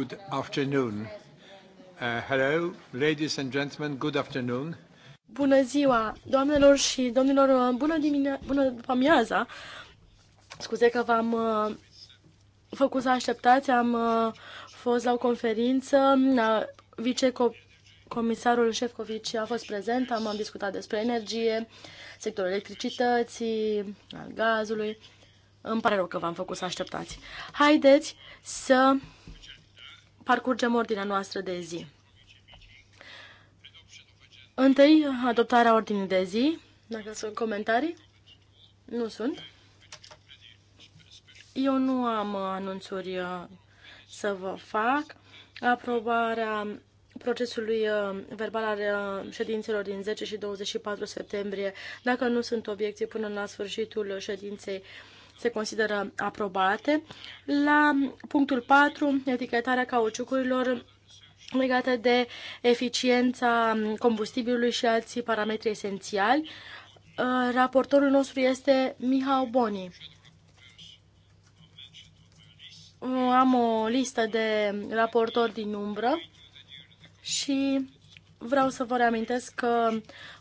Good afternoon. Uh, hello, ladies and gentlemen, good afternoon. Bună ziua, doamnelor și domnilor, uh, bună dimine- bună după amiaza. Scuze că v-am uh, făcut să așteptați, am uh, fost la o conferință, vicecomisarul Șefcovici a fost prezent, am, am discutat despre energie, sectorul electricității, al gazului. Îmi pare rău că v-am făcut să așteptați. Haideți să parcurgem ordinea noastră de zi. Întâi, adoptarea ordinii de zi. Dacă sunt comentarii, nu sunt. Eu nu am anunțuri uh, să vă fac. Aprobarea procesului uh, verbal al uh, ședințelor din 10 și 24 septembrie, dacă nu sunt obiecții până la sfârșitul ședinței se consideră aprobate. La punctul 4, etichetarea cauciucurilor legate de eficiența combustibilului și alții parametri esențiali. Uh, raportorul nostru este Mihau Boni. Uh, am o listă de raportori din umbră și vreau să vă reamintesc că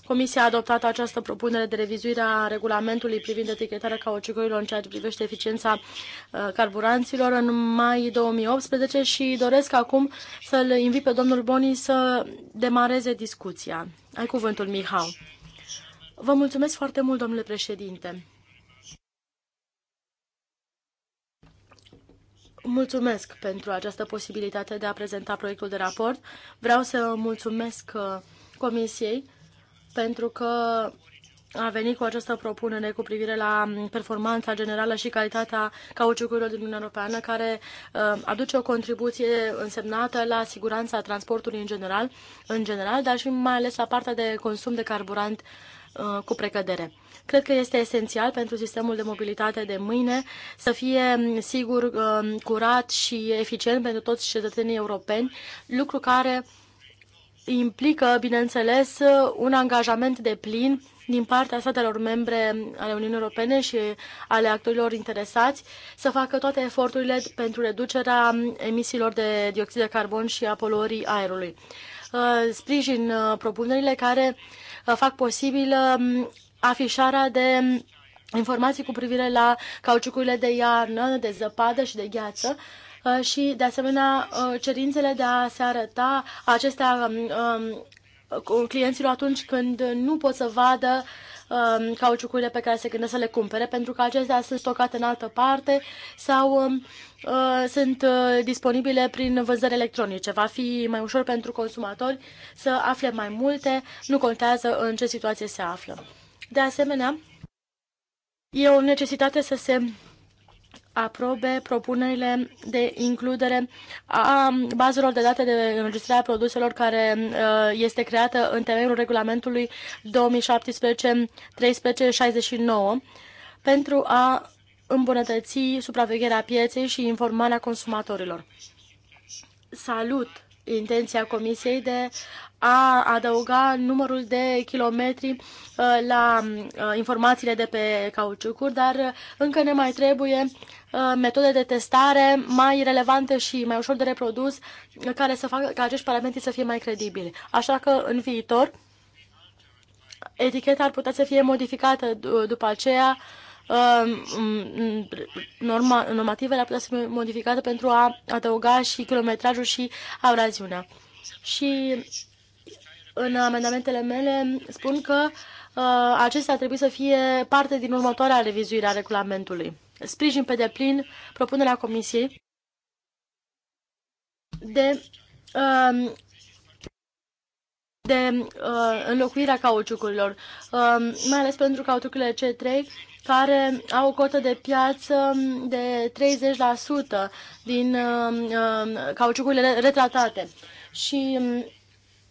Comisia a adoptat această propunere de revizuire a regulamentului privind etichetarea cauciucurilor în ceea ce privește eficiența uh, carburanților în mai 2018 și doresc acum să-l invit pe domnul Boni să demareze discuția. Ai cuvântul, Mihau. Vă mulțumesc foarte mult, domnule președinte. Mulțumesc pentru această posibilitate de a prezenta proiectul de raport. Vreau să mulțumesc uh, Comisiei pentru că a venit cu această propunere cu privire la performanța generală și calitatea cauciucurilor din Uniunea Europeană, care uh, aduce o contribuție însemnată la siguranța transportului în general, în general, dar și mai ales la partea de consum de carburant uh, cu precădere. Cred că este esențial pentru sistemul de mobilitate de mâine să fie sigur, uh, curat și eficient pentru toți cetățenii europeni, lucru care implică, bineînțeles, un angajament de plin din partea statelor membre ale Uniunii Europene și ale actorilor interesați să facă toate eforturile pentru reducerea emisiilor de dioxid de carbon și a poluării aerului. Uh, sprijin uh, propunerile care uh, fac posibil um, afișarea de informații cu privire la cauciucurile de iarnă, de zăpadă și de gheață, Uh, și, de asemenea, uh, cerințele de a se arăta acestea um, um, clienților atunci când nu pot să vadă um, cauciucurile pe care se gândesc să le cumpere, pentru că acestea sunt stocate în altă parte sau uh, sunt disponibile prin vânzări electronice. Va fi mai ușor pentru consumatori să afle mai multe, nu contează în ce situație se află. De asemenea, e o necesitate să se aprobe propunerile de includere a bazelor de date de înregistrare a produselor care uh, este creată în temeiul regulamentului 2017-1369 pentru a îmbunătăți supravegherea pieței și informarea consumatorilor. Salut! intenția Comisiei de a adăuga numărul de kilometri uh, la uh, informațiile de pe cauciucuri, dar uh, încă ne mai trebuie metode de testare mai relevante și mai ușor de reprodus, care să facă ca acești parametri să fie mai credibili. Așa că în viitor, eticheta ar putea să fie modificată după aceea Ehm, mm, mm, norma, normativele ar putea să fie modificate pentru a adăuga și kilometrajul și abraziunea. Și în amendamentele mele spun că uh, acestea trebuie să fie parte din următoarea revizuire a regulamentului. Sprijin pe deplin propunerea Comisiei de, uh, de uh, înlocuirea cauciucurilor, uh, mai ales pentru cauciucurile C3 care au o cotă de piață de 30% din uh, uh cauciucurile retratate. Și uh,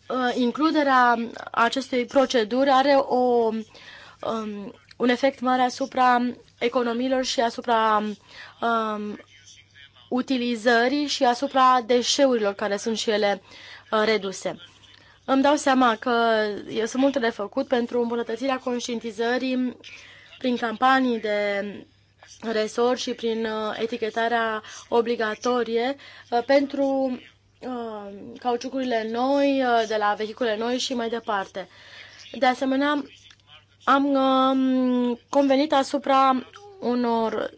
uh, includerea acestei proceduri are o, um, un efect mare asupra economiilor și asupra um, utilizării și asupra deșeurilor care sunt și ele uh, reduse. Îmi dau seama că sunt multe de făcut pentru îmbunătățirea conștientizării prin campanii de resort și prin uh, etichetarea obligatorie uh, pentru uh, cauciucurile noi, de la vehicule noi și mai departe. De asemenea, am um, convenit asupra unor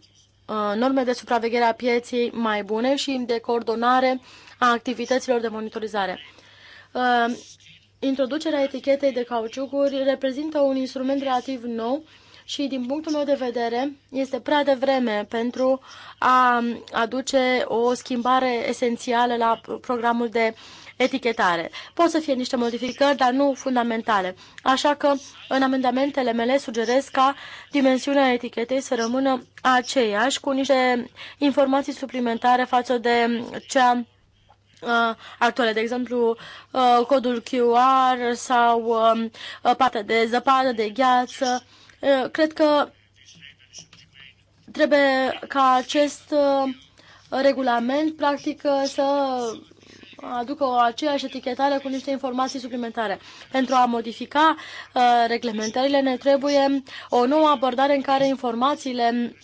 norme de supraveghere a pieții mai bune și de coordonare a activităților de monitorizare. Introducerea etichetei de cauciucuri reprezintă un instrument relativ nou și, din punctul meu de vedere, este prea devreme pentru a aduce o schimbare esențială la programul de etichetare. Pot să fie niște modificări, dar nu fundamentale. Așa că, în amendamentele mele, sugerez ca dimensiunea etichetei să rămână aceeași, cu niște informații suplimentare față de cea uh, actuale, de exemplu uh, codul QR sau uh, partea de zăpadă, de gheață Uh, cred că trebuie ca acest uh, regulament, practic, uh, să aducă o aceeași etichetare cu niște informații suplimentare. Pentru a modifica uh, reglementările ne trebuie o nouă abordare în care informațiile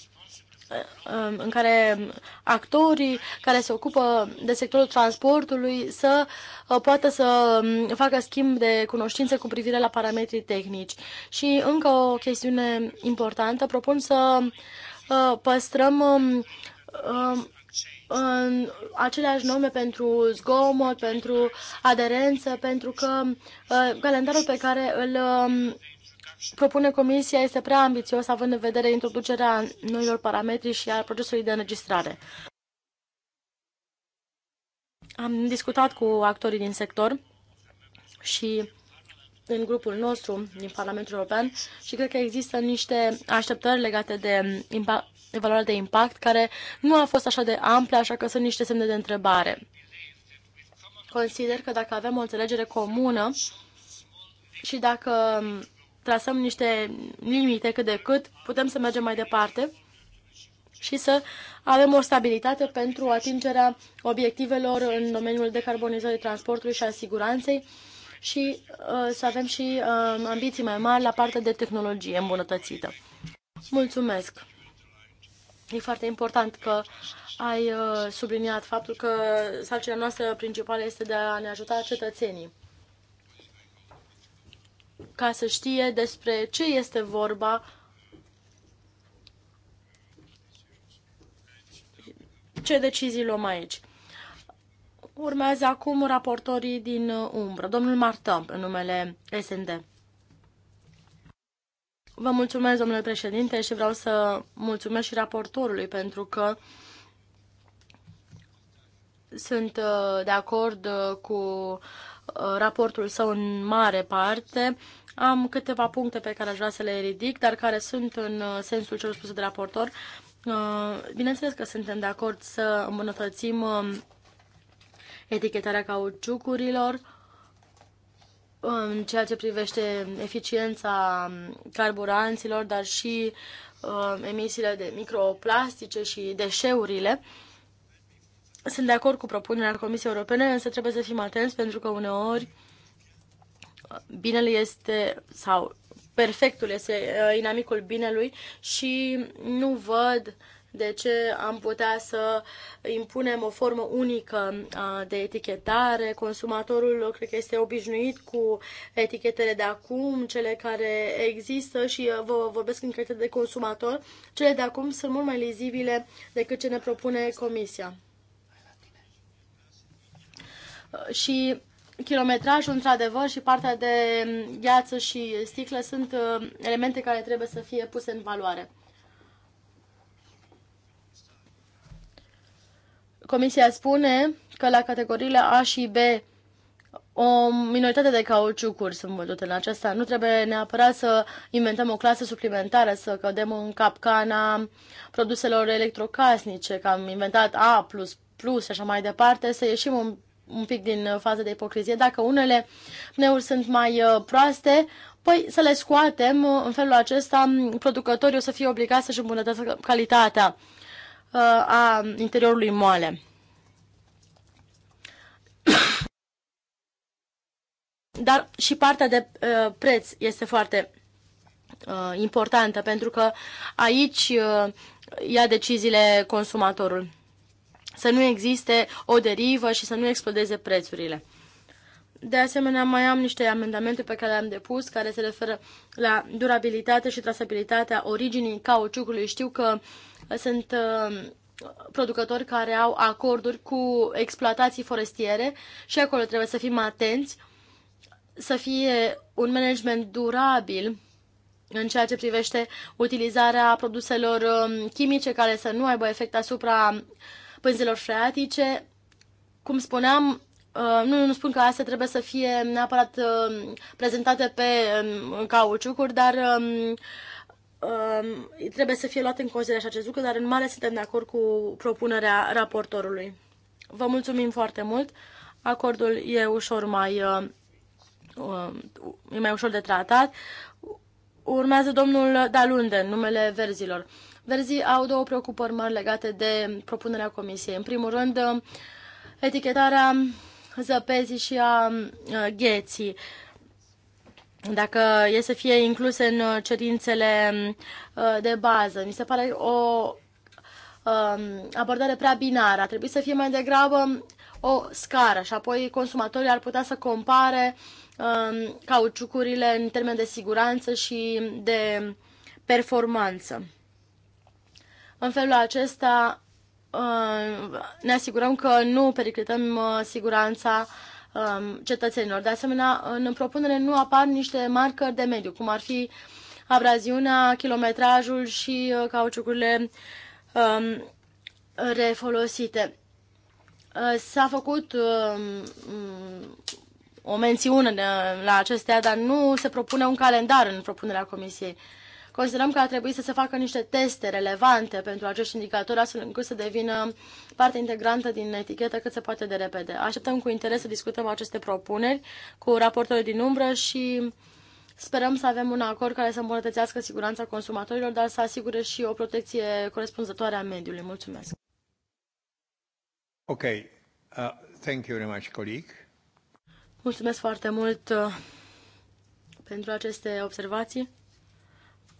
Um, în care actorii care se ocupă de sectorul transportului să uh, poată să um, facă schimb de cunoștințe cu privire la parametrii tehnici. Și încă o chestiune importantă, propun să uh, păstrăm um, în aceleași nume pentru zgomot, pentru aderență, pentru că uh, calendarul pe care îl propune Comisia este prea ambițios, având în vedere introducerea noilor parametri și a procesului de înregistrare. Am discutat cu actorii din sector și în grupul nostru din Parlamentul European și cred că există niște așteptări legate de evaluarea de impact care nu a fost așa de amplă, așa că sunt niște semne de întrebare. Consider că dacă avem o înțelegere comună și dacă trasăm niște limite cât de cât, putem să mergem mai departe și să avem o stabilitate pentru atingerea obiectivelor în domeniul decarbonizării transportului și a siguranței și uh, să avem și uh, ambiții mai mari la partea de tehnologie îmbunătățită. Mulțumesc! E foarte important că ai uh, subliniat faptul că sarcina noastră principală este de a ne ajuta cetățenii ca să știe despre ce este vorba, ce decizii luăm aici. Urmează acum raportorii din umbră. Domnul Martă, în numele SND. Vă mulțumesc, domnule președinte, și vreau să mulțumesc și raportorului pentru că sunt uh, de acord uh, cu Uh, raportul său în mare parte. Am câteva puncte pe care aș vrea să le ridic, dar care sunt în uh, sensul celor spuse de raportor. Uh, bineînțeles că suntem de acord să îmbunătățim um, etichetarea cauciucurilor um, în ceea ce privește eficiența um, carburanților, dar și emisiile de microplastice și deșeurile. Sunt de acord cu propunerea Comisiei Europene, însă trebuie să fim atenți pentru că uneori binele este sau perfectul este uh, inamicul binelui și nu văd de ce am putea să impunem o formă unică uh, de etichetare. Consumatorul cred că este obișnuit cu etichetele de acum, cele care există și uh, vă vorbesc în calitate de consumator. Cele de acum sunt mult mai lizibile decât ce ne propune Comisia. Uh, și kilometrajul, într-adevăr, și partea de mm, gheață și sticlă sunt uh, elemente care trebuie să fie puse în valoare. Comisia spune că la categoriile A și B o minoritate de cauciucuri sunt văzute în acesta. Nu trebuie neapărat să inventăm o clasă suplimentară, să cădem în capcana produselor electrocasnice, că am inventat A++ și așa mai departe, să ieșim un un pic din uh, fază de ipocrizie. Dacă unele pneuri sunt mai uh, proaste, păi să le scoatem. Uh, în felul acesta, producătorii o să fie obligați să-și îmbunătățească calitatea a interiorului moale. Dar și partea de preț este foarte importantă, pentru că aici ia deciziile consumatorul să nu existe o derivă și să nu explodeze prețurile. De asemenea, mai am niște amendamente pe care le-am depus, care se referă la durabilitatea și trasabilitatea originii cauciucului. Știu că sunt uh, producători care au acorduri cu exploatații forestiere și acolo trebuie să fim atenți, să fie un management durabil în ceea ce privește utilizarea produselor um, chimice care să nu aibă efect asupra uh, pânzelor freatice. Cum spuneam, uh, nu, nu spun că astea trebuie să fie neapărat uh, prezentate pe um, cauciucuri, dar um, um, trebuie să fie luat în considerare și acest lucru, dar în mare suntem de acord cu propunerea raportorului. Vă mulțumim foarte mult. Acordul e ușor mai uh, e mai ușor de tratat. Urmează domnul Dalunde, numele verzilor. Verzii au două preocupări mari legate de propunerea Comisiei. În primul rând, etichetarea zăpezii și a gheții dacă e să fie incluse în cerințele de bază. Mi se pare o abordare prea binară. Ar trebui să fie mai degrabă o scară și apoi consumatorii ar putea să compare cauciucurile în termen de siguranță și de performanță. În felul acesta uh, ne asigurăm că nu periclităm uh, siguranța um, cetățenilor. De asemenea, în propunere nu apar niște marcări de mediu, cum ar fi abraziunea, kilometrajul și uh, cauciucurile um, refolosite. S-a făcut um, mm, o mențiune la acestea, dar nu se propune un calendar în propunerea Comisiei. Considerăm că ar trebui să se facă niște teste relevante pentru acești indicatori, astfel încât să devină parte integrantă din etichetă cât se poate de repede. Așteptăm cu interes să discutăm aceste propuneri cu raportorii din umbră și Sperăm să avem un acord care să îmbunătățească siguranța consumatorilor, dar să asigure și o protecție corespunzătoare a mediului. Mulțumesc. Ok. Uh, thank you very much, colleague. Mulțumesc foarte mult uh, pentru aceste observații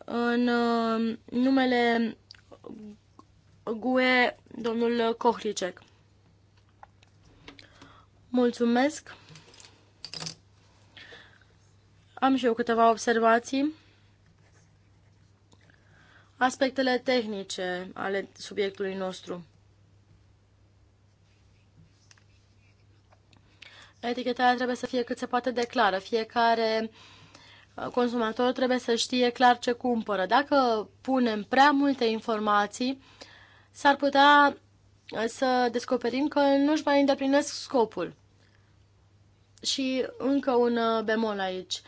în uh, numele GUE, domnul Kohlicek. Mulțumesc! Am și eu câteva observații. Aspectele tehnice ale subiectului nostru. Etichetarea trebuie să fie cât se poate de clară. Fiecare uh, consumatorul trebuie să știe clar ce cumpără. Dacă punem prea multe informații, s-ar putea uh, să descoperim că nu-și mai îndeplinesc scopul. Și încă un uh, bemol aici.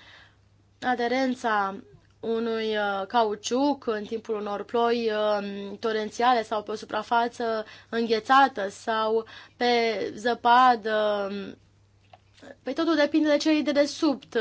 Aderența unui uh, cauciuc în timpul unor ploi torențiale sau pe o suprafață înghețată sau pe zăpadă um, Păi totul depinde de ce e de desubt,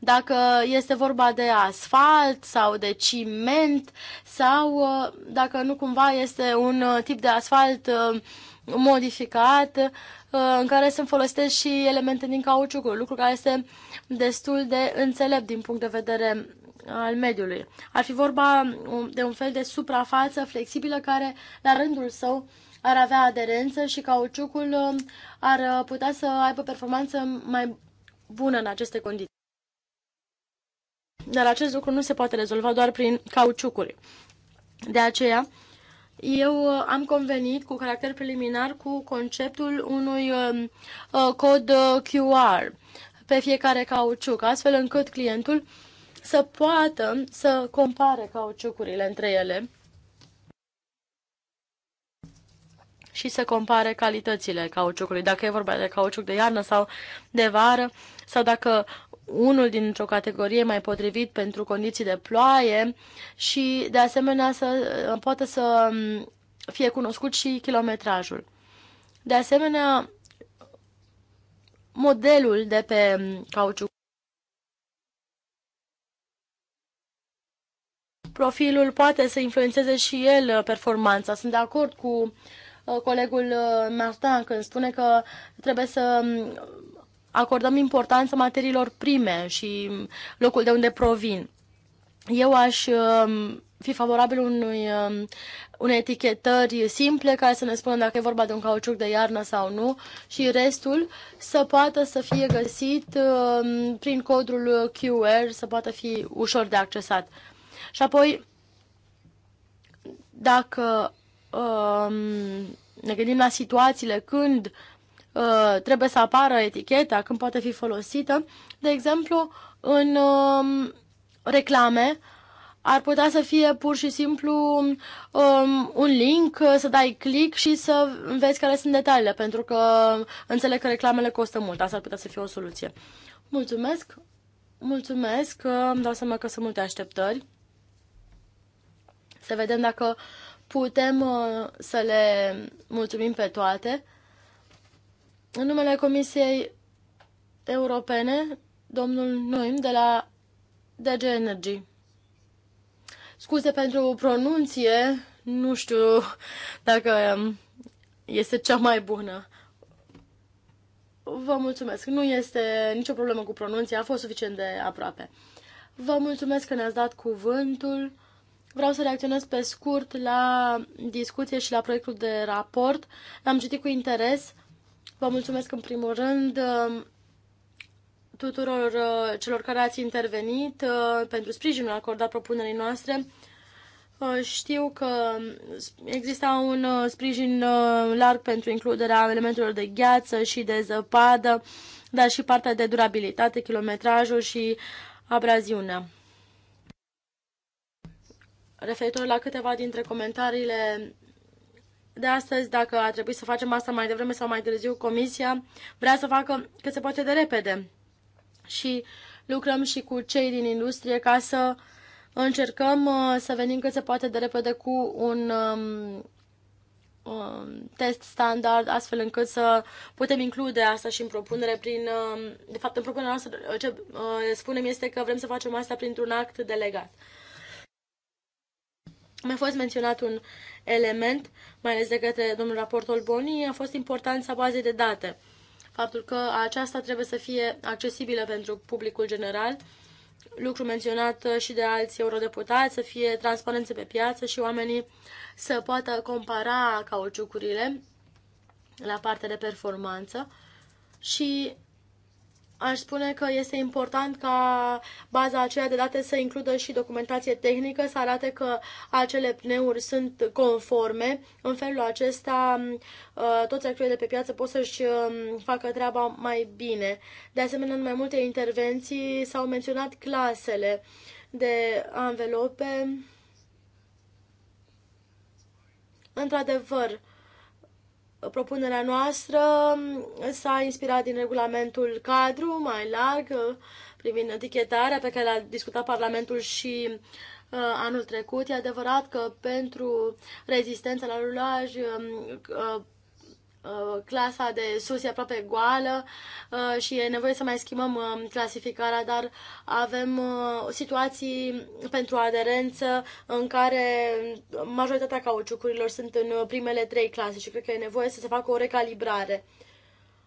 dacă este vorba de asfalt sau de ciment sau dacă nu cumva este un tip de asfalt uh, modificat uh, în care se folosesc și elemente din cauciuc, lucru care este destul de înțelept din punct de vedere uh, al mediului. Ar fi vorba um, de un fel de suprafață flexibilă care, la rândul său, ar avea aderență și cauciucul um, ar uh, putea să aibă performanță mai bună în aceste condiții. Dar acest lucru nu se poate rezolva doar prin cauciucuri. De aceea, eu uh, am convenit cu caracter preliminar cu conceptul unui um, uh, cod QR pe fiecare cauciuc, astfel încât clientul să poată să compare cauciucurile între ele și să compare calitățile cauciucului, dacă e vorba de cauciuc de iarnă sau de vară, sau dacă unul dintr-o categorie mai potrivit pentru condiții de ploaie și, de asemenea, să poată să fie cunoscut și kilometrajul. De asemenea, modelul de pe cauciuc profilul poate să influențeze și el uh, performanța. Sunt de acord cu Uh, colegul uh, Martin când spune că trebuie să um, acordăm importanță materiilor prime și um, locul de unde provin. Eu aș um, fi favorabil unui, unei etichetări simple care să ne spună dacă e vorba de un cauciuc de iarnă sau nu și restul să poată să fie găsit prin codul QR, să poată fi ușor de accesat. Și apoi, dacă Um, ne gândim la situațiile când uh, trebuie să apară eticheta, când poate fi folosită. De exemplu, în um, reclame ar putea să fie pur și simplu um, un link, uh, să dai click și să vezi care sunt detaliile, pentru că înțeleg că reclamele costă mult. Asta ar putea să fie o soluție. Mulțumesc! Mulțumesc! Îmi dau seama că sunt multe așteptări. Să vedem dacă uh, putem uh, să le mulțumim pe toate. În numele Comisiei Europene, domnul Noim de la DG Energy. Scuze pentru pronunție, nu știu dacă um, este cea mai bună. Vă mulțumesc. Nu este nicio problemă cu pronunția, a fost suficient de aproape. Vă mulțumesc că ne-ați dat cuvântul. Vreau să reacționez pe scurt la discuție și la proiectul de raport. L-am citit cu interes. Vă mulțumesc în primul rând um, tuturor uh, celor care ați intervenit uh, pentru sprijinul acordat propunerii noastre. Uh, știu că exista un sprijin larg pentru includerea elementelor de gheață și de zăpadă, dar și partea de durabilitate, kilometrajul și abraziunea referitor la câteva dintre comentariile de astăzi, dacă a trebuit să facem asta mai devreme sau mai târziu, comisia vrea să facă cât se poate de repede. Și lucrăm și cu cei din industrie ca să încercăm uh, să venim cât se poate de repede cu un um, um, test standard, astfel încât să putem include asta și în propunere prin... Um, de fapt, în propunerea noastră, ce uh, spunem este că vrem să facem asta printr-un act delegat. Mai a fost menționat un element, mai ales de către domnul Raportul Boni, a fost importanța bazei de date. Faptul că aceasta trebuie să fie accesibilă pentru publicul general, lucru menționat și de alți eurodeputați, să fie transparență pe piață și oamenii să poată compara cauciucurile la partea de performanță și aș spune că este important ca baza aceea de date să includă și documentație tehnică, să arate că acele pneuri sunt conforme. În felul acesta, mm, uh, toți actorii de pe piață pot să-și mm, facă treaba mai bine. De asemenea, în mai multe intervenții s-au menționat clasele de anvelope. Într-adevăr, Propunerea noastră s-a inspirat din regulamentul cadru mai larg uh, privind etichetarea pe care l-a discutat Parlamentul și uh, anul trecut. E adevărat că pentru rezistența la rulaj um, uh, Uh, clasa de sus e aproape goală uh, și e nevoie să mai schimbăm uh, clasificarea, dar avem situații pentru aderență în care majoritatea cauciucurilor sunt în primele trei clase și cred că e nevoie să se facă o recalibrare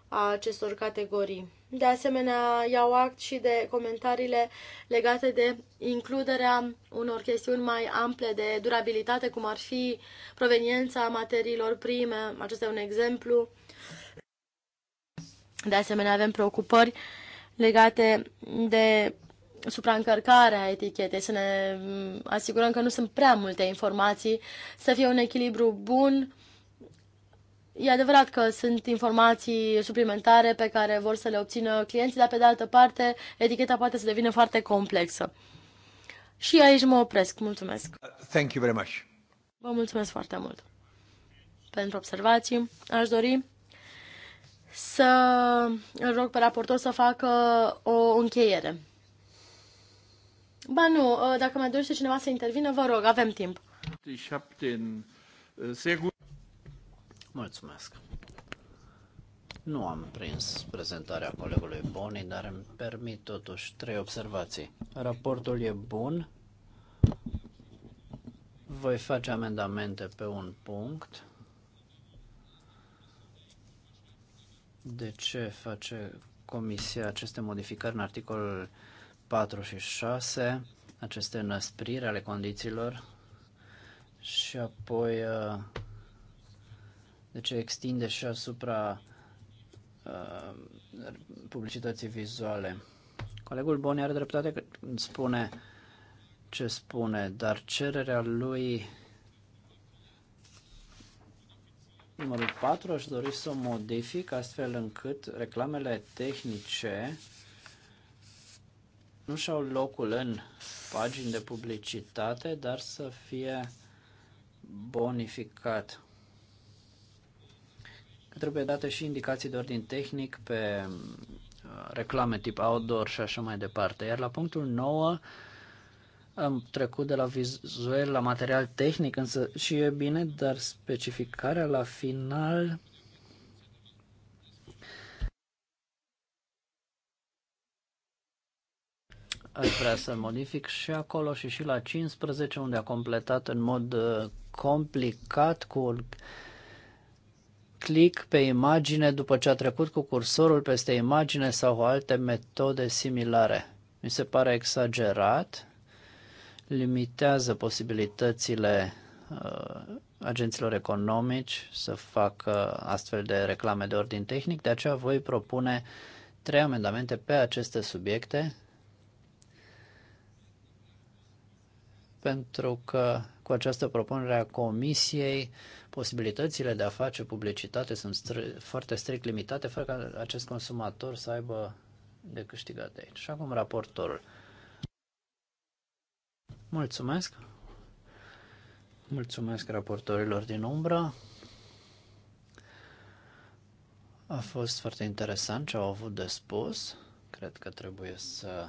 a acestor categorii. De asemenea, iau act și de comentariile legate de includerea unor chestiuni mai ample de durabilitate, cum ar fi proveniența materiilor prime. Acesta e un exemplu. De asemenea, avem preocupări legate de supraîncărcarea etichetei, să ne asigurăm că nu sunt prea multe informații, să fie un echilibru bun E adevărat că sunt informații suplimentare pe care vor să le obțină clienții, dar pe de altă parte eticheta poate să devină foarte complexă. Și aici mă opresc. Mulțumesc. Thank you very much. Vă mulțumesc foarte mult pentru observații. Aș dori să îl rog pe raportor să facă o încheiere. Ba nu, dacă mai dorește cineva să intervină, vă rog, avem timp. Mulțumesc. Nu am prins prezentarea colegului Boni, dar îmi permit totuși trei observații. Raportul e bun. Voi face amendamente pe un punct. De ce face Comisia aceste modificări în articolul 4 și 6, aceste năspriri ale condițiilor și apoi uh, deci ce extinde și asupra uh, publicității vizuale. Colegul Boni are dreptate că spune ce spune, dar cererea lui numărul 4 aș dori să o modific astfel încât reclamele tehnice nu și-au locul în pagini de publicitate, dar să fie bonificat. Trebuie date și indicații de ordin tehnic pe uh, reclame tip outdoor și așa mai departe. Iar la punctul 9 am trecut de la vizual la material tehnic, însă și e bine, dar specificarea la final aș vrea să modific și acolo și și la 15, unde a completat în mod uh, complicat cu click pe imagine după ce a trecut cu cursorul peste imagine sau alte metode similare. Mi se pare exagerat, limitează posibilitățile uh, agenților economici să facă astfel de reclame de ordin tehnic, de aceea voi propune trei amendamente pe aceste subiecte pentru că cu această propunere a Comisiei uh, posibilitățile de a face publicitate sunt str- foarte strict limitate, fără ca acest consumator să aibă de câștigat de aici. Și acum raportorul. Mulțumesc! Mulțumesc raportorilor din umbra. A fost foarte interesant ce au avut de spus. Cred că trebuie să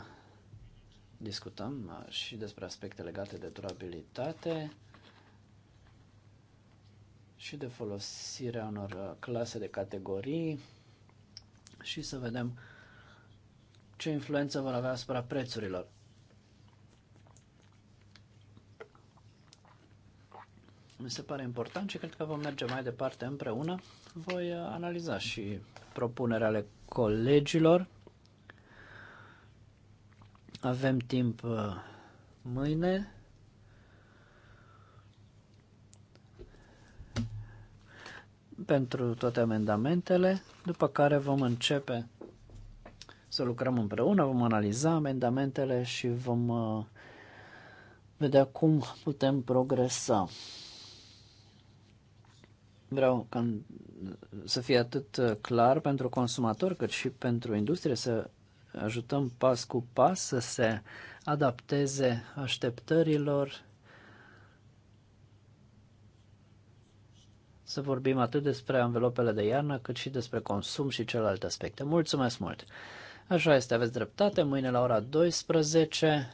discutăm uh, și despre aspecte legate de durabilitate și de folosirea unor uh, clase de categorii și să vedem ce influență vor avea asupra prețurilor. Mi se pare important și cred că vom merge mai departe împreună. Voi uh, analiza și propunerea ale colegilor. Avem timp uh, mâine pentru toate amendamentele, după care vom începe să lucrăm împreună, vom analiza amendamentele și vom uh, vedea cum putem progresa. Vreau ca să fie atât uh, clar pentru consumator cât și pentru industrie să ajutăm pas cu pas să se adapteze așteptărilor să vorbim atât despre anvelopele de iarnă, cât și despre consum și celelalte aspecte. Mulțumesc mult! Așa este, aveți dreptate, mâine la ora 12,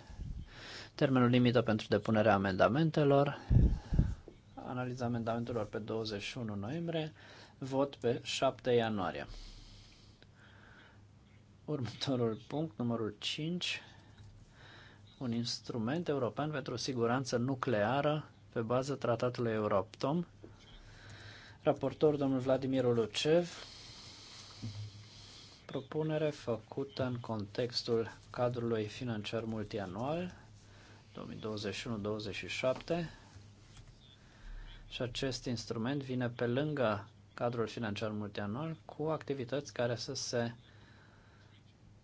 termenul limită pentru depunerea amendamentelor, analiza amendamentelor pe 21 noiembrie, vot pe 7 ianuarie. Următorul punct, numărul 5, un instrument european pentru siguranță nucleară pe bază tratatului Europtom, Raportor, domnul Vladimir Olucev, propunere făcută în contextul cadrului financiar multianual 2021-2027 și acest instrument vine pe lângă cadrul financiar multianual cu activități care să se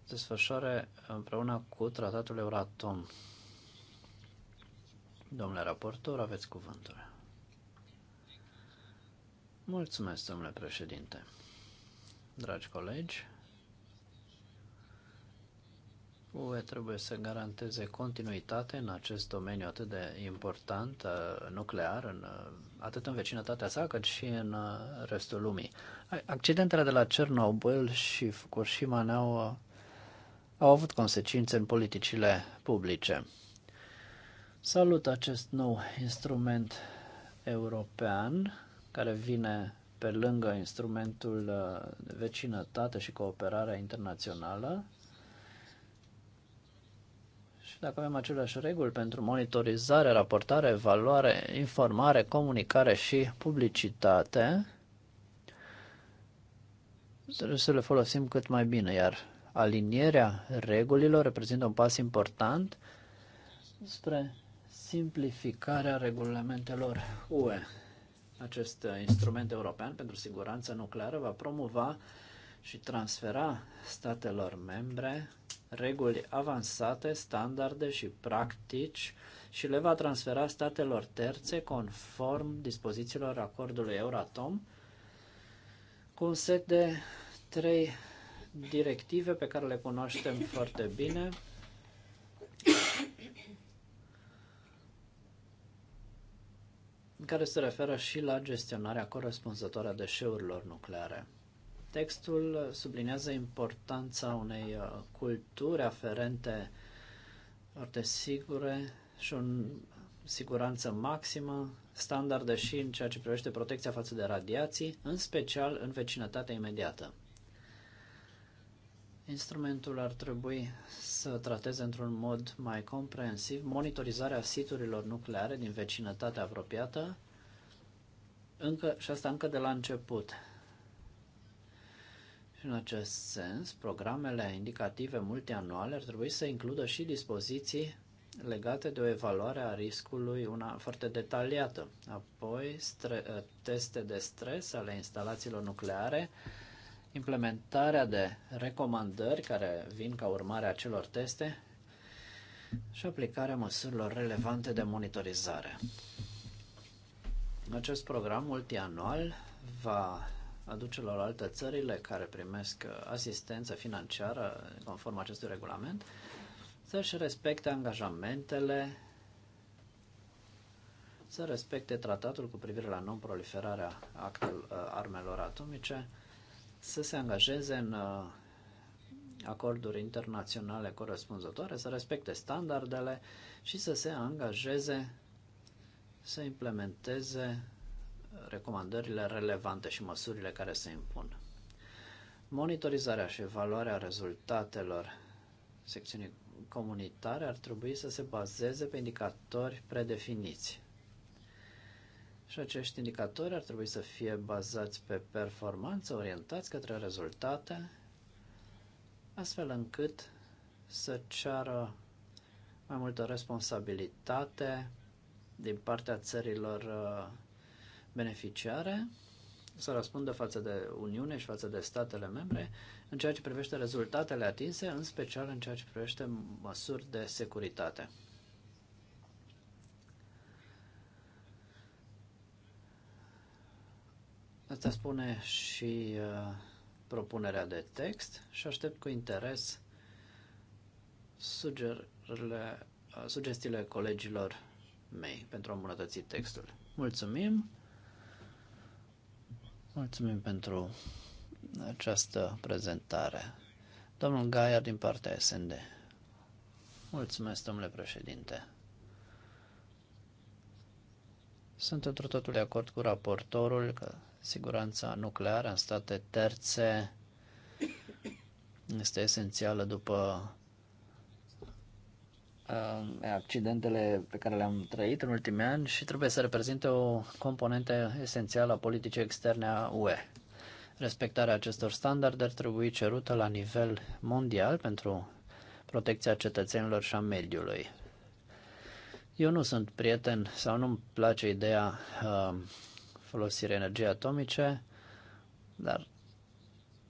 desfășoare împreună cu tratatul Euratom. Domnule raportor, aveți cuvântul. Mulțumesc, domnule președinte. Dragi colegi, UE trebuie să garanteze continuitate în acest domeniu atât de important, uh, nuclear, în, uh, atât în vecinătatea sa, cât și în uh, restul lumii. Accidentele de la Cernobâl și Fukushima ne-au au avut consecințe în politicile publice. Salut acest nou instrument european care vine pe lângă instrumentul uh, de vecinătate și cooperarea internațională. Și dacă avem aceleași reguli pentru monitorizare, raportare, evaluare, informare, comunicare și publicitate, trebuie să le folosim cât mai bine, iar alinierea regulilor reprezintă un pas important spre simplificarea regulamentelor UE. Acest uh, instrument european pentru siguranță nucleară va promova și transfera statelor membre reguli avansate, standarde și practici și le va transfera statelor terțe conform dispozițiilor acordului Euratom cu un set de trei directive pe care le cunoaștem foarte bine, care se referă și la gestionarea corespunzătoare a deșeurilor nucleare. Textul sublinează importanța unei uh, culturi aferente foarte sigure și o siguranță maximă, standarde și în ceea ce privește protecția față de radiații, în special în vecinătatea imediată. Instrumentul ar trebui să trateze într-un mod mai comprehensiv monitorizarea siturilor nucleare din vecinătatea apropiată încă, și asta încă de la început. Și în acest sens, programele indicative multianuale ar trebui să includă și dispoziții legate de o evaluare a riscului, una foarte detaliată. Apoi, teste de stres ale instalațiilor nucleare, implementarea de recomandări care vin ca urmare a celor teste și aplicarea măsurilor relevante de monitorizare. Acest program multianual va aduce la alte țările care primesc uh, asistență financiară conform acestui regulament să-și respecte angajamentele, să respecte tratatul cu privire la non-proliferarea uh, armelor atomice, să se angajeze în uh, acorduri internaționale corespunzătoare, să respecte standardele și să se angajeze să implementeze recomandările relevante și măsurile care se impun. Monitorizarea și evaluarea rezultatelor secțiunii comunitare ar trebui să se bazeze pe indicatori predefiniți. Și acești indicatori ar trebui să fie bazați pe performanță, orientați către rezultate, astfel încât să ceară mai multă responsabilitate din partea țărilor uh, beneficiare, să răspundă față de Uniune și față de statele membre în ceea ce privește rezultatele atinse, în special în ceea ce privește măsuri de securitate. Asta spune și uh, propunerea de text și aștept cu interes sugerile, uh, sugestiile colegilor mei pentru a îmbunătăți textul. Mulțumim! Mulțumim pentru această prezentare. Domnul Gaia din partea SND. Mulțumesc, domnule președinte. Sunt într totul de acord cu raportorul că Siguranța nucleară în state terțe este esențială după um, accidentele pe care le-am trăit în ultimii ani și trebuie să reprezinte o componentă esențială a politicii externe a UE. Respectarea acestor standarde ar trebui cerută la nivel mondial pentru protecția cetățenilor și a mediului. Eu nu sunt prieten sau nu-mi place ideea uh, folosirea energiei atomice, dar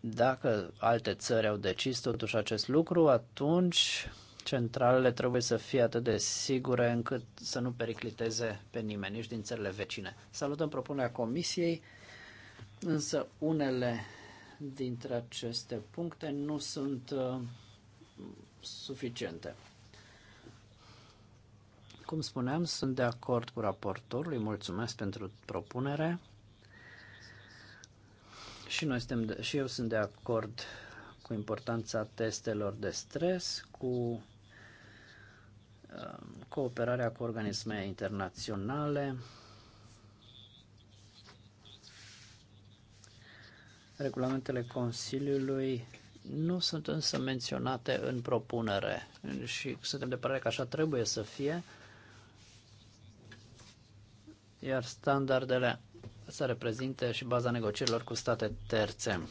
dacă alte țări au decis totuși acest lucru, atunci centralele trebuie să fie atât de sigure încât să nu pericliteze pe nimeni, nici din țările vecine. Salutăm propunerea Comisiei, însă unele dintre aceste puncte nu sunt uh, suficiente. Cum spuneam, sunt de acord cu raportorul, îi mulțumesc pentru propunere. Și, noi suntem de, și eu sunt de acord cu importanța testelor de stres, cu um, cooperarea cu organisme internaționale, regulamentele Consiliului nu sunt însă menționate în propunere și suntem de părere că așa trebuie să fie iar standardele să reprezinte și baza negocierilor cu state terțe.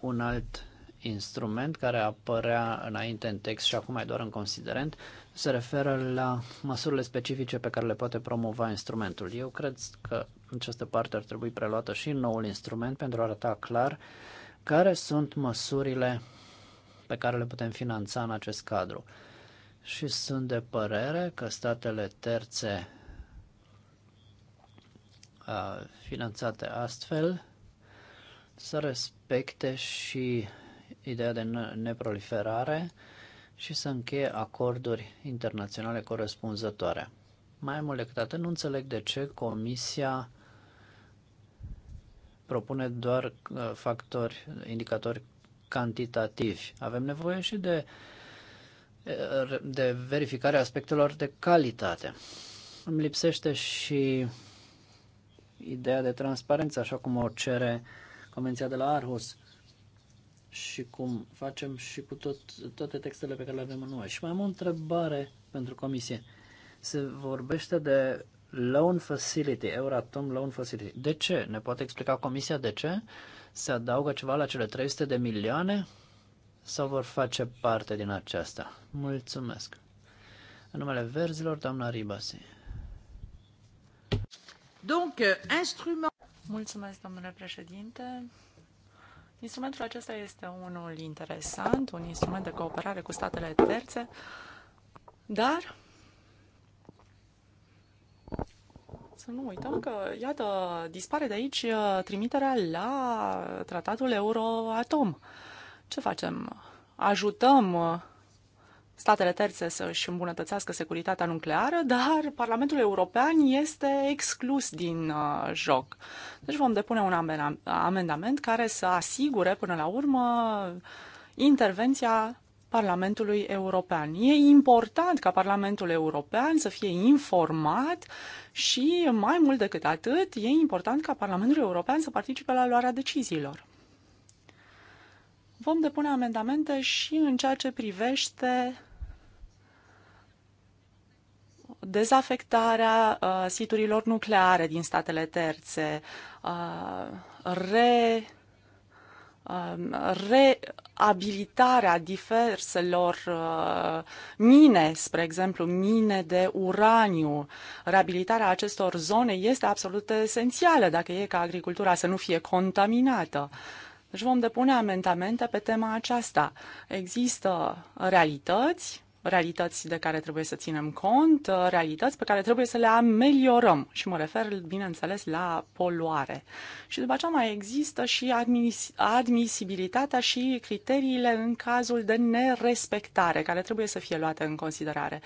Un alt instrument care apărea înainte în text și acum mai doar în considerent se referă la măsurile specifice pe care le poate promova instrumentul. Eu cred că această parte ar trebui preluată și în noul instrument pentru a arăta clar care sunt măsurile pe care le putem finanța în acest cadru. Și sunt de părere că statele terțe finanțate astfel, să respecte și ideea de neproliferare și să încheie acorduri internaționale corespunzătoare. Mai mult decât atât, nu înțeleg de ce Comisia propune doar uh, factori, indicatori cantitativi. Avem nevoie și de, uh, de verificarea aspectelor de calitate. Îmi lipsește și ideea de transparență, așa cum o cere Convenția de la Arhus și cum facem și cu tot, toate textele pe care le avem în noi. Și mai am o întrebare pentru Comisie. Se vorbește de Loan Facility, Euratom Loan Facility. De ce? Ne poate explica Comisia de ce? Se adaugă ceva la cele 300 de milioane? Sau vor face parte din aceasta? Mulțumesc! În numele verzilor, doamna Ribasi. Euh, Mulțumesc, domnule președinte. Instrumentul acesta este unul interesant, un instrument de cooperare cu statele terțe, dar să nu uităm că, iată, dispare de aici uh, trimiterea la tratatul Euroatom. Ce facem? Ajutăm uh, statele terțe să își îmbunătățească securitatea nucleară, dar Parlamentul European este exclus din uh, joc. Deci vom depune un amendament care să asigure până la urmă intervenția Parlamentului European. E important ca Parlamentul European să fie informat și, mai mult decât atât, e important ca Parlamentul European să participe la luarea deciziilor. Vom depune amendamente și în ceea ce privește dezafectarea uh, siturilor nucleare din statele terțe, uh, re, uh, reabilitarea diverselor uh, mine, spre exemplu mine de uraniu, reabilitarea acestor zone este absolut esențială dacă e ca agricultura să nu fie contaminată. Deci vom depune amendamente pe tema aceasta. Există realități realități de care trebuie să ținem cont, uh, realități pe care trebuie să le ameliorăm și mă refer, bineînțeles, la poluare. Și după aceea mai există și admis- admisibilitatea și criteriile în cazul de nerespectare, care trebuie să fie luate în considerare.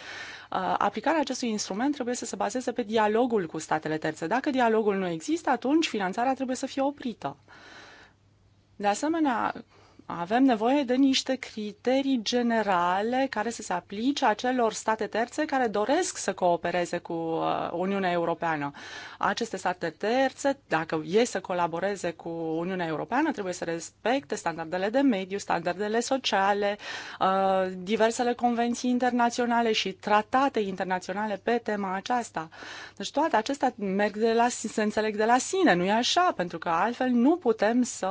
Uh, aplicarea acestui instrument trebuie să se bazeze pe dialogul cu statele terțe. Dacă dialogul nu există, atunci finanțarea trebuie să fie oprită. De asemenea, avem nevoie de niște criterii generale care să se aplice acelor state terțe care doresc să coopereze cu uh, Uniunea Europeană. Aceste state terțe, dacă ei să colaboreze cu Uniunea Europeană, trebuie să respecte standardele de mediu, standardele sociale, uh, diversele convenții internaționale și tratate internaționale pe tema aceasta. Deci toate acestea merg de la, se înțeleg de la sine, nu e așa? Pentru că altfel nu putem să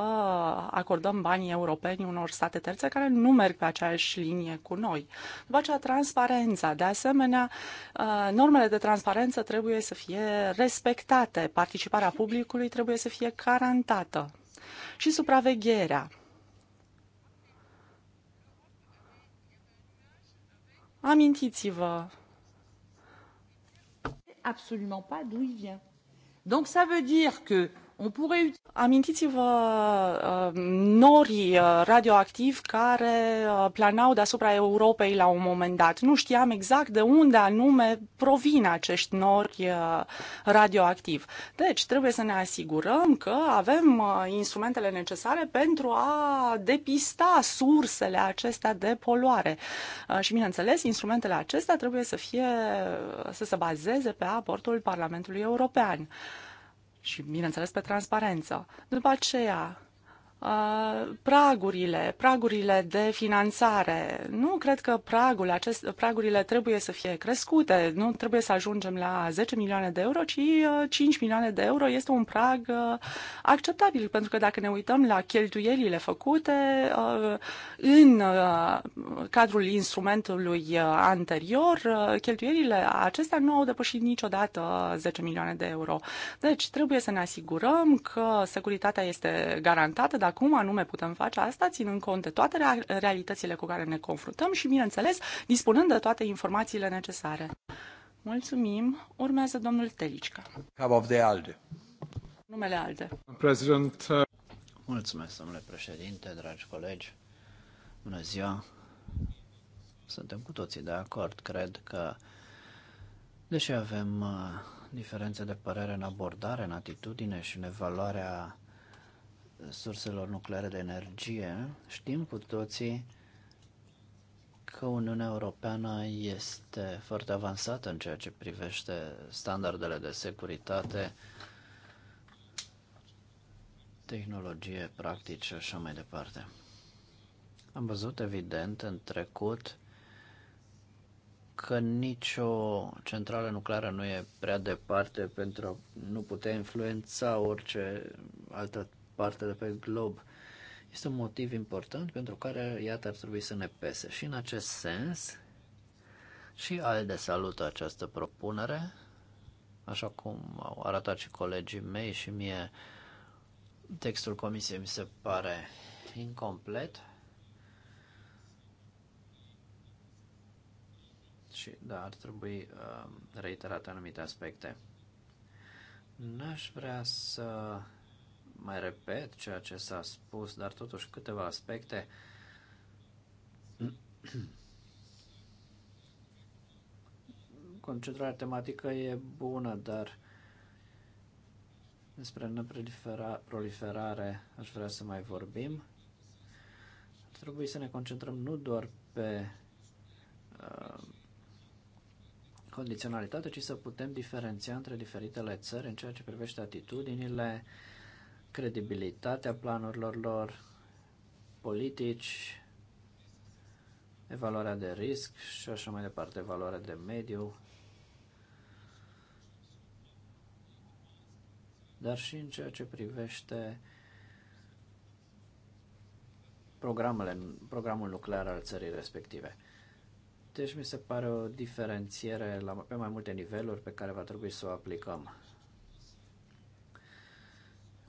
acordăm banii europeni cetățenii unor state terțe care nu merg pe aceeași linie cu noi. După aceea, transparența. De asemenea, uh, normele de transparență trebuie să fie respectate, participarea publicului trebuie să fie garantată și supravegherea. Amintiți-vă. Absolument pas d'où il vient. Donc ça veut dire que Amintiți-vă uh, norii uh, radioactivi care uh, planau deasupra Europei la un moment dat. Nu știam exact de unde anume provin acești nori radioactivi. Deci trebuie să ne asigurăm că avem instrumentele necesare pentru a depista sursele acestea de poluare. Și bineînțeles, instrumentele acestea trebuie să fie să se bazeze pe aportul Parlamentului European și, bineînțeles, pe transparență. După aceea, pragurile, pragurile de finanțare. Nu cred că pragul, acest, pragurile trebuie să fie crescute, nu trebuie să ajungem la 10 milioane de euro, ci 5 milioane de euro este un prag acceptabil, pentru că dacă ne uităm la cheltuielile făcute în cadrul instrumentului anterior, cheltuielile acestea nu au depășit niciodată 10 milioane de euro. Deci trebuie să ne asigurăm că securitatea este garantată, dacă cum anume putem face asta, ținând cont de toate realitățile cu care ne confruntăm și, bineînțeles, dispunând de toate informațiile necesare. Mulțumim. Urmează domnul Telicica. Cap of the ALDE. Numele ALDE. President. Uh, Mulțumesc, domnule președinte, dragi colegi. Bună ziua. Suntem cu toții de acord. Cred că, deși avem uh, diferențe de părere în abordare, în atitudine și în evaluarea surselor nucleare de energie, știm cu toții că Uniunea Europeană este foarte avansată în ceea ce privește standardele de securitate, tehnologie, practici și așa mai departe. Am văzut, evident, în trecut că nicio centrală nucleară nu e prea departe pentru a nu putea influența orice altă departe de pe glob. Este un motiv important pentru care, iată, ar trebui să ne pese. Și în acest sens, și ALDE salută această propunere, așa cum au arătat și colegii mei și mie, textul comisiei mi se pare incomplet. Și, da, ar trebui uh, reiterate anumite aspecte. N-aș vrea să mai repet ceea ce s-a spus, dar totuși câteva aspecte. Concentrarea tematică e bună, dar despre proliferare aș vrea să mai vorbim. Trebuie să ne concentrăm nu doar pe uh, condiționalitate, ci să putem diferenția între diferitele țări în ceea ce privește atitudinile, uh, credibilitatea planurilor lor, politici, evaluarea de risc și așa mai departe, evaluarea de mediu, dar și în ceea ce privește programele, programul nuclear al țării respective. Deci mi se pare o diferențiere la, pe mai multe niveluri pe care va trebui să o aplicăm.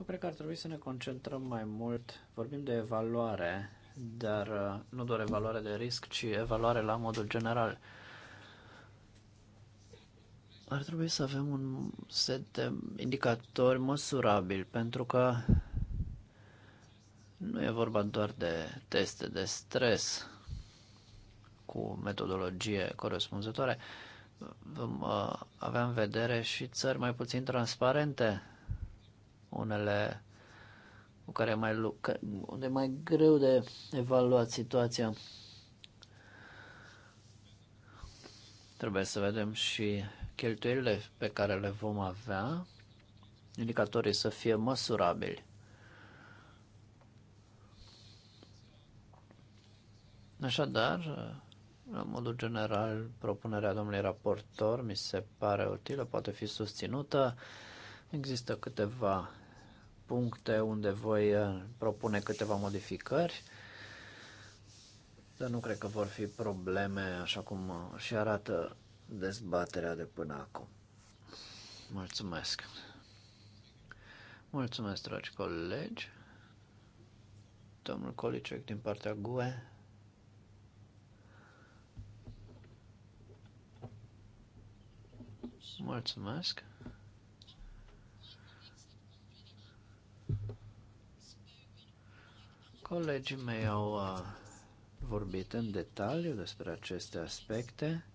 Cred că ar trebui să ne concentrăm mai mult. Vorbim de evaluare, dar uh, nu doar evaluare de risc, ci evaluare la modul general. Ar trebui să avem un set de indicatori măsurabili, pentru că nu e vorba doar de teste de stres cu metodologie corespunzătoare. Vom uh, avea în vedere și țări mai puțin transparente unele cu care mai, unde mai greu de evaluat situația. Trebuie să vedem și cheltuielile pe care le vom avea, indicatorii să fie măsurabili. Așadar, la modul general, propunerea domnului raportor mi se pare utilă, poate fi susținută. Există câteva puncte unde voi uh, propune câteva modificări, dar nu cred că vor fi probleme așa cum uh, și arată dezbaterea de până acum. Mulțumesc! Mulțumesc, dragi colegi! Domnul Colicec din partea GUE. Mulțumesc! Colegii mei au uh, vorbit în detaliu despre aceste aspecte.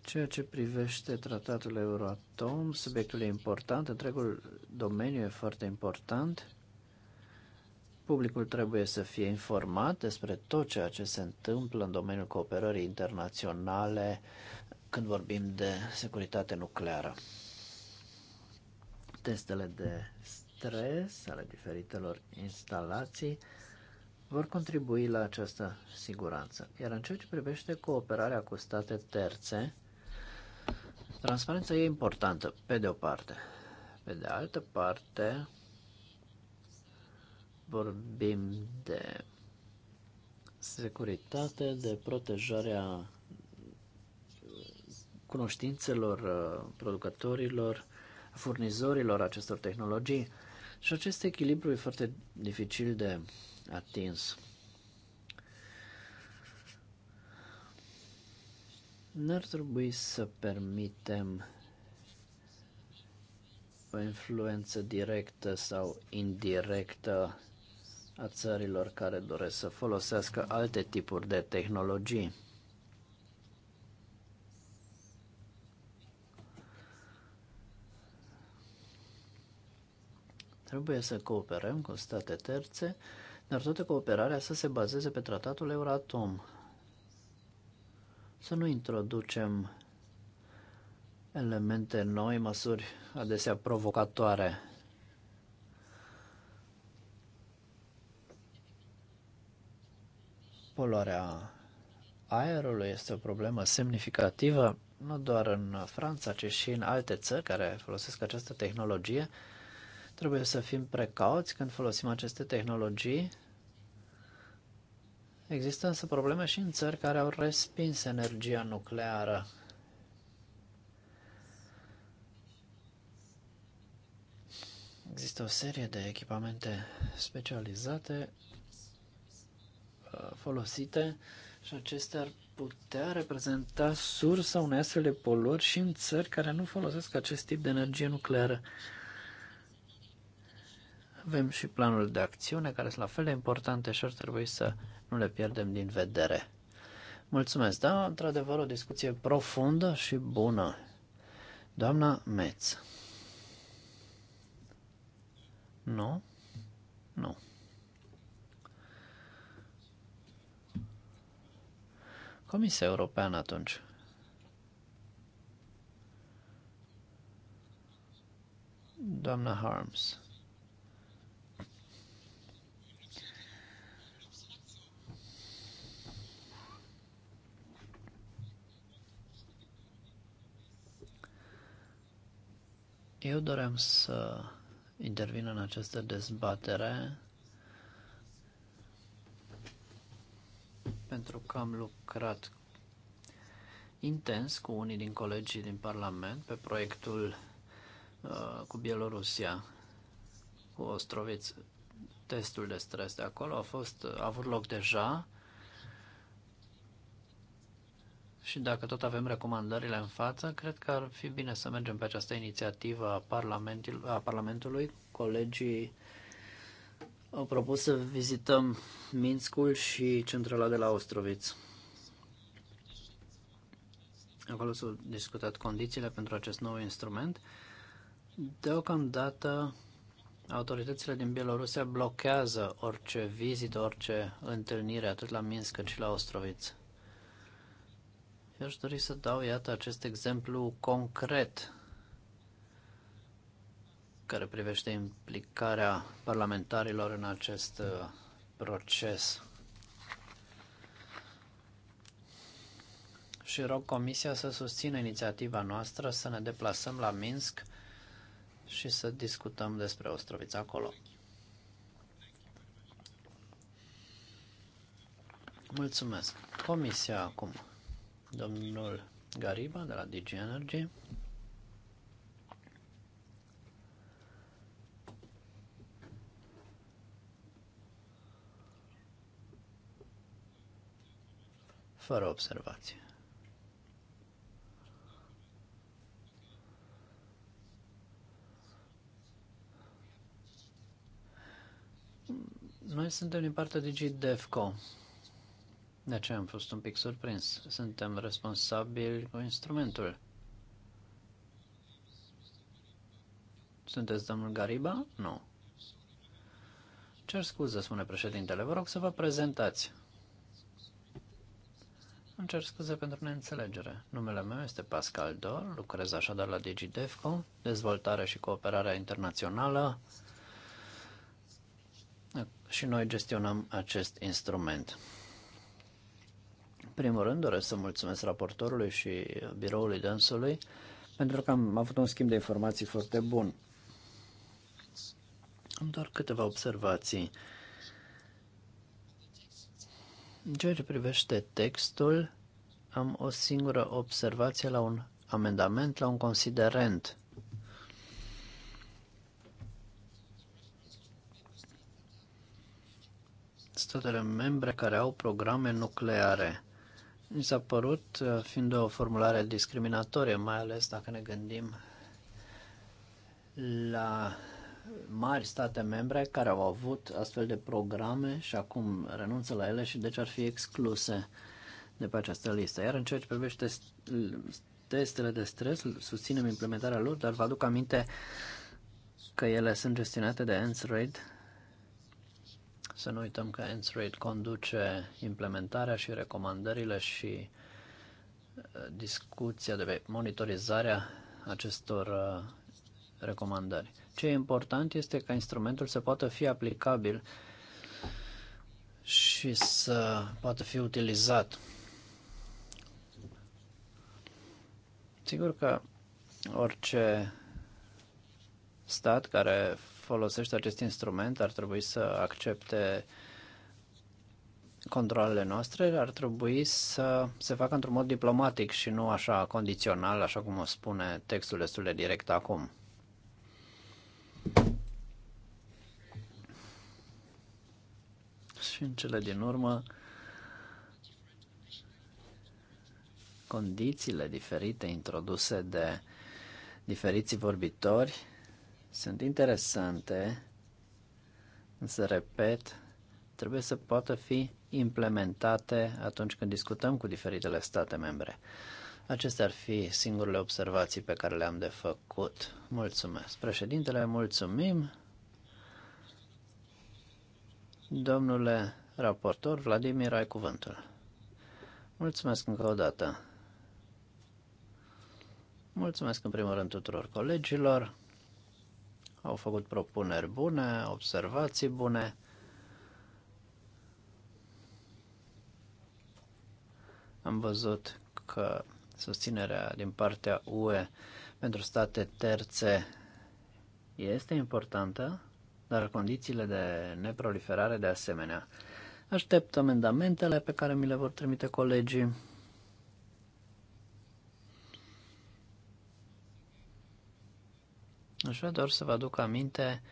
ceea ce privește tratatul Euroatom, subiectul e important, întregul domeniu e foarte important. Publicul trebuie să fie informat despre tot ceea ce se întâmplă în domeniul cooperării internaționale când vorbim de securitate nucleară testele de stres ale diferitelor instalații vor contribui la această siguranță. Iar în ceea ce privește cooperarea cu state terțe, transparența e importantă, pe de o parte. Pe de altă parte, vorbim de securitate, de protejarea cunoștințelor uh, producătorilor, furnizorilor acestor tehnologii și acest echilibru e foarte dificil de atins. N-ar trebui să permitem o influență directă sau indirectă a țărilor care doresc să folosească alte tipuri de tehnologii. Trebuie să cooperăm cu state terțe, dar toată cooperarea să se bazeze pe tratatul Euratom. Să nu introducem elemente noi, măsuri adesea provocatoare. Poluarea aerului este o problemă semnificativă, nu doar în Franța, ci și în alte țări care folosesc această tehnologie Trebuie să fim precauți când folosim aceste tehnologii. Există însă probleme și în țări care au respins energia nucleară. Există o serie de echipamente specializate uh, folosite și acestea ar putea reprezenta sursa unei astfel de poluări și în țări care nu folosesc acest tip de energie nucleară. Avem și planul de acțiune, care sunt la fel de importante și ar trebui să nu le pierdem din vedere. Mulțumesc, da, într-adevăr o discuție profundă și bună. Doamna Meț. Nu? Nu. Comisia Europeană atunci. Doamna Harms. Eu doream să intervin în această dezbatere pentru că am lucrat intens cu unii din colegii din Parlament pe proiectul uh, cu Bielorusia, cu Ostroviț. Testul de stres de acolo a, fost, a avut loc deja Și dacă tot avem recomandările în față, cred că ar fi bine să mergem pe această inițiativă a, Parlamentului. A Parlamentului. Colegii au propus să vizităm Minskul și centrala de la Ostroviț. Acolo s-au discutat condițiile pentru acest nou instrument. Deocamdată, autoritățile din Bielorusia blochează orice vizită, orice întâlnire, atât la Minsk cât și la Ostroviț. Eu aș dori să dau, iată, acest exemplu concret care privește implicarea parlamentarilor în acest uh, proces. Și rog Comisia să susțină inițiativa noastră să ne deplasăm la Minsk și să discutăm despre Ostrovița acolo. Mulțumesc. Comisia acum domnul Gariba de la DG Energy. Fără observație. Noi suntem din partea Defco. De aceea am fost un pic surprins. Suntem responsabili cu instrumentul. Sunteți domnul Gariba? Nu. Cer scuze, spune președintele. Vă rog să vă prezentați. Îmi cer scuze pentru neînțelegere. Numele meu este Pascal Dor, lucrez așadar la DigiDevCo, dezvoltare și cooperarea internațională și noi gestionăm acest instrument primul rând doresc să mulțumesc raportorului și biroului dânsului pentru că am avut un schimb de informații foarte bun. Am doar câteva observații. În ceea ce privește textul, am o singură observație la un amendament, la un considerent. Statele membre care au programe nucleare. Mi s-a părut, uh, fiind o formulare discriminatorie, mai ales dacă ne gândim la mari state membre care au avut astfel de programe și acum renunță la ele și deci ar fi excluse de pe această listă. Iar în ceea ce privește testele de stres, susținem implementarea lor, dar vă aduc aminte că ele sunt gestionate de ANSRAID, să nu uităm că ENSRAID conduce implementarea și recomandările și uh, discuția de pe monitorizarea acestor uh, recomandări. Ce e important este ca instrumentul să poată fi aplicabil și să poată fi utilizat. Sigur că orice stat care folosește acest instrument ar trebui să accepte controlele noastre, ar trebui să se facă într-un mod diplomatic și nu așa condițional, așa cum o spune textul destul de direct acum. Și în cele din urmă, condițiile diferite introduse de diferiții vorbitori sunt interesante, însă, repet, trebuie să poată fi implementate atunci când discutăm cu diferitele state membre. Acestea ar fi singurele observații pe care le-am de făcut. Mulțumesc. Președintele, mulțumim. Domnule raportor, Vladimir, ai cuvântul. Mulțumesc încă o dată. Mulțumesc în primul rând tuturor colegilor au făcut propuneri bune, observații bune. Am văzut că susținerea din partea UE pentru state terțe este importantă, dar condițiile de neproliferare de asemenea. Aștept amendamentele pe care mi le vor trimite colegii. Aș vrea doar să vă aduc aminte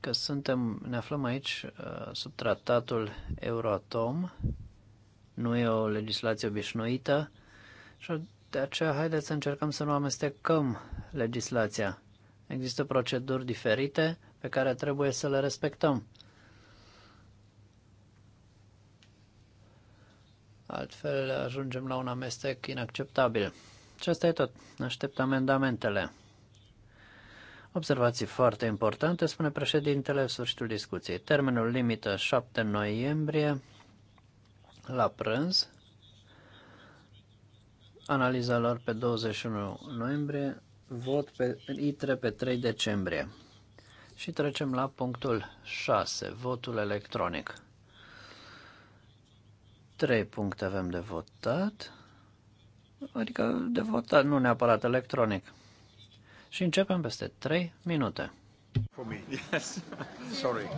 că suntem, ne aflăm aici uh, sub tratatul Euroatom, nu e o legislație obișnuită și de aceea haideți să încercăm să nu amestecăm legislația. Există proceduri diferite pe care trebuie să le respectăm. Altfel ajungem la un amestec inacceptabil. Și asta e tot. Aștept amendamentele. Observații foarte importante, spune președintele, sfârșitul discuției. Termenul limită 7 noiembrie la prânz. Analiza lor pe 21 noiembrie, vot pe ITRE pe 3 decembrie. Și trecem la punctul 6, votul electronic. Trei puncte avem de votat, adică de votat, nu neapărat electronic și începem peste 3 minute. For me. Yes. Sorry.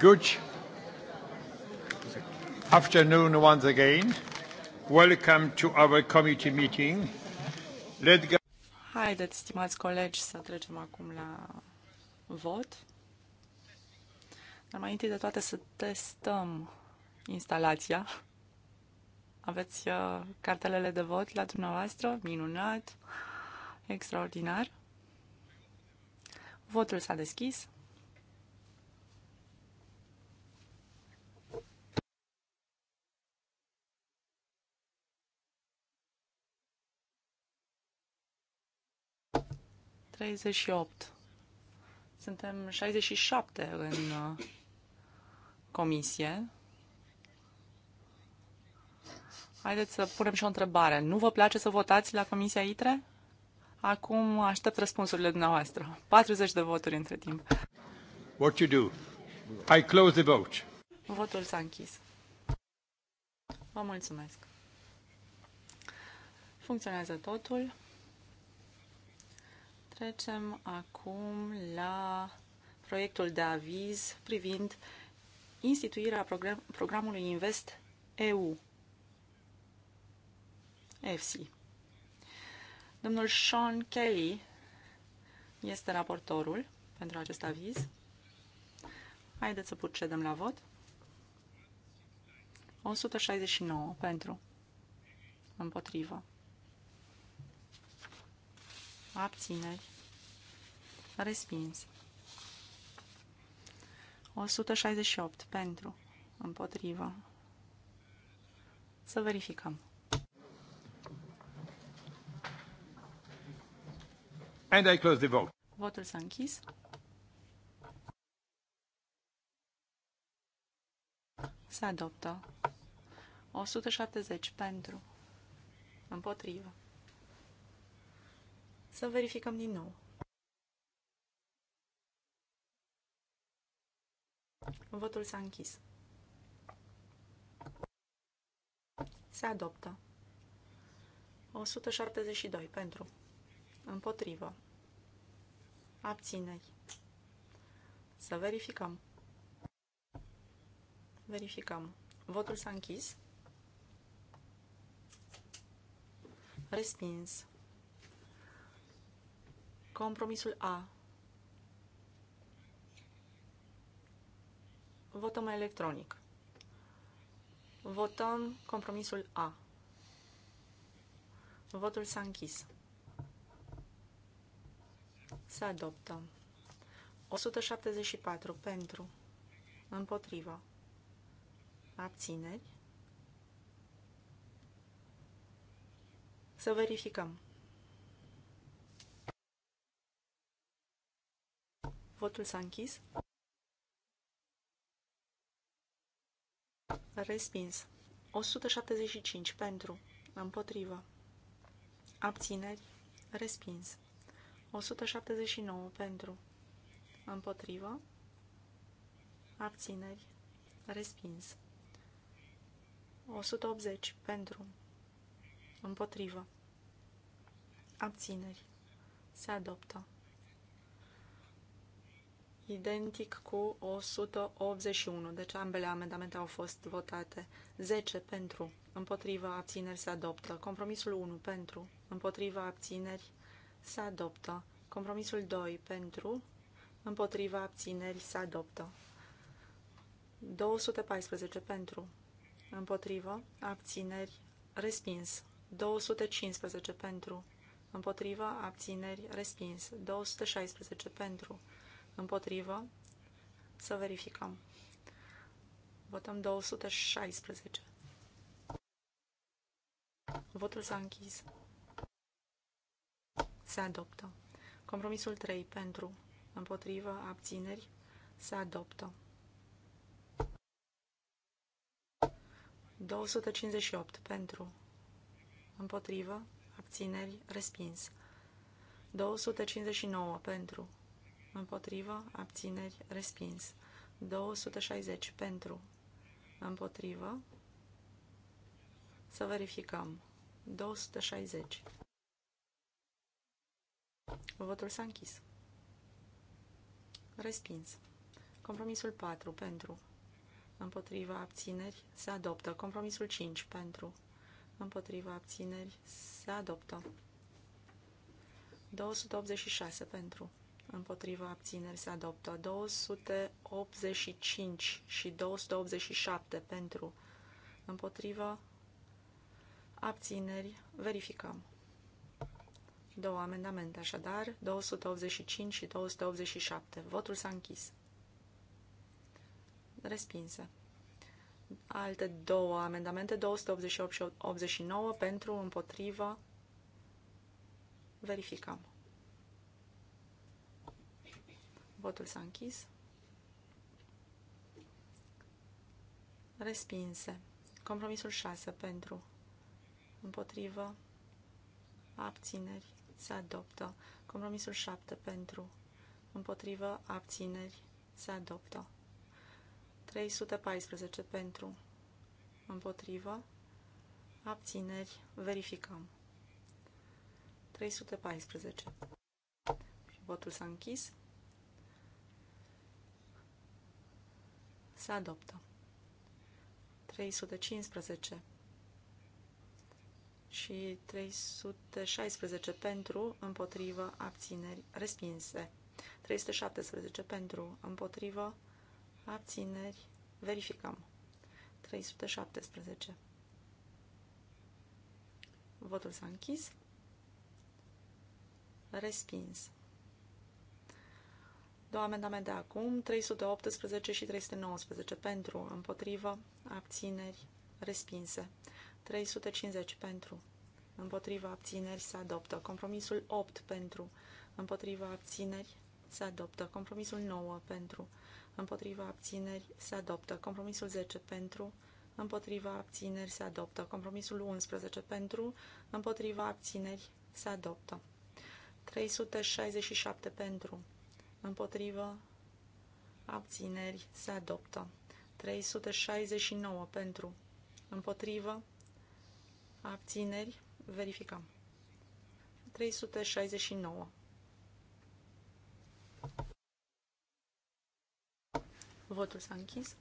Good afternoon once again. Welcome to our committee meeting. Let go. Haideți, stimați colegi, să trecem acum la vot. Dar mai întâi de toate să testăm instalația. Aveți uh, cartelele de vot la dumneavoastră? Minunat! Extraordinar! Votul s-a deschis. 68. Suntem 67 în uh, comisie. Haideți să punem și o întrebare. Nu vă place să votați la Comisia ITRE? Acum aștept răspunsurile dumneavoastră. 40 de voturi între timp. What you do? I close the vote. Votul s-a închis. Vă mulțumesc. Funcționează totul. Trecem acum la proiectul de aviz privind instituirea program programului Invest EU. FC. Domnul Sean Kelly este raportorul pentru acest aviz. Haideți să procedăm la vot. 169 pentru. Împotrivă abțineri, respins. 168 pentru, împotrivă. Să verificăm. And I close the vote. Votul s-a închis. Se adoptă. 170 pentru. Împotrivă. Să verificăm din nou. Votul s-a închis. Se adoptă. 172 pentru. Împotrivă. Abțineri. Să verificăm. Verificăm. Votul s-a închis. Respins. Compromisul A. Votăm electronic. Votăm compromisul A. Votul s-a închis. Se adoptă. 174 pentru. Împotriva. Abțineri. Să verificăm. Votul s-a închis. Respins. 175 pentru. Împotrivă. Abțineri. Respins. 179 pentru. Împotrivă. Abțineri. Respins. 180 pentru. Împotrivă. Abțineri. Se adoptă identic cu 181, deci ambele amendamente au fost votate. 10 pentru, împotriva abțineri se adoptă. Compromisul 1 pentru, împotriva abțineri se adoptă. Compromisul 2 pentru, împotriva abțineri se adoptă. 214 pentru, împotriva abțineri respins. 215 pentru, împotriva abțineri respins. 216 pentru, Împotrivă. Să verificăm. Votăm 216. Votul s-a închis. Se adoptă. Compromisul 3. Pentru. Împotrivă. Abțineri. Se adoptă. 258. Pentru. Împotrivă. Abțineri. Respins. 259. Pentru împotrivă, abțineri, respins. 260 pentru, împotrivă, să verificăm. 260. Votul s-a închis. Respins. Compromisul 4 pentru, împotriva abțineri, se adoptă. Compromisul 5 pentru, împotriva abțineri, se adoptă. 286 pentru, împotriva abțineri se adoptă. 285 și 287 pentru împotriva abțineri verificăm. Două amendamente, așadar, 285 și 287. Votul s-a închis. Respinse. Alte două amendamente, 288 și 89, pentru, împotriva, verificăm. Votul s-a închis. Respinse. Compromisul 6 pentru. Împotrivă. Abțineri. Se adoptă. Compromisul 7 pentru. Împotrivă. Abțineri. Se adoptă. 314 pentru. Împotrivă. Abțineri. Verificăm. 314. Votul s-a închis. Se adoptă. 315 și 316 pentru, împotrivă, abțineri, respinse. 317 pentru, împotrivă, abțineri, verificăm. 317. Votul s-a închis. Respins. Două amendamente acum, 318 și 319 pentru, împotrivă, abțineri, respinse. 350 pentru, împotrivă, abțineri, se adoptă. Compromisul 8 pentru, împotrivă, abțineri, se adoptă. Compromisul 9 pentru, împotrivă, abțineri se adoptă. Compromisul 10 pentru, împotrivă, abțineri se adoptă. Compromisul 11 pentru, împotrivă, abțineri se adoptă. 367 pentru, împotrivă, abțineri, se adoptă. 369 pentru, împotrivă, abțineri, verificăm. 369. Votul s-a închis.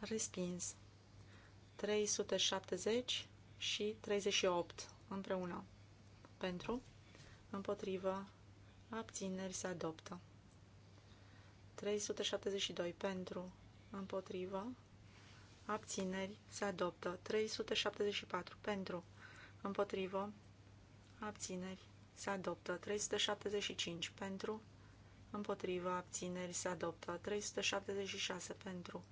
Respins. 370 și 38 împreună. Pentru, împotrivă, abțineri se adoptă. 372 pentru, împotrivă, abțineri se adoptă. 374 pentru, împotrivă, abțineri se adoptă. 375 pentru, împotriva abțineri se adoptă 376 pentru,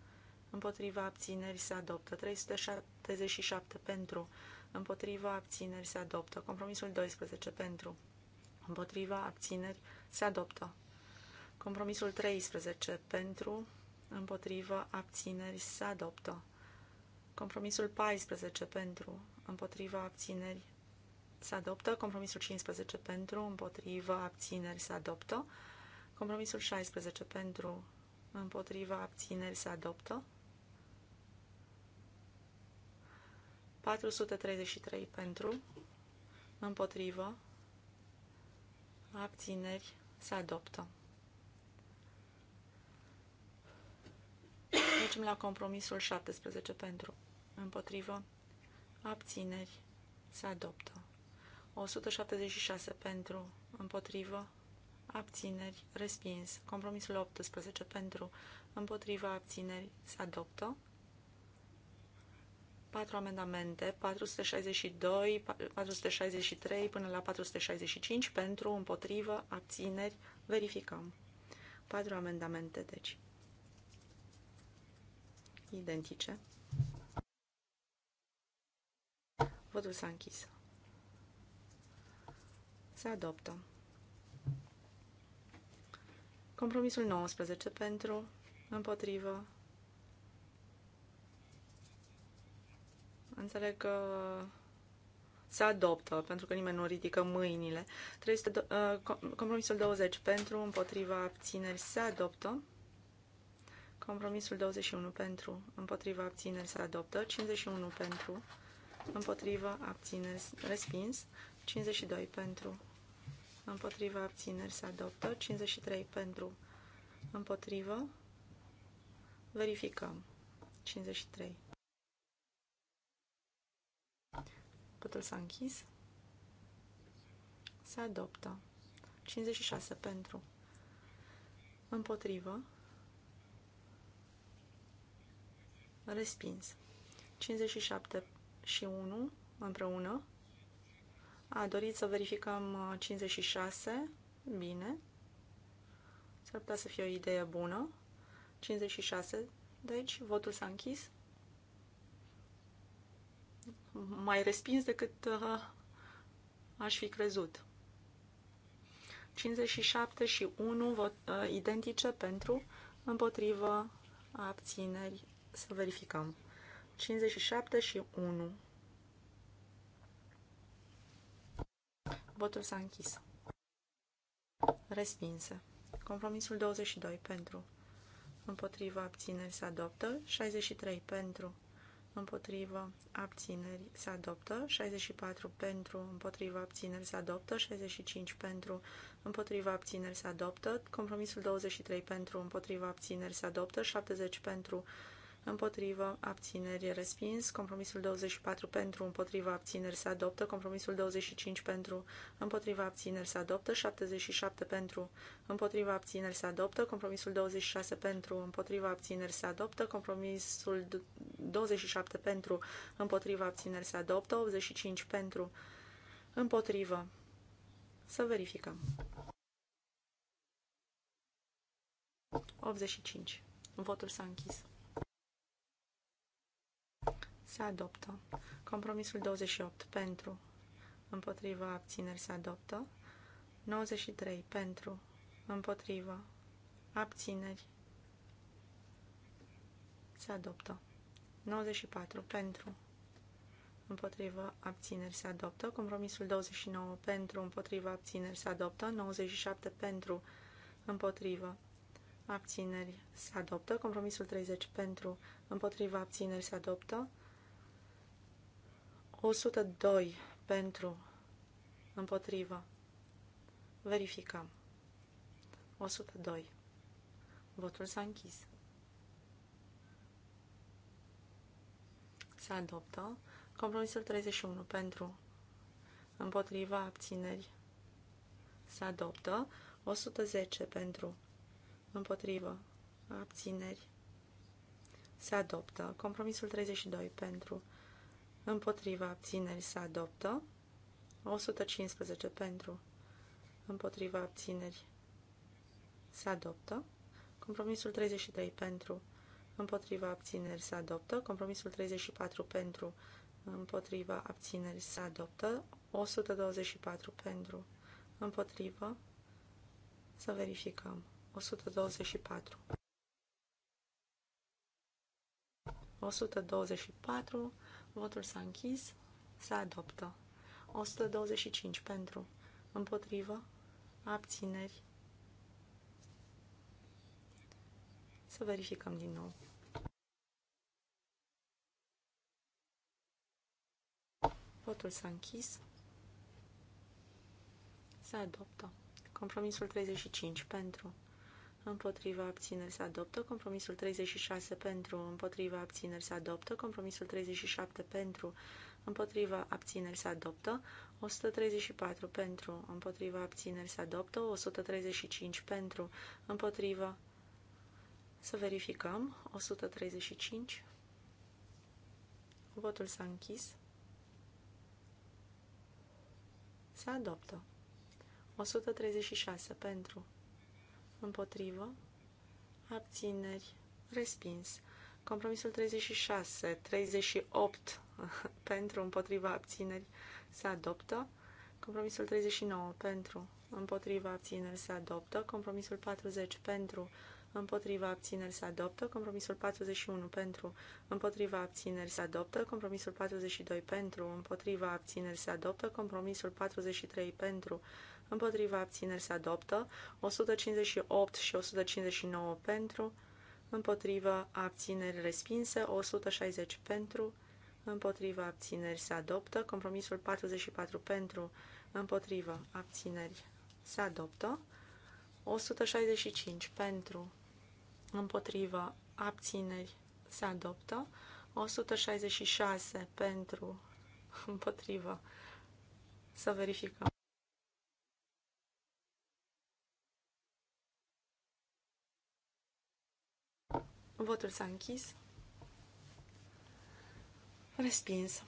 împotriva abțineri se adoptă 377 pentru, împotriva abțineri se adoptă compromisul 12 pentru, împotriva, abțineri, se adoptă. Compromisul 13 pentru, împotriva, abțineri, se adoptă. Compromisul 14 pentru, împotriva, abțineri, se adoptă. Compromisul 15 pentru, împotriva, abțineri, se adoptă. Compromisul 16 pentru, împotriva, abțineri, se adoptă. 433 pentru, împotrivă, abțineri, se adoptă. Trecem la compromisul 17 pentru, împotrivă, abțineri, se adoptă. 176 pentru, împotrivă, abțineri, respins. Compromisul 18 pentru, împotrivă abțineri, se adoptă patru amendamente, 462, 463 până la 465, pentru, împotrivă, abțineri, verificăm. Patru amendamente, deci. Identice. Votul s-a închis. Se adoptă. Compromisul 19 pentru, împotrivă, Înțeleg că se adoptă, pentru că nimeni nu ridică mâinile. 300, uh, compromisul 20 pentru, împotriva abțineri se adoptă. Compromisul 21 pentru, împotriva abțineri se adoptă. 51 pentru, împotriva abțineri respins. 52 pentru, împotriva abțineri se adoptă. 53 pentru, împotrivă. Verificăm. 53. Votul s-a închis. Se adoptă. 56 pentru. Împotrivă. Respins. 57 și 1 împreună. A dorit să verificăm 56. Uh, Bine. S-ar putea să fie o idee bună. 56. Deci, votul s-a închis mai respins decât uh, aș fi crezut. 57 și 1 vot, uh, identice pentru, împotrivă, abțineri. Să verificăm. 57 și 1. Votul s-a închis. Respinse. Compromisul 22 pentru. Împotriva abțineri se adoptă. 63 pentru împotrivă, abțineri, se adoptă, 64 pentru, împotrivă, abțineri, se adoptă, 65 pentru, împotrivă, abțineri, se adoptă, compromisul 23 pentru, împotrivă, abțineri, se adoptă, 70 pentru, împotrivă, abțineri, respins, compromisul 24 pentru, împotrivă, abțineri, se adoptă, compromisul 25 pentru, împotrivă, abțineri, se adoptă, 77 pentru, împotrivă, abțineri, se adoptă, compromisul 26 pentru, împotrivă, abțineri, se adoptă, compromisul 27 pentru, împotriva abțineri se adoptă, 85 pentru, împotrivă. Să verificăm. 85. Votul s-a închis. Se adoptă. Compromisul 28 pentru, împotriva abțineri se adoptă. 93 pentru, împotriva abțineri se adoptă. 94 pentru, împotriva abțineri se adoptă, compromisul 29 pentru, împotriva abțineri se adoptă, 97 pentru, împotriva abțineri se adoptă, compromisul 30 pentru, împotriva abțineri se adoptă, 102 pentru, împotriva. Verificăm. 102. Votul s-a închis. se adoptă. Compromisul 31 pentru împotriva abțineri se adoptă. 110 pentru împotriva abțineri se adoptă. Compromisul 32 pentru împotriva abțineri se adoptă. 115 pentru împotriva abțineri se adoptă. Compromisul 33 pentru împotriva abțineri se adoptă, compromisul 34 pentru, împotriva abțineri se adoptă, 124 pentru, împotriva, să verificăm, 124. 124, votul s-a închis, se adoptă. 125 pentru, împotrivă, abțineri. Să verificăm din nou. Votul s-a închis. Se adoptă. Compromisul 35 pentru. Împotriva abțineri se adoptă. Compromisul 36 pentru. Împotriva abțineri se adoptă. Compromisul 37 pentru. Împotriva abțineri se adoptă. 134 pentru. Împotriva abțineri se adoptă. 135 pentru. Împotriva. Să verificăm. 135. Votul s-a închis. Se adoptă. 136. Pentru. Împotrivă. Abțineri. Respins. Compromisul 36. 38. pentru. Împotriva. Abțineri. Se adoptă. Compromisul 39. Pentru. Împotriva. Abțineri. Se adoptă. Compromisul 40. Pentru împotriva abțineri se adoptă, compromisul 41 pentru, împotriva abțineri se adoptă, compromisul 42 pentru, împotriva abțineri se adoptă, compromisul 43 pentru, împotriva abțineri se adoptă, 158 și 159 pentru, împotriva abțineri respinse, 160 pentru, împotriva abțineri se adoptă, compromisul 44 pentru, împotriva abțineri se adoptă, 165 pentru, împotriva abțineri se adoptă, 166 pentru împotriva. Să verificăm. Votul s-a închis. Respins.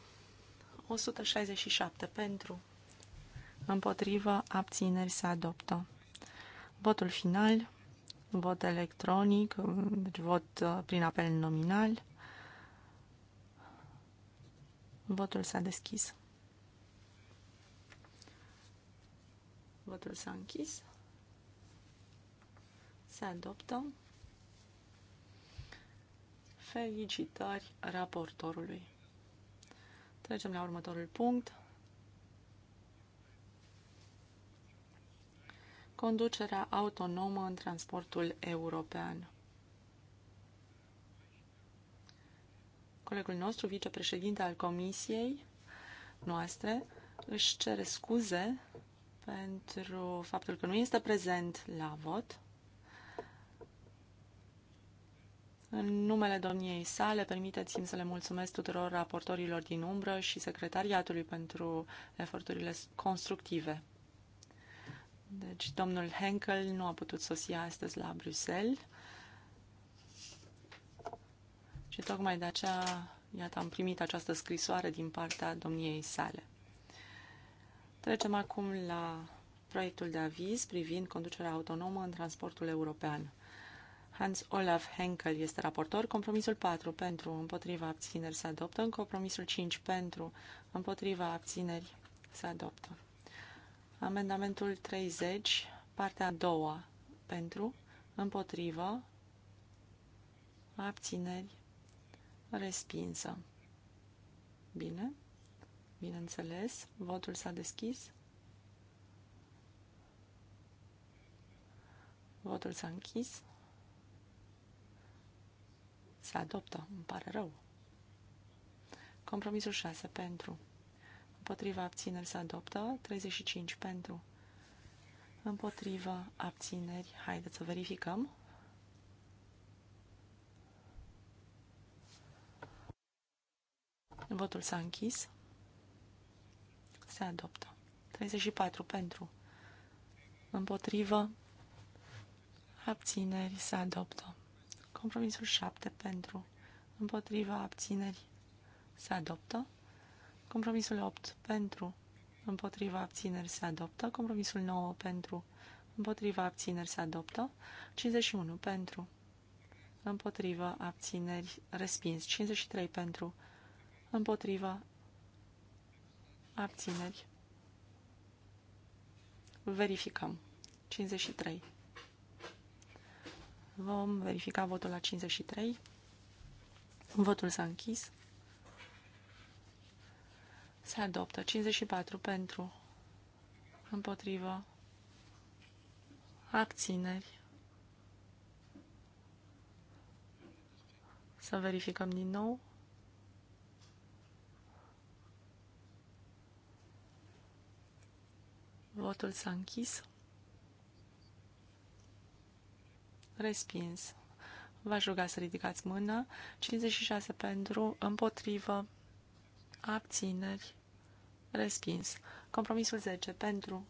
167 pentru. Împotrivă, abțineri se adoptă. Votul final. Vot electronic, deci vot uh, prin apel nominal. Votul s-a deschis. Votul s-a închis. Se adoptă. Felicitări raportorului. Trecem la următorul punct. conducerea autonomă în transportul european. Colegul nostru, vicepreședinte al comisiei noastre, își cere scuze pentru faptul că nu este prezent la vot. În numele domniei sale, permiteți-mi să le mulțumesc tuturor raportorilor din umbră și secretariatului pentru eforturile constructive. Deci domnul Henkel nu a putut sosi astăzi la Bruxelles. Și tocmai de aceea, iată, am primit această scrisoare din partea domniei sale. Trecem acum la proiectul de aviz privind conducerea autonomă în transportul european. Hans Olaf Henkel este raportor. Compromisul 4 pentru împotriva abțineri se adoptă. Compromisul 5 pentru împotriva abțineri se adoptă. Amendamentul 30, partea a doua, pentru, împotrivă, abțineri, respinsă. Bine, bineînțeles, votul s-a deschis. Votul s-a închis. Se adoptă, îmi pare rău. Compromisul 6 pentru împotriva abțineri se adoptă, 35 pentru, împotriva abțineri, haideți să verificăm. Votul s-a închis. Se adoptă. 34 pentru. Împotrivă. Abțineri. Se adoptă. Compromisul 7 pentru. Împotriva abțineri. Se adoptă. Compromisul 8 pentru, împotriva abțineri se adoptă. Compromisul 9 pentru, împotriva abțineri se adoptă. 51 pentru, împotriva abțineri respins. 53 pentru, împotriva abțineri. Verificăm. 53. Vom verifica votul la 53. Votul s-a închis. Se adoptă. 54 pentru. Împotrivă. Abțineri. Să verificăm din nou. Votul s-a închis. Respins. V-aș ruga să ridicați mâna. 56 pentru, împotrivă, abțineri. Respins. Compromisul 10. Pentru.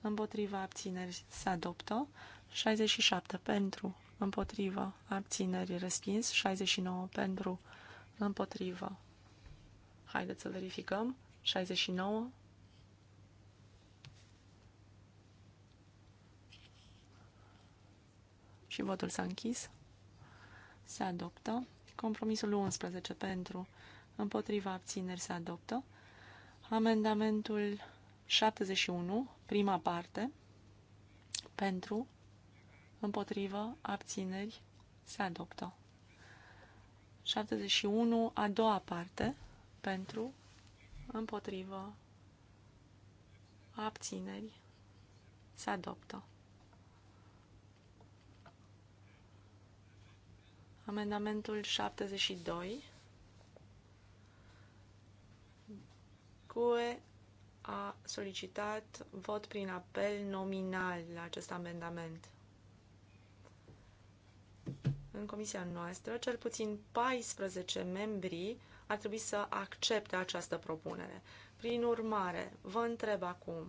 Împotriva abțineri se adoptă. 67. Pentru. Împotriva abțineri respins. 69. Pentru. Împotriva. Haideți să verificăm. 69. Și votul s-a închis. Se adoptă. Compromisul 11 pentru împotriva abțineri se adoptă. Amendamentul 71, prima parte, pentru, împotrivă, abțineri, se adoptă. 71, a doua parte, pentru, împotrivă, abțineri, se adoptă. Amendamentul 72, CUE a solicitat vot prin apel nominal la acest amendament. În comisia noastră, cel puțin 14 membri ar trebui să accepte această propunere. Prin urmare, vă întreb acum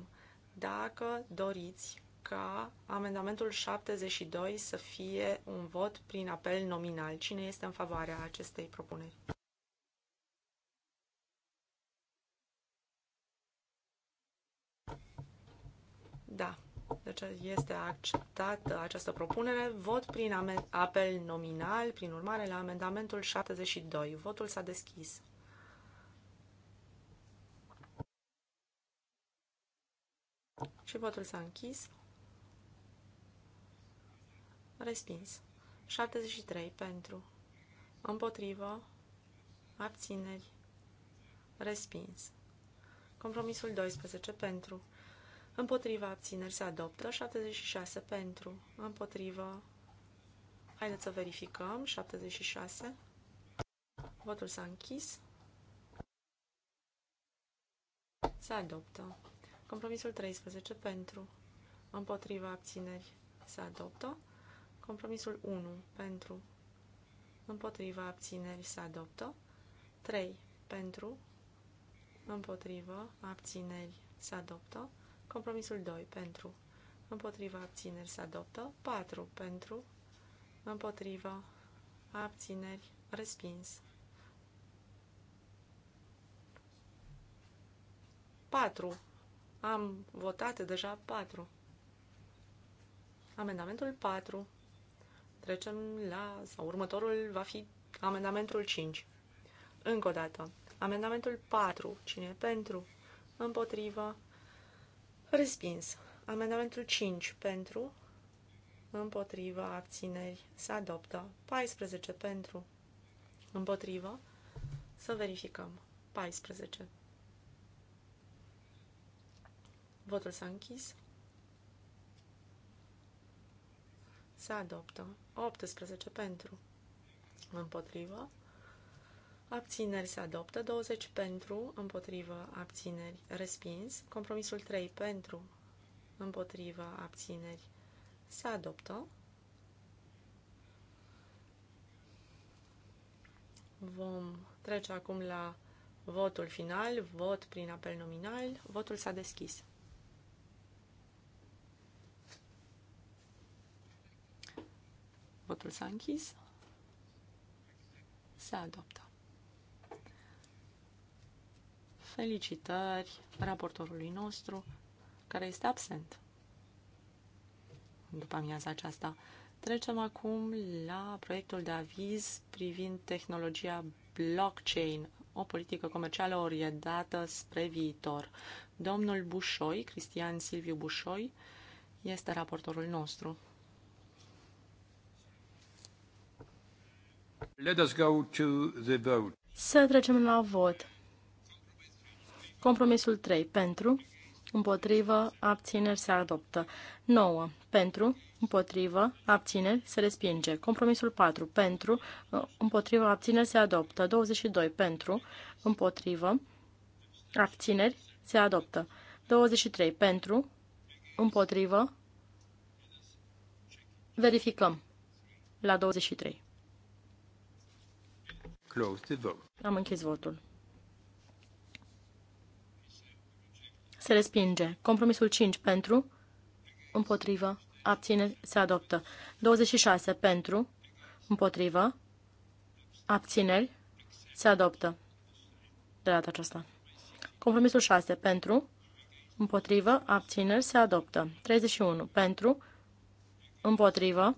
dacă doriți ca amendamentul 72 să fie un vot prin apel nominal. Cine este în favoarea acestei propuneri? Deci este acceptată această propunere. Vot prin apel nominal, prin urmare, la amendamentul 72. Votul s-a deschis. Și votul s-a închis. Respins. 73 pentru. Împotrivă. Abțineri. Respins. Compromisul 12 pentru împotriva abțineri se adoptă, 76 pentru, împotriva, haideți să verificăm, 76, votul s-a închis, se adoptă, compromisul 13 pentru, împotriva abțineri se adoptă, compromisul 1 pentru, împotriva abțineri se adoptă, 3 pentru, împotriva abțineri se adoptă, Compromisul 2 pentru împotriva abțineri se adoptă. 4 pentru împotriva abțineri respins. 4. Am votat deja 4. Amendamentul 4. Trecem la... sau următorul va fi amendamentul 5. Încă o dată. Amendamentul 4. Cine pentru? Împotrivă. Respins. Amendamentul 5 pentru, împotriva, abțineri, se adoptă. 14 pentru, împotriva, să verificăm. 14. Votul s-a închis. Se adoptă. 18 pentru, împotriva, Abțineri se adoptă, 20 pentru, împotrivă, abțineri, respins. Compromisul 3 pentru, împotrivă, abțineri, se adoptă. Vom trece acum la votul final, vot prin apel nominal. Votul s-a deschis. Votul s-a închis. Se adoptă. Felicitări raportorului nostru, care este absent după amiaza aceasta. Trecem acum la proiectul de aviz privind tehnologia blockchain, o politică comercială orientată spre viitor. Domnul Bușoi, Cristian Silviu Bușoi, este raportorul nostru. Let us go to the vote. Să trecem la vot. Compromisul 3. Pentru, împotrivă, abțineri se adoptă. 9. Pentru, împotrivă, abțineri se respinge. Compromisul 4. Uh, pentru, împotrivă, abțineri se adoptă. 22. Pentru, împotrivă, abțineri se adoptă. 23. Pentru, împotrivă, verificăm la 23. Close the vote. Am închis votul. se respinge. Compromisul 5 pentru, împotrivă, abține, se adoptă. 26 pentru, împotrivă, abțineri, se adoptă. De data aceasta. Compromisul 6 pentru, împotrivă, abțineri, se adoptă. 31 pentru, împotrivă,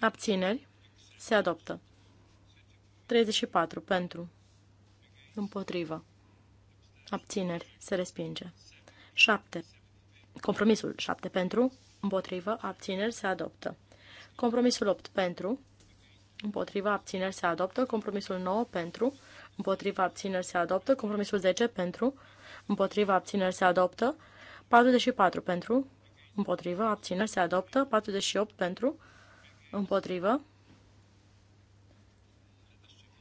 abțineri, se adoptă. 34 pentru, împotrivă abțineri, se respinge. 7. Compromisul 7 pentru, împotrivă, abțineri, se adoptă. Compromisul 8 pentru, Împotrivă. abțineri se adoptă, compromisul 9 pentru, Împotrivă. abțineri se adoptă, compromisul 10 pentru, Împotrivă. abțineri se adoptă, 44 pentru, Împotrivă. abțineri se adoptă, 48 pentru, împotrivă.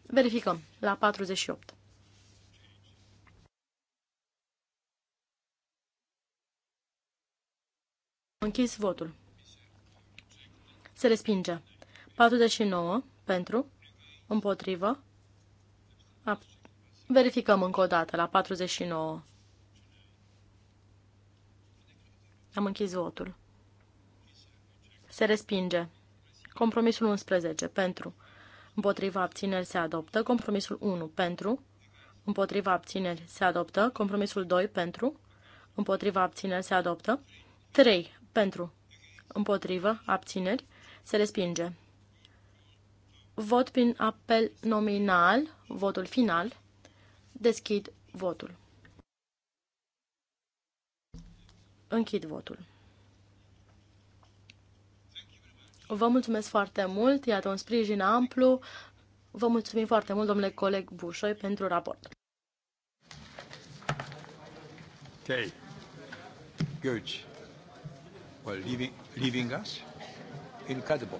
Verificăm la 48. închis votul. Se respinge. 49 pentru, împotrivă. Verificăm încă o dată la 49. Am închis votul. Se respinge. Compromisul 11 pentru, împotrivă abțineri se adoptă. Compromisul 1 pentru, împotrivă abțineri se adoptă. Compromisul 2 pentru, împotrivă abțineri se adoptă. 3 pentru. Împotrivă. Abțineri. Se respinge. Vot prin apel nominal. Votul final. Deschid votul. Închid votul. Vă mulțumesc foarte mult, iată un sprijin amplu. Vă mulțumim foarte mult, domnule coleg Bușoi, pentru raport. Okay. Good people leaving, leaving us? Incredible.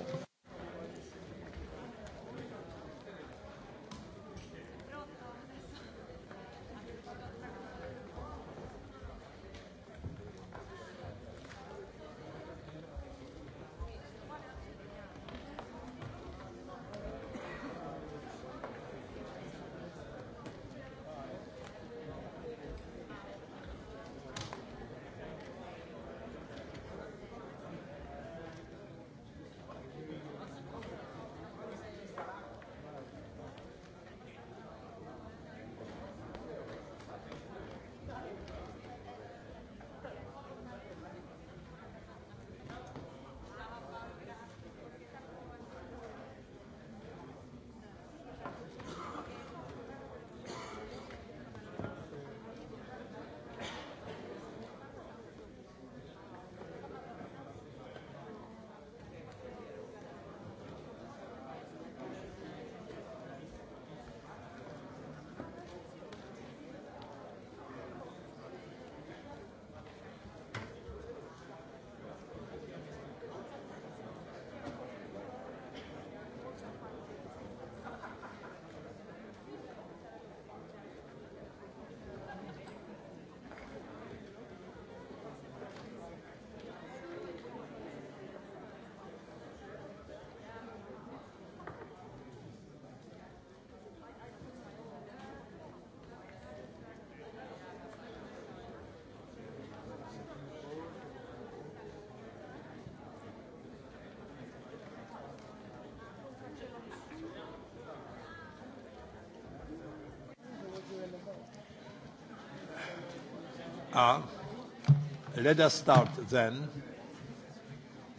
Let us start then.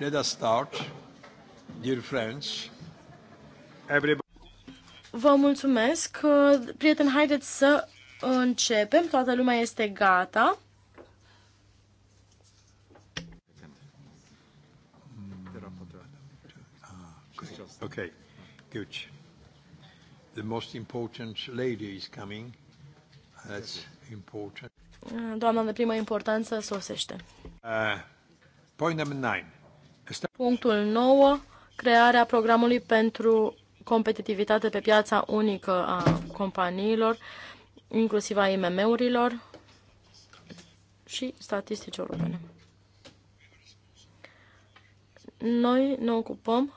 Let us start, dear friends. Everybody. Vă mulțumesc. Prieten, haideți să începem. Toată lumea este gata. Ah, ok. good. The most important lady is coming. That's important doamna de primă importanță sosește. Uh, point number nine. Punctul 9. Crearea programului pentru competitivitate pe piața unică a companiilor, inclusiv a IMM-urilor și statistici europene. Noi ne ocupăm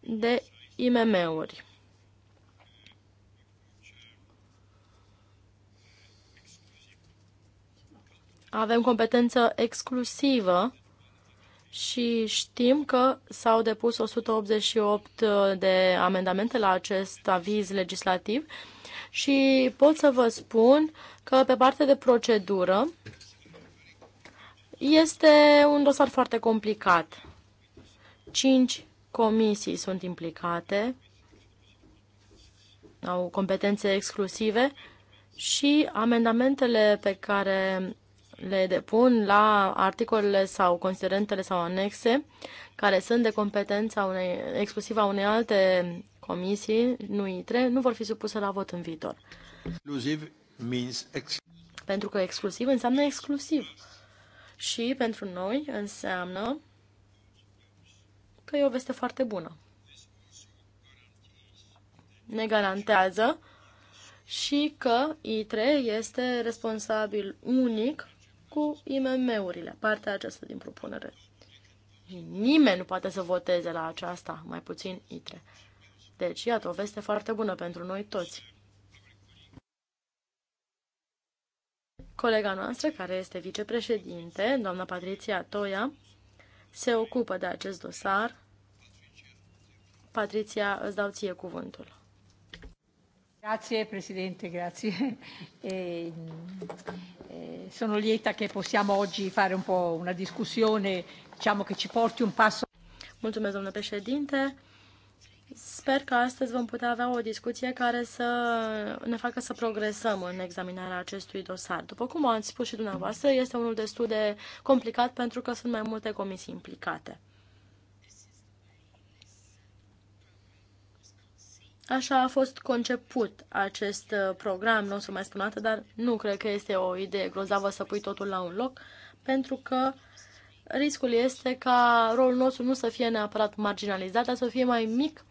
de IMM-uri. avem competență exclusivă și știm că s-au depus 188 de amendamente la acest aviz legislativ și pot să vă spun că pe partea de procedură este un dosar foarte complicat. Cinci comisii sunt implicate, au competențe exclusive și amendamentele pe care le depun la articolele sau considerentele sau anexe care sunt de competența unei, exclusivă a unei alte comisii, nu ITRE, nu vor fi supuse la vot în viitor. Exclusiv means ex- pentru că exclusiv înseamnă exclusiv. Și pentru noi înseamnă că e o veste foarte bună. Ne garantează și că ITRE este responsabil unic cu IMM-urile, partea aceasta din propunere. Nimeni nu poate să voteze la aceasta, mai puțin ITRE. Deci, iată, o veste foarte bună pentru noi toți. Colega noastră, care este vicepreședinte, doamna Patricia Toia, se ocupă de acest dosar. Patricia, îți dau ție cuvântul. Grazie Presidente, grazie. E, e, eh, sono lieta che possiamo oggi fare un po' una discussione, diciamo che ci porti un passo. Mulțumesc, domnule președinte. Sper că astăzi vom putea avea o discuție care să ne facă să progresăm în examinarea acestui dosar. După cum ați spus și dumneavoastră, este unul destul de complicat pentru că sunt mai multe comisii implicate. Așa a fost conceput acest uh, program, nu o să mai spun atât, dar nu cred că este o idee grozavă să pui totul la un loc, pentru că riscul este ca rolul nostru nu să fie neapărat marginalizat, dar să fie mai mic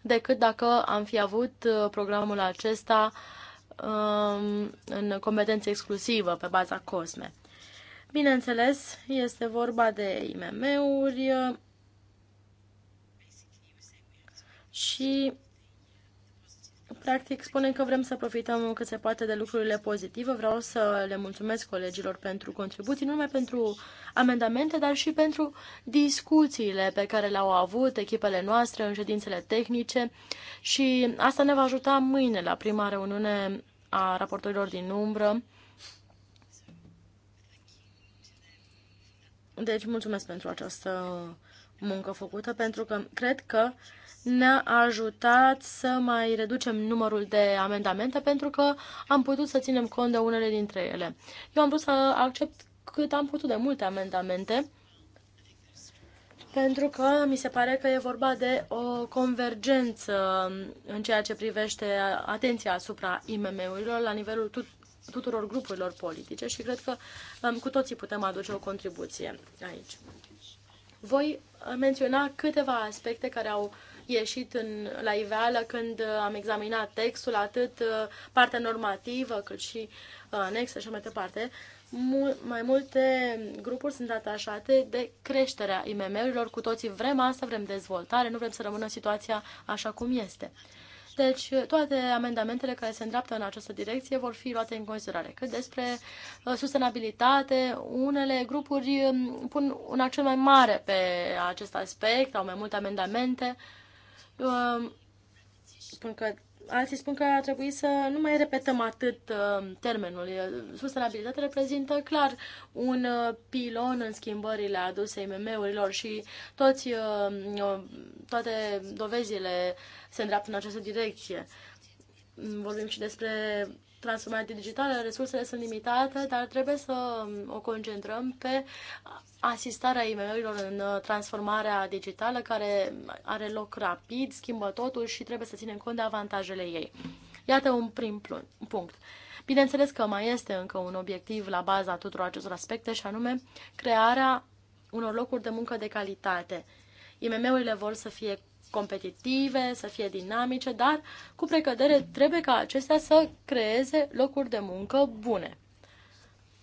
decât dacă am fi avut uh, programul acesta um, în competență exclusivă pe baza COSME. Bineînțeles, este vorba de IMM-uri uh, și Practic, spunem că vrem să profităm cât se poate de lucrurile pozitive. Vreau să le mulțumesc colegilor pentru contribuții, nu numai pentru amendamente, dar și pentru discuțiile pe care le-au avut echipele noastre în ședințele tehnice și asta ne va ajuta mâine la prima reuniune a raportorilor din umbră. Deci, mulțumesc pentru această muncă făcută, pentru că cred că uh, ne-a ajutat să mai reducem numărul de amendamente pentru că am putut să ținem cont de unele dintre ele. Eu am vrut să accept cât am putut de multe amendamente pentru că mi se pare că e vorba de o convergență în ceea ce privește atenția asupra IMM-urilor la nivelul tut tuturor grupurilor politice și cred că um, cu toții putem aduce o contribuție aici. Voi uh, menționa câteva aspecte care au ieșit în, la iveală când uh, am examinat textul, atât uh, partea normativă cât și uh, anexă și mai departe. Mul, mai multe grupuri sunt atașate de creșterea IMM-urilor. Cu toții vrem asta, vrem dezvoltare, nu vrem să rămână situația așa cum este. Deci toate amendamentele care se îndreaptă în această direcție vor fi luate în considerare. Cât despre sustenabilitate, unele grupuri um, pun un accent mai mare pe acest aspect, au mai multe amendamente. Uh, Um, spun că alții spun că ar trebui să nu mai repetăm atât um, termenul. Sustenabilitatea reprezintă clar un uh, pilon în schimbările aduse IMM-urilor și toți, um, uh, toate dovezile se îndreaptă în această direcție. Vorbim și despre transformare digitală, resursele sunt limitate, dar trebuie să um, o concentrăm pe asistarea IMM-urilor în uh, transformarea digitală, care are loc rapid, schimbă totul și trebuie să ținem cont de avantajele ei. Iată un prim punct. Bineînțeles că mai este încă un obiectiv la baza tuturor acestor aspecte și anume crearea unor locuri de muncă de calitate. IMM-urile vor să fie competitive, să fie dinamice, dar cu precădere trebuie ca acestea să creeze locuri de muncă bune.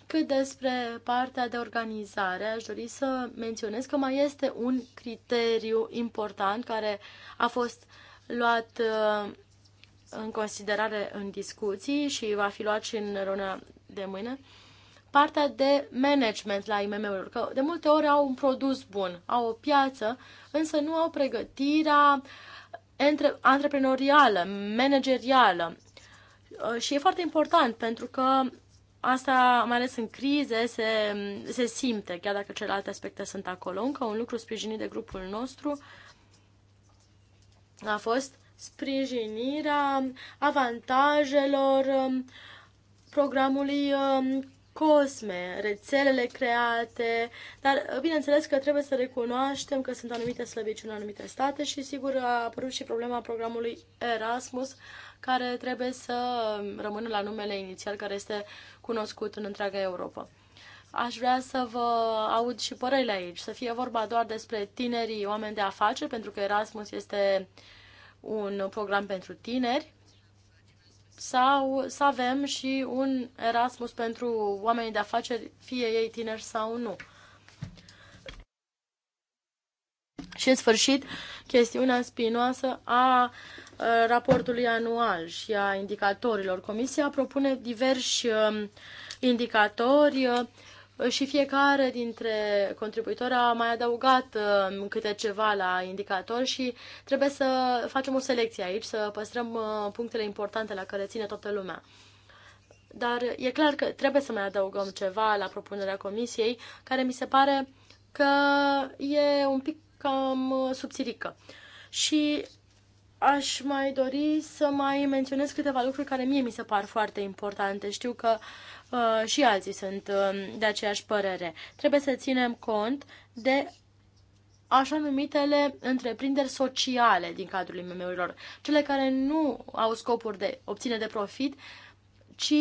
Cât despre partea de organizare, aș dori să menționez că mai este un criteriu important care a fost luat uh, în considerare în discuții și va fi luat și în rona de mâine, partea de management la IMM-uri, că de multe ori au un produs bun, au o piață, însă nu au pregătirea entre, antreprenorială, managerială. Uh, și e foarte important pentru că asta, mai ales în crize, se, se simte, chiar dacă celelalte aspecte sunt acolo. Încă un lucru sprijinit de grupul nostru a fost sprijinirea avantajelor um, programului um, Cosme, rețelele create, dar uh, bineînțeles că trebuie să recunoaștem că sunt anumite slăbiciuni în anumite state și sigur a apărut și problema programului Erasmus, care trebuie să um, rămână la numele inițial care este cunoscut în întreaga Europa. Aș vrea să vă aud și părerile aici, să fie vorba doar despre tinerii oameni de afaceri, pentru că Erasmus este un program pentru tineri, sau să avem și un Erasmus pentru oamenii de afaceri, fie ei tineri sau nu. Și, în sfârșit, chestiunea spinoasă a raportului anual și a indicatorilor. Comisia propune diversi um, indicatori uh, și fiecare dintre contribuitori a mai adăugat um, câte ceva la indicator și trebuie să facem o selecție aici, să păstrăm uh, punctele importante la care ține toată lumea. Dar e clar că trebuie să mai adăugăm ceva la propunerea comisiei, care mi se pare că e un pic cam uh, subțirică. Și aș mai dori să mai menționez câteva lucruri care mie mi se par foarte importante. Știu că uh, Uh, și alții sunt um, de aceeași părere. Trebuie să ținem cont de așa numitele întreprinderi sociale din cadrul IMM-urilor, cele care nu au scopuri de obține de profit, ci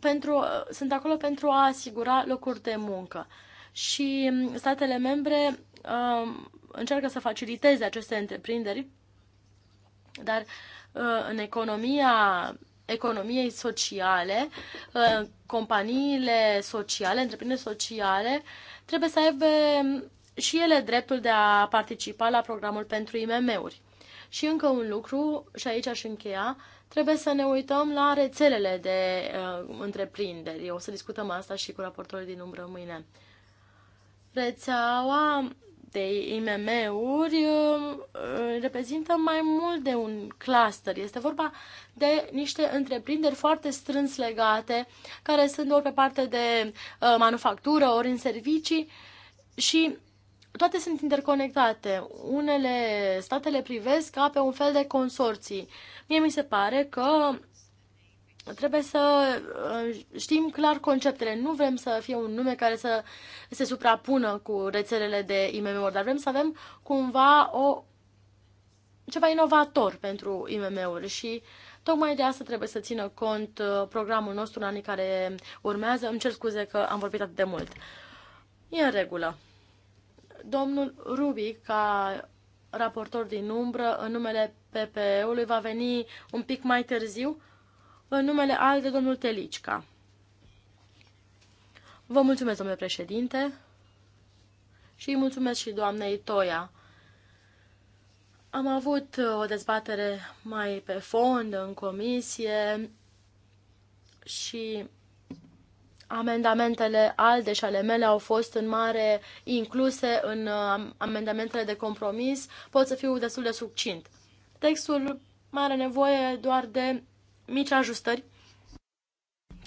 pentru, uh, sunt acolo pentru a asigura locuri de muncă. Și um, statele membre um, încearcă să faciliteze aceste întreprinderi, dar uh, în economia economiei sociale, uh, companiile sociale, întreprinderi sociale, trebuie să aibă și ele dreptul de a participa la programul pentru IMM-uri. Și încă un lucru, și aici aș încheia, trebuie să ne uităm la rețelele de uh, întreprinderi. O să discutăm asta și cu raportorul din umbră mâine. Rețeaua aceste IMM-uri uh, uh, reprezintă mai mult de un cluster. Este vorba de niște întreprinderi foarte strâns legate, care sunt ori pe parte de uh, manufactură, ori în servicii și toate sunt interconectate. Unele statele privesc ca pe un fel de consorții. Mie mi se pare că trebuie să uh, știm clar conceptele. Nu vrem să fie un nume care să se suprapună cu rețelele de IMM-uri, dar vrem să avem cumva o, ceva inovator pentru IMM-uri și tocmai de asta trebuie să țină cont uh, programul nostru în anii care urmează. Îmi cer scuze că am vorbit atât de mult. E în regulă. Domnul Rubic, ca raportor din umbră, în numele PPE-ului, va veni un pic mai târziu în numele de domnul Telicca. Vă mulțumesc, domnule președinte, și îi mulțumesc și doamnei Toia. Am avut uh, o dezbatere mai pe fond, în comisie, și amendamentele alte și ale mele au fost în mare incluse în uh, amendamentele de compromis. Pot să fiu destul de succint. Textul mai are nevoie doar de mici ajustări,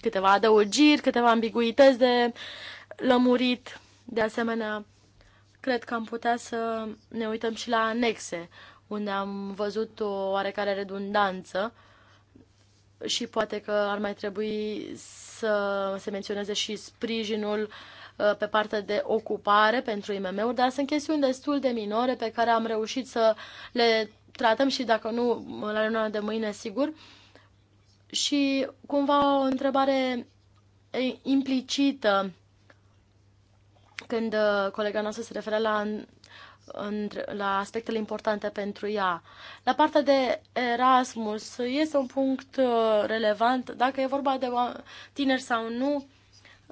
câteva adăugiri, câteva ambiguități de lămurit. De asemenea, cred că am putea să ne uităm și la anexe, unde am văzut o oarecare redundanță și poate că ar mai trebui să se menționeze și sprijinul uh, pe partea de ocupare pentru IMM-uri, dar sunt chestiuni destul de minore pe care am reușit să le tratăm și dacă nu, la reuniunea de mâine, sigur, și cumva o întrebare implicită când uh, colega noastră se referă la, la aspectele importante pentru ea. La partea de Erasmus este un punct uh, relevant, dacă e vorba de tineri sau nu,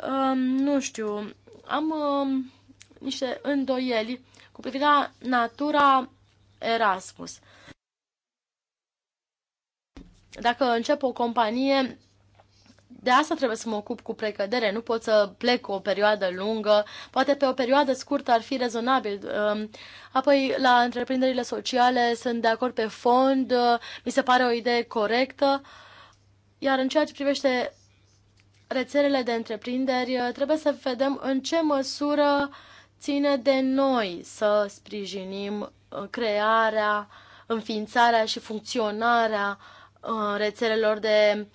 um, nu știu. Am um, niște îndoieli cu privire la natura Erasmus. Dacă încep o companie, de asta trebuie să mă ocup cu precădere. Nu pot să plec o perioadă lungă. Poate pe o perioadă scurtă ar fi rezonabil. Um, apoi, la întreprinderile sociale sunt de acord pe fond. Uh, mi se pare o idee corectă. Iar în ceea ce privește rețelele de întreprinderi, uh, trebuie să vedem în ce măsură ține de noi să sprijinim uh, crearea, înființarea și funcționarea uh, Uh, rețelelor de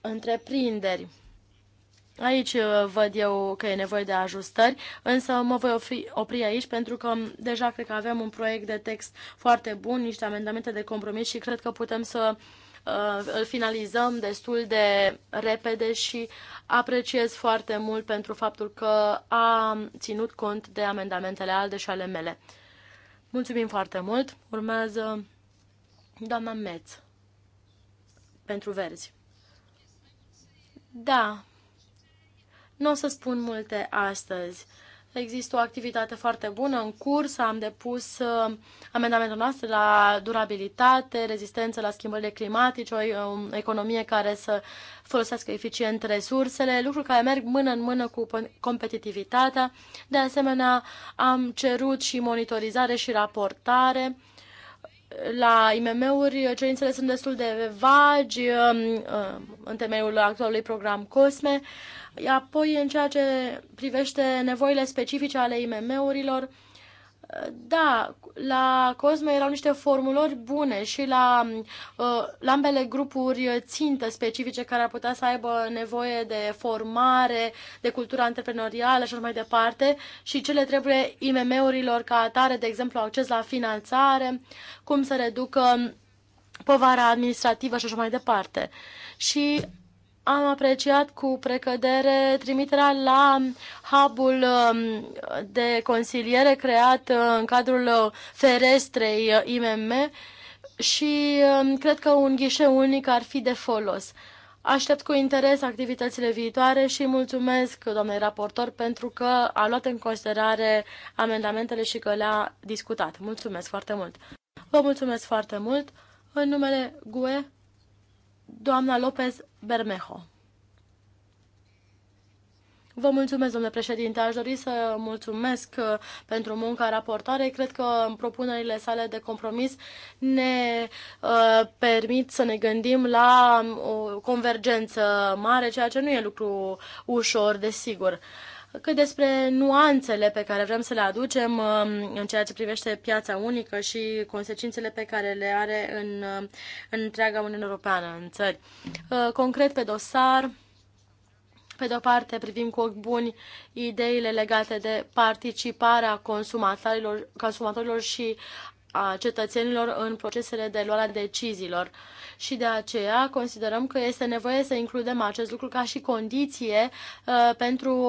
întreprinderi. Aici uh, văd eu că e nevoie de ajustări, însă mă voi opri, opri aici pentru că deja cred că avem un proiect de text foarte bun, niște amendamente de compromis și cred că putem să uh, îl finalizăm destul de repede și apreciez foarte mult pentru faptul că a ținut cont de amendamentele alde și ale mele. Mulțumim foarte mult! Urmează doamna Metz pentru verzi. Da, nu o să spun multe astăzi. Există o activitate foarte bună în curs, am depus uh, amendamentul noastre la durabilitate, rezistență la schimbările climatice, o um, economie care să folosească eficient resursele, lucruri care merg mână în mână cu competitivitatea. De asemenea, am cerut și monitorizare și raportare la IMM-uri cerințele sunt destul de vagi um, um, în temeiul actualului program COSME. Apoi, în ceea ce privește nevoile specifice ale IMM-urilor, da, la Cosme erau niște formulări bune și la, uh, la ambele grupuri țintă specifice care ar putea să aibă nevoie de formare, de cultura antreprenorială și așa mai departe și ce le trebuie IMM-urilor ca atare, de exemplu, acces la finanțare, cum să reducă povara administrativă și așa mai departe. Și am apreciat cu precădere trimiterea la hubul um, de consiliere creat uh, în cadrul uh, ferestrei uh, IMM și um, cred că un ghișeu unic ar fi de folos. Aștept cu interes activitățile viitoare și mulțumesc doamnei raportor pentru că a luat în considerare amendamentele și că le-a discutat. Mulțumesc foarte mult! Vă mulțumesc foarte mult! În numele GUE, Doamna Lopez Bermejo. Vă mulțumesc, domnule președinte. Aș dori să mulțumesc uh, pentru munca raportare. Cred că propunerile sale de compromis ne uh, permit să ne gândim la um, o convergență mare, ceea ce nu e lucru ușor, desigur. Uh, că despre nuanțele pe care vrem să le aducem um, în ceea ce privește piața unică și consecințele pe care le are în, în um, întreaga Uniune Europeană, în țări. Uh, concret pe dosar, pe de-o parte, privim cu ochi buni ideile legate de participarea consumatorilor, consumatorilor și a cetățenilor în procesele de luare a deciziilor. Și de aceea considerăm că este nevoie să includem acest lucru ca și condiție uh, pentru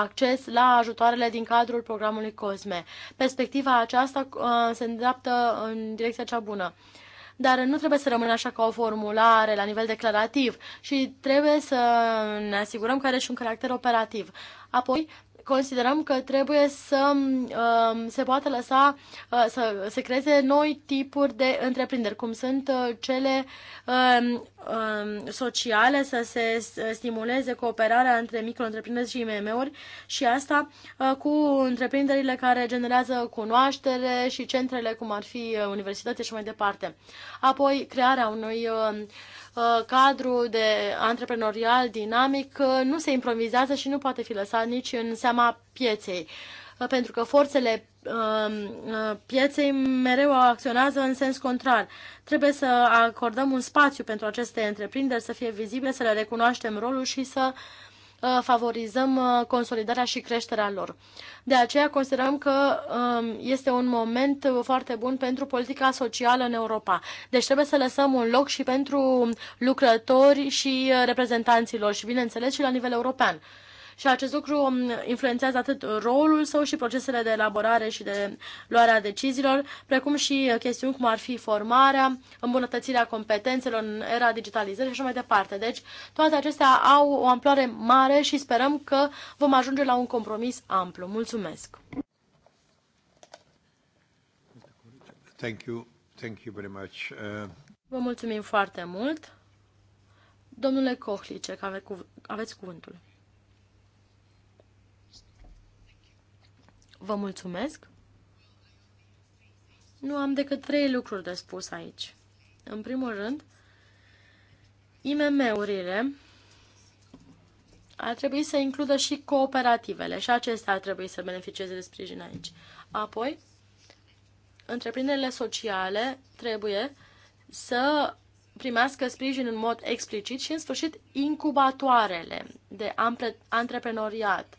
acces la ajutoarele din cadrul programului COSME. Perspectiva aceasta uh, se îndreaptă în direcția cea bună dar nu trebuie să rămână așa ca o formulare la nivel declarativ și trebuie să ne asigurăm că are și un caracter operativ. Apoi, considerăm că trebuie să um, se poată lăsa uh, să se creeze noi tipuri de întreprinderi, cum sunt uh, cele um, um, sociale, să se uh, stimuleze cooperarea între micro-întreprinderi și IMM-uri și asta uh, cu întreprinderile care generează cunoaștere și centrele cum ar fi uh, universitate și mai departe. Apoi, crearea unui Uh, cadru de antreprenorial dinamic uh, nu se improvizează și nu poate fi lăsat nici în seama pieței uh, pentru că forțele um, pieței mereu acționează în sens contrar. Trebuie să acordăm un spațiu pentru aceste întreprinderi, să fie vizibile, să le recunoaștem rolul și să uh, Uh, favorizăm uh, consolidarea și creșterea lor. De aceea considerăm că um, este un moment foarte bun pentru politica socială în Europa. Deci trebuie să lăsăm un loc și pentru lucrători și uh, reprezentanților și, bineînțeles, și la nivel european și acest lucru um, influențează atât rolul său și procesele de elaborare și de luarea deciziilor, precum și uh, chestiuni cum ar fi formarea, îmbunătățirea competențelor în era digitalizării și așa mai departe. Deci toate acestea au o amploare mare și sperăm că vom ajunge la un compromis amplu. Mulțumesc! Thank you. Thank you very much. Uh... Vă mulțumim foarte mult. Domnule Cohlice, că ave cu... aveți cuvântul. Vă mulțumesc. Nu am decât trei lucruri de spus aici. În primul rând, IMM-urile ar trebui să includă și cooperativele și acestea ar trebui să beneficieze de sprijin aici. Apoi, întreprinderile sociale trebuie să primească sprijin în mod explicit și, în sfârșit, incubatoarele de antreprenoriat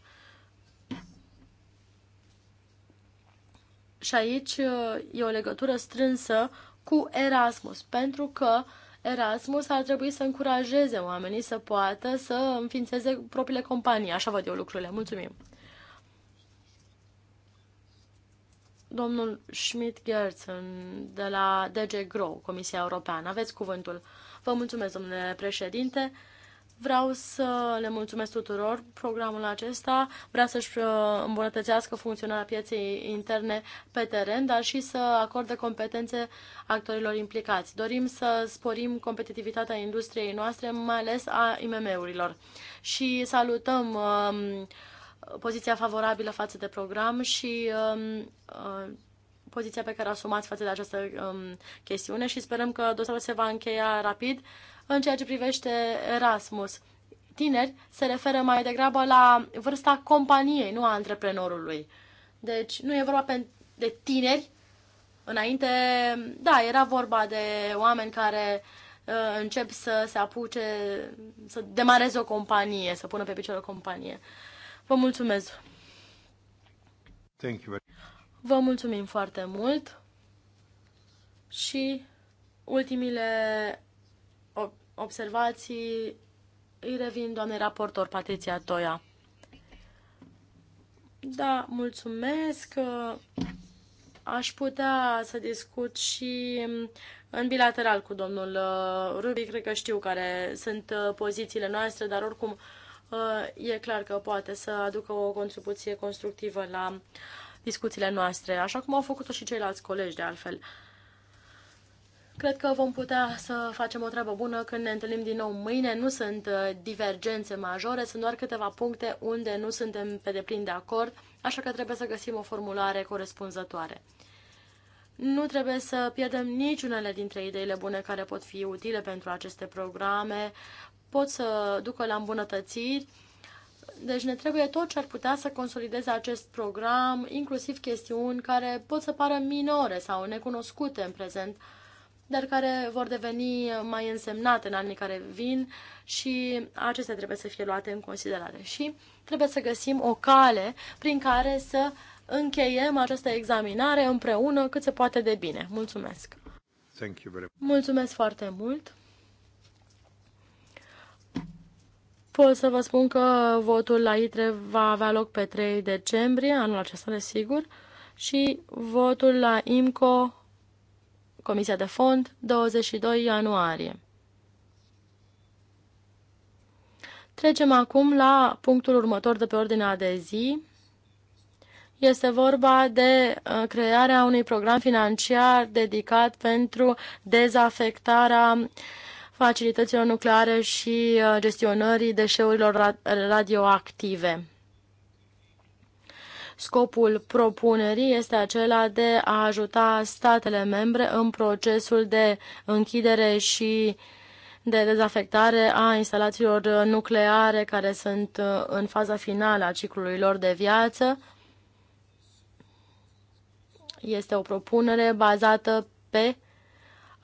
Și aici uh, e o legătură strânsă cu Erasmus, pentru că Erasmus ar trebui să încurajeze oamenii să poată să înființeze propriile companii. Așa văd eu lucrurile. Mulțumim! Domnul Schmidt-Gertzen de la DG Grow, Comisia Europeană. Aveți cuvântul. Vă mulțumesc, domnule președinte. Vreau să le mulțumesc tuturor. Programul acesta vrea să-și uh, îmbunătățească funcționarea pieței interne pe teren, dar și să acorde competențe actorilor implicați. Dorim să sporim competitivitatea industriei noastre, mai ales a IMM-urilor. Și salutăm um, poziția favorabilă față de program și um, uh, poziția pe care o asumați față de această um, chestiune și sperăm că dosarul se va încheia rapid în ceea ce privește Erasmus. Tineri se referă mai degrabă la vârsta companiei, nu a antreprenorului. Deci nu e vorba de tineri. Înainte, da, era vorba de oameni care uh, încep să se apuce, să demareze o companie, să pună pe picior o companie. Vă mulțumesc! Thank you. Vă mulțumim foarte mult și ultimile observații îi revin doamnei raportor Patricia Toia. Da, mulțumesc. Aș putea să discut și mm, în bilateral cu domnul uh, Rubic. Cred că știu care sunt uh, pozițiile noastre, dar oricum uh, e clar că poate să aducă o contribuție constructivă la discuțiile noastre, așa cum au făcut-o și ceilalți colegi de altfel. Cred că vom putea să facem o treabă bună când ne întâlnim din nou mâine. Nu sunt uh, divergențe majore, sunt doar câteva puncte unde nu suntem pe deplin de acord, așa că trebuie să găsim o formulare corespunzătoare. Nu trebuie să pierdem niciunele dintre ideile bune care pot fi utile pentru aceste programe, pot să ducă la îmbunătățiri, deci ne trebuie tot ce ar putea să consolideze acest program, inclusiv chestiuni care pot să pară minore sau necunoscute în prezent, dar care vor deveni mai însemnate în anii care vin și acestea trebuie să fie luate în considerare. Și trebuie să găsim o cale prin care să încheiem această examinare împreună cât se poate de bine. Mulțumesc! Thank you very much. Mulțumesc foarte mult! Pot să vă spun că votul la ITRE va avea loc pe 3 decembrie, anul acesta, desigur, și votul la IMCO Comisia de fond, 22 ianuarie. Trecem acum la punctul următor de pe ordinea de zi. Este vorba de uh, crearea unui program financiar dedicat pentru dezafectarea facilităților nucleare și uh, gestionării deșeurilor radioactive. Scopul propunerii este acela de a ajuta statele membre în procesul de închidere și de dezafectare a instalațiilor nucleare care sunt uh, în faza finală a ciclului lor de viață. Este o propunere bazată pe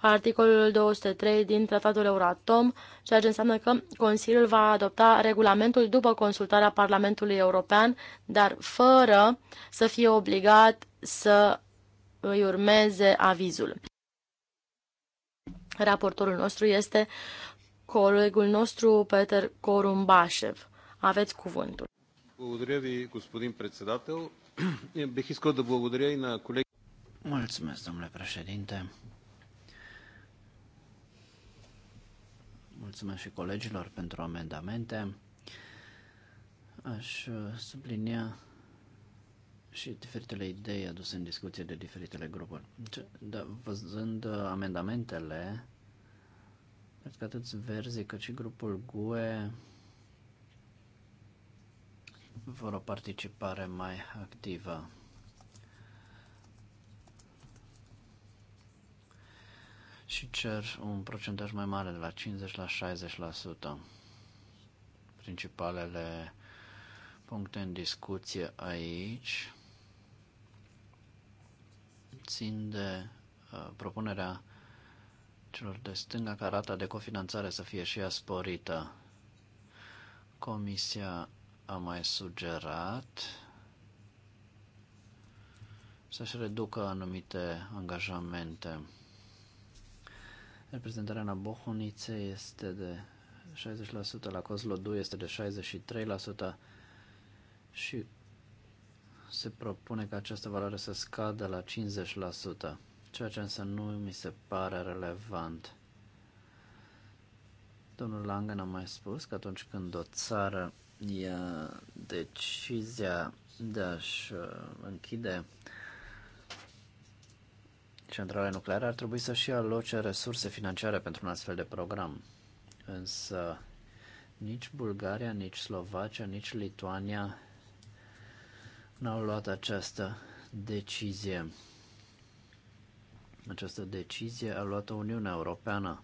articolul 203 din tratatul Euratom, ceea ce înseamnă că Consiliul va adopta regulamentul după consultarea Parlamentului European, dar fără să fie obligat să îi urmeze avizul. Raportorul nostru este colegul nostru Peter Corumbașev. Aveți cuvântul. Mulțumesc, domnule președinte. Mulțumesc și colegilor pentru amendamente. Aș uh, sublinia și diferitele idei aduse în discuție de diferitele grupuri. Da, văzând uh, amendamentele, cred că atât Verzi cât și grupul GUE vor o participare mai activă. și cer un procentaj mai mare de la 50 la 60%. Principalele puncte în discuție aici țin de uh, propunerea celor de stânga ca rata de cofinanțare să fie și ea sporită. Comisia a mai sugerat să-și reducă anumite angajamente. Reprezentarea la Bohunițe este de 60%, la Kozlodu este de 63% și se propune ca această valoare să scadă la 50%, ceea ce însă nu mi se pare relevant. Domnul Langen a mai spus că atunci când o țară ia decizia de a-și închide centrale nucleare ar trebui să și aloce resurse financiare pentru un astfel de program. Însă nici Bulgaria, nici Slovacia, nici Lituania n-au luat această decizie. Această decizie a luat-o Uniunea Europeană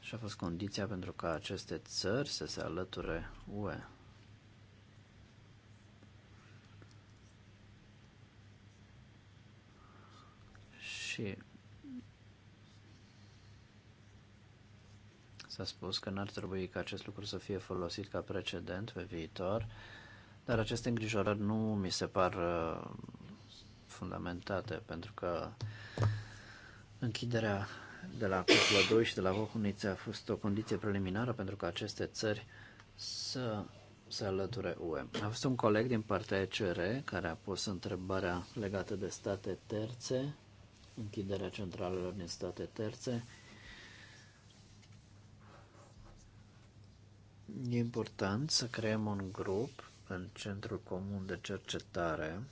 și a fost condiția pentru ca aceste țări să se alăture UE. și s-a spus că n-ar trebui ca acest lucru să fie folosit ca precedent pe viitor, dar aceste îngrijorări nu mi se par uh, fundamentate, pentru că închiderea de la Cuplă 2 și de la Vohuniță a fost o condiție preliminară pentru că aceste țări să se alăture UE. A fost un coleg din partea ECR care a pus întrebarea legată de state terțe închiderea centralelor din state terțe. E important să creăm un grup în Centrul Comun de Cercetare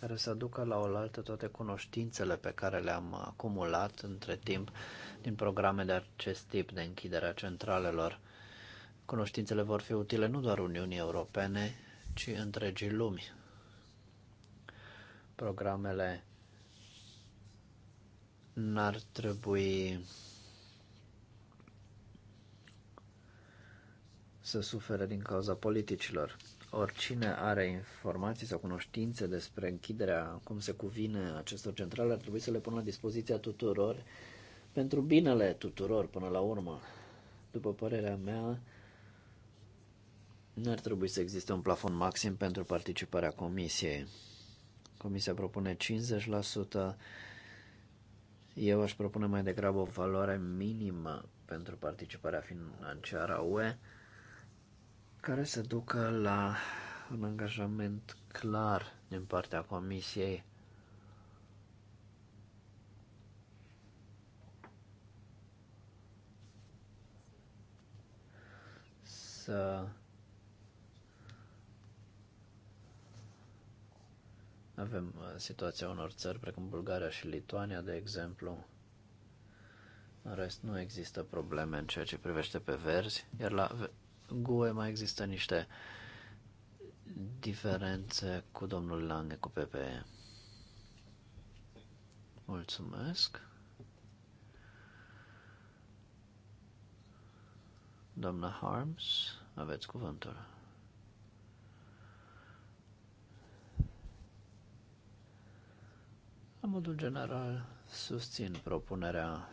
care să aducă la oaltă toate cunoștințele pe care le-am acumulat între timp din programe de acest tip de închiderea centralelor. Cunoștințele vor fi utile nu doar Uniunii Europene, ci întregii lumi. Programele n-ar trebui să sufere din cauza politicilor. Oricine are informații sau cunoștințe despre închiderea, cum se cuvine acestor centrale, ar trebui să le pună la dispoziția tuturor pentru binele tuturor până la urmă. După părerea mea, nu ar trebui să existe un plafon maxim pentru participarea comisiei. Comisia propune 50%, eu aș propune mai degrabă o valoare minimă pentru participarea financiară a UE care să ducă la un angajament clar din partea Comisiei să Avem uh, situația unor țări precum Bulgaria și Lituania, de exemplu. În rest, nu există probleme în ceea ce privește pe verzi, iar la GUE mai există niște diferențe cu domnul Lange, cu PPE. Mulțumesc. Doamna Harms, aveți cuvântul. La modul general, susțin propunerea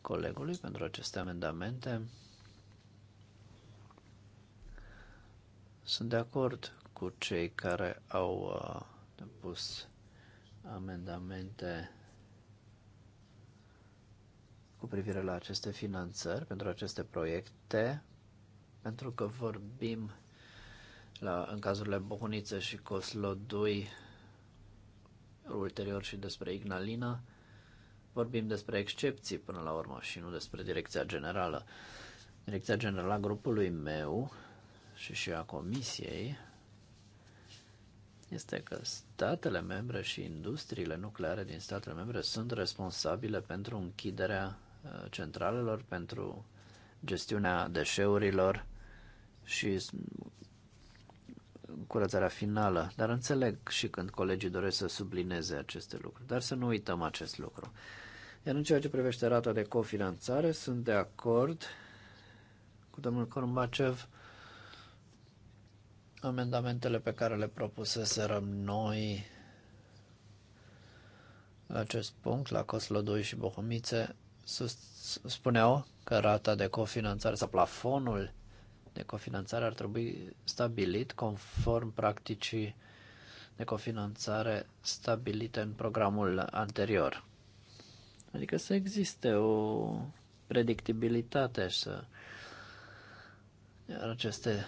colegului pentru aceste amendamente. Sunt de acord cu cei care au uh, depus amendamente cu privire la aceste finanțări pentru aceste proiecte, pentru că vorbim la, în cazurile Bohuniță și Coslodui ulterior și despre Ignalina. Vorbim despre excepții până la urmă și nu despre direcția generală. Direcția generală a grupului meu și și a comisiei este că statele membre și industriile nucleare din statele membre sunt responsabile pentru închiderea uh, centralelor, pentru gestiunea deșeurilor și curățarea finală, dar înțeleg și când colegii doresc să sublineze aceste lucruri, dar să nu uităm acest lucru. Iar în ceea ce privește rata de cofinanțare, sunt de acord cu domnul Corumbacev amendamentele pe care le propuseserăm noi la acest punct, la Coslodoi și Bohomițe, spuneau că rata de cofinanțare sau plafonul de cofinanțare ar trebui stabilit conform practicii de cofinanțare stabilite în programul anterior. Adică să existe o predictibilitate și să iar aceste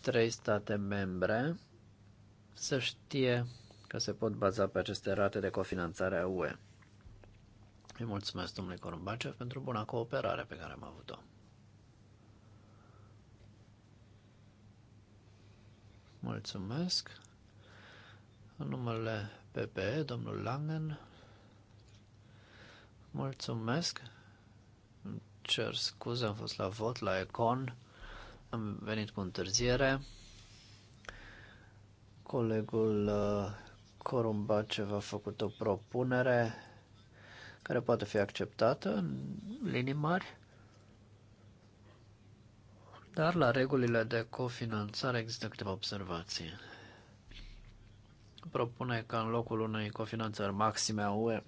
trei state membre să știe că se pot baza pe aceste rate de cofinanțare a UE. Îi mulțumesc domnului Corumbacev pentru buna cooperare pe care am avut-o. Mulțumesc. În numele PPE, domnul Langen. Mulțumesc. Îmi cer scuze, am fost la vot la Econ. Am venit cu întârziere. Colegul uh, v a făcut o propunere care poate fi acceptată în linii mari. Dar la regulile de cofinanțare există câteva observații. Propune ca în locul unei cofinanțări maxime a UE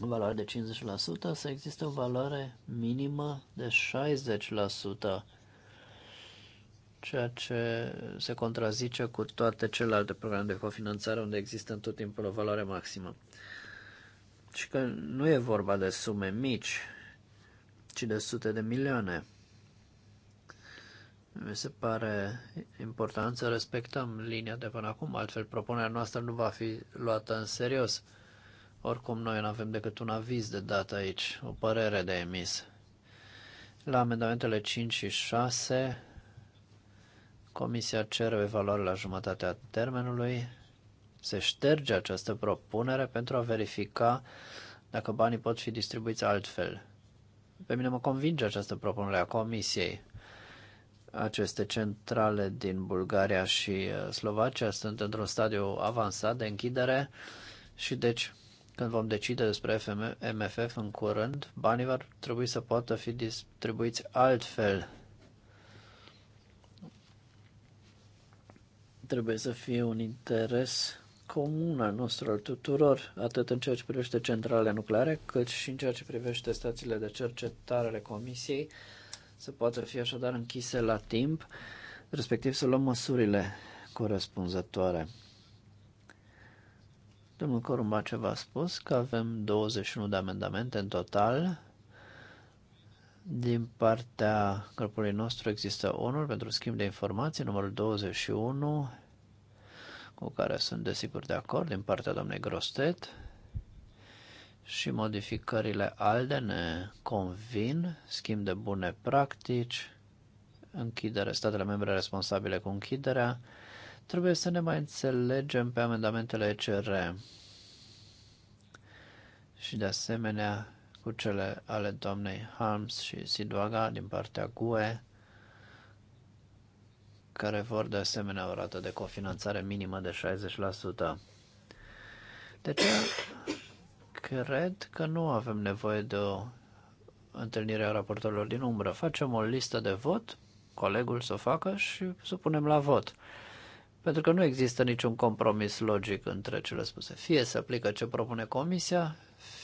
în valoare de 50% să existe o valoare minimă de 60%, ceea ce se contrazice cu toate celelalte programe de cofinanțare unde există în tot timpul o valoare maximă. Și că nu e vorba de sume mici, ci de sute de milioane. Mi se pare important să respectăm linia de până acum, altfel propunerea noastră nu va fi luată în serios. Oricum, noi nu avem decât un aviz de dat aici, o părere de emis. La amendamentele 5 și 6, Comisia cere o evaluare la jumătatea termenului. Se șterge această propunere pentru a verifica dacă banii pot fi distribuiți altfel. Pe mine mă convinge această propunere a Comisiei aceste centrale din Bulgaria și uh, Slovacia sunt într-un stadiu avansat de închidere și deci când vom decide despre FM, MFF în curând, banii vor trebui să poată fi distribuiți altfel. Trebuie să fie un interes comun al nostru, al tuturor, atât în ceea ce privește centrale nucleare, cât și în ceea ce privește stațiile de cercetare ale Comisiei, să poată fi așadar închise la timp, respectiv să luăm măsurile corespunzătoare. Domnul ce v-a spus că avem 21 de amendamente în total. Din partea grupului nostru există unul pentru schimb de informații, numărul 21, cu care sunt desigur de acord din partea doamnei Grostet și modificările ALDE ne convin, schimb de bune practici, închidere, statele membre responsabile cu închiderea. Trebuie să ne mai înțelegem pe amendamentele ECR și de asemenea cu cele ale doamnei Harms și Sidoaga din partea GUE, care vor de asemenea o rată de cofinanțare minimă de 60%. De ce Cred că nu avem nevoie de o întâlnire a raportorilor din umbră. Facem o listă de vot, colegul să o facă și supunem la vot. Pentru că nu există niciun compromis logic între cele spuse. Fie se aplică ce propune comisia,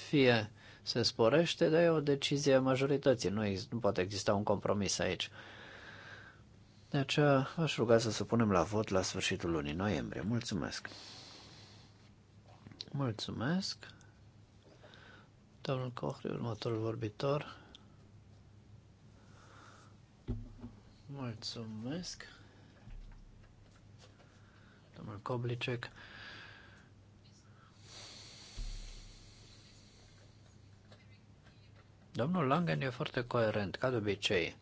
fie se sporește, dar e o decizie a majorității. Nu, ex- nu poate exista un compromis aici. De aceea aș ruga să supunem la vot la sfârșitul lunii noiembrie. Mulțumesc! Mulțumesc! Domnul Cohri, următorul vorbitor. Mulțumesc. Domnul Koblicek. Domnul Langen e foarte coerent, ca de obicei.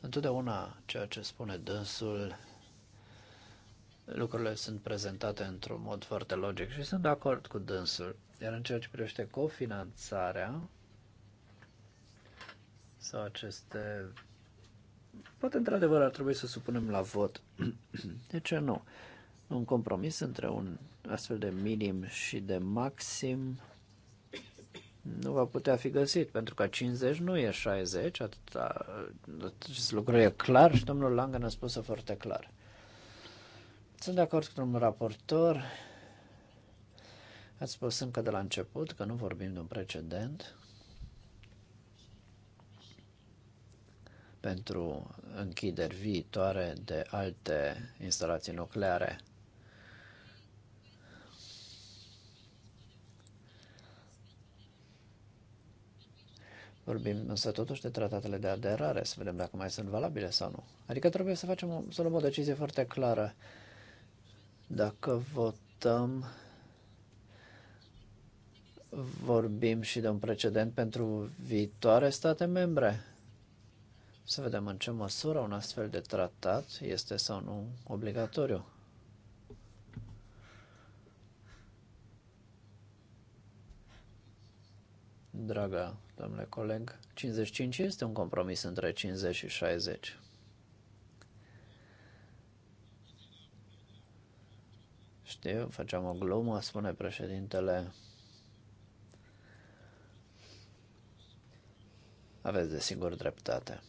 Întotdeauna ceea ce spune dânsul, lucrurile sunt prezentate într-un mod foarte logic și sunt de acord cu dânsul. Iar în ceea ce privește cofinanțarea sau aceste... Poate într-adevăr ar trebui să supunem la vot. De ce nu? Un compromis între un astfel de minim și de maxim nu va putea fi găsit, pentru că 50 nu e 60, atâta, acest lucru e clar și domnul Langan a spus-o foarte clar. Sunt de acord cu domnul raportor, Ați spus încă de la început că nu vorbim de un precedent pentru închideri viitoare de alte instalații nucleare. Vorbim însă totuși de tratatele de aderare, să vedem dacă mai sunt valabile sau nu. Adică trebuie să facem, să luăm o decizie foarte clară. Dacă votăm vorbim și de un precedent pentru viitoare state membre. Să vedem în ce măsură un astfel de tratat este sau nu obligatoriu. Dragă domnule coleg, 55 este un compromis între 50 și 60. Știu, făceam o glumă, spune președintele Aveți desigur dreptate.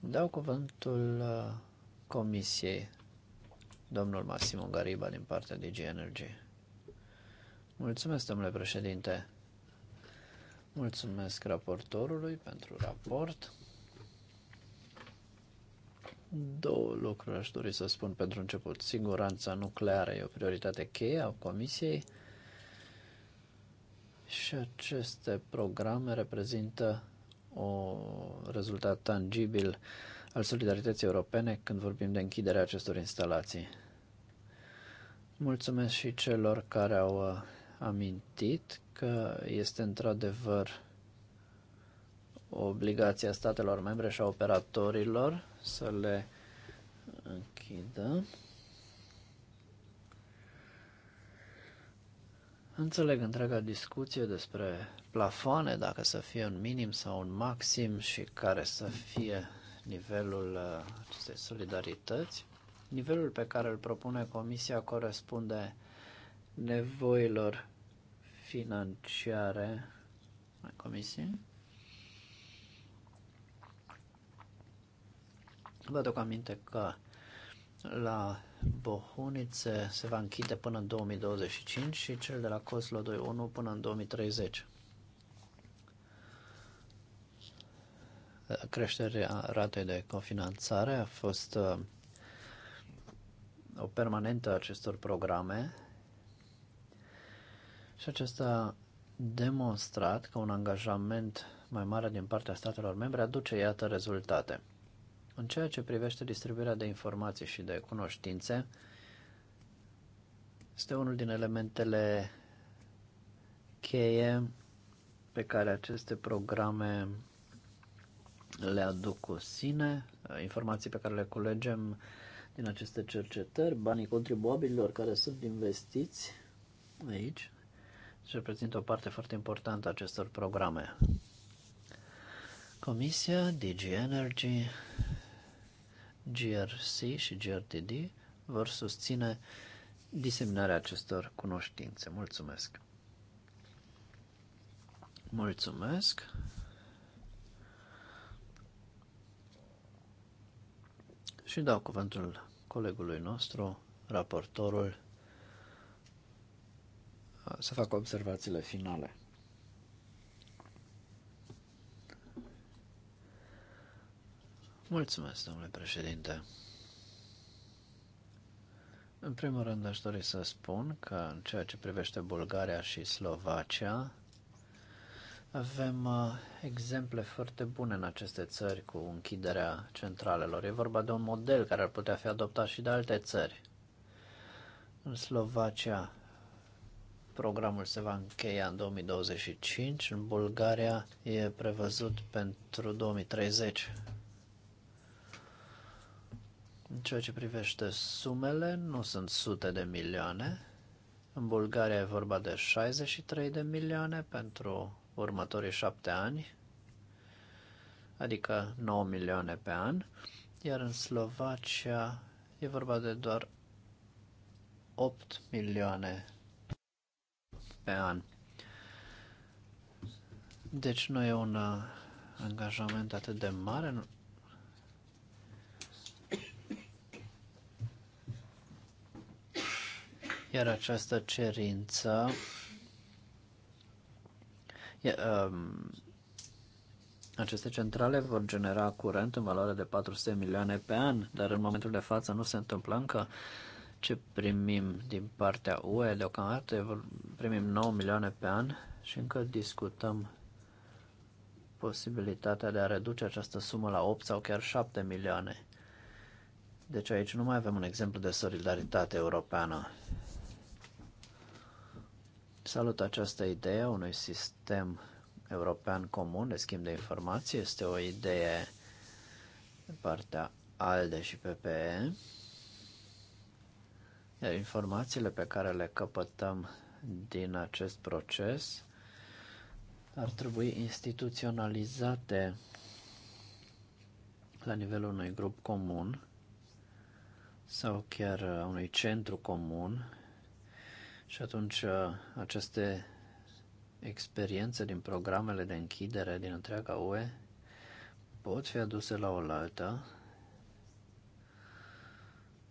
Dau cuvântul uh, comisiei, domnul Massimo Gariba din partea DG Energy. Mulțumesc, domnule președinte. Mulțumesc raportorului pentru raport. Două lucruri aș dori să spun pentru început. Siguranța nucleară e o prioritate cheie a Comisiei și aceste programe reprezintă o rezultat tangibil al solidarității europene când vorbim de închiderea acestor instalații. Mulțumesc și celor care au amintit că este într-adevăr obligația statelor membre și a operatorilor să le închidă. Înțeleg întreaga discuție despre plafoane, dacă să fie un minim sau un maxim și care să fie nivelul uh, acestei solidarități. Nivelul pe care îl propune Comisia corespunde nevoilor financiare a Comisiei. Vă aduc aminte că la Bohunițe se va închide până în 2025 și cel de la Coslo 2.1 până în 2030. Creșterea ratei de cofinanțare a fost uh, o permanentă a acestor programe și acesta demonstrat că un angajament mai mare din partea statelor membre aduce, iată, rezultate. În ceea ce privește distribuirea de informații și de cunoștințe, este unul din elementele cheie pe care aceste programe le aduc cu sine, informații pe care le culegem din aceste cercetări, banii contribuabililor care sunt investiți aici și reprezintă o parte foarte importantă a acestor programe. Comisia DG Energy GRC și GRTD vor susține diseminarea acestor cunoștințe. Mulțumesc! Mulțumesc! Și dau cuvântul colegului nostru, raportorul, să facă observațiile finale. Mulțumesc, domnule președinte. În primul rând aș dori să spun că în ceea ce privește Bulgaria și Slovacia, avem uh, exemple foarte bune în aceste țări cu închiderea centralelor. E vorba de un model care ar putea fi adoptat și de alte țări. În Slovacia, programul se va încheia în 2025, în Bulgaria e prevăzut pentru 2030. În ceea ce privește sumele, nu sunt sute de milioane. În Bulgaria e vorba de 63 de milioane pentru următorii șapte ani, adică 9 milioane pe an, iar în Slovacia e vorba de doar 8 milioane pe an. Deci nu e un uh, angajament atât de mare, Iar această cerință um, aceste centrale vor genera curent în valoare de 400 milioane pe an, dar în momentul de față nu se întâmplă încă ce primim din partea UE. Deocamdată primim 9 milioane pe an și încă discutăm posibilitatea de a reduce această sumă la 8 sau chiar 7 milioane. Deci aici nu mai avem un exemplu de solidaritate europeană. Salut această idee a unui sistem european comun de schimb de informații. Este o idee de partea ALDE și PPE. Iar informațiile pe care le căpătăm din acest proces ar trebui instituționalizate la nivelul unui grup comun sau chiar unui centru comun și atunci uh, aceste experiențe din programele de închidere din întreaga UE pot fi aduse la oaltă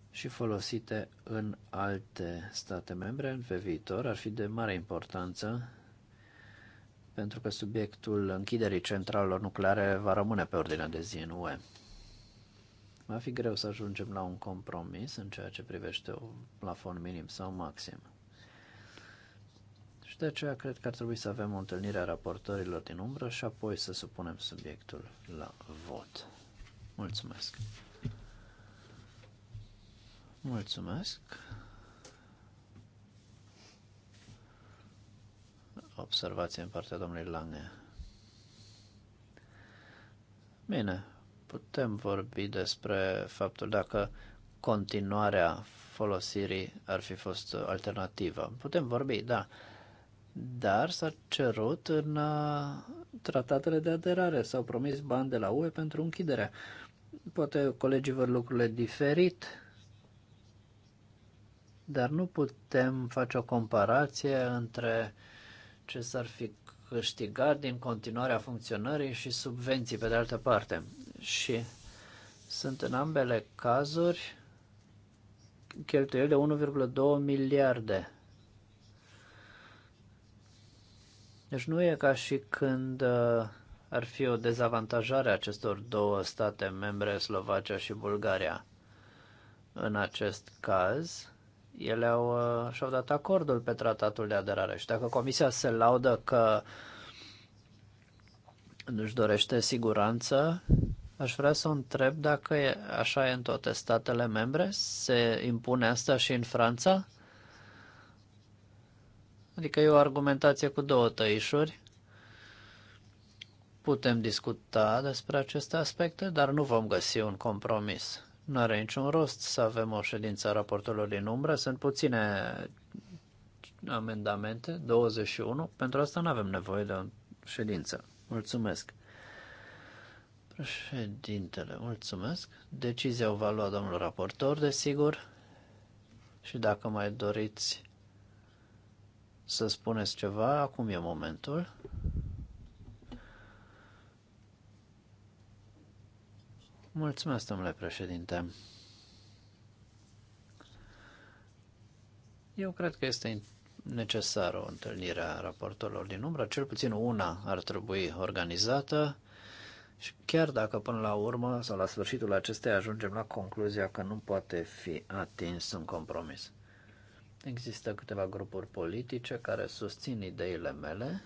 și folosite în alte state membre pe viitor ar fi de mare importanță pentru că subiectul închiderii centralelor nucleare va rămâne pe ordinea de zi în UE. Va fi greu să ajungem la un compromis în ceea ce privește un plafon minim sau maxim. Și de aceea cred că ar trebui să avem o întâlnire a raportorilor din umbră și apoi să supunem subiectul la vot. Mulțumesc! Mulțumesc! Observație în partea domnului Lange. Bine, putem vorbi despre faptul dacă continuarea folosirii ar fi fost alternativă. Putem vorbi, da dar s-a cerut în uh, tratatele de aderare. S-au promis bani de la UE pentru închiderea. Poate colegii văd lucrurile diferit, dar nu putem face o comparație între ce s-ar fi câștigat din continuarea funcționării și subvenții pe de altă parte. Și sunt în ambele cazuri cheltuieli de 1,2 miliarde Deci nu e ca și când uh, ar fi o dezavantajare acestor două state membre, Slovacia și Bulgaria. În acest caz, ele au, uh, și-au dat acordul pe tratatul de aderare și dacă Comisia se laudă că nu-și dorește siguranță, aș vrea să o întreb dacă e, așa e în toate statele membre, se impune asta și în Franța? Adică e o argumentație cu două tăișuri. Putem discuta despre aceste aspecte, dar nu vom găsi un compromis. Nu are niciun rost să avem o ședință a raportelor din umbră. Sunt puține amendamente, 21. Pentru asta nu avem nevoie de o ședință. Mulțumesc. Președintele, mulțumesc. Decizia o va lua domnul raportor, desigur. Și dacă mai doriți să spuneți ceva, acum e momentul. Mulțumesc, domnule președinte. Eu cred că este necesară o întâlnire a raportorilor din umbră, cel puțin una ar trebui organizată și chiar dacă până la urmă sau la sfârșitul acesteia ajungem la concluzia că nu poate fi atins un compromis. Există câteva grupuri politice care susțin ideile mele.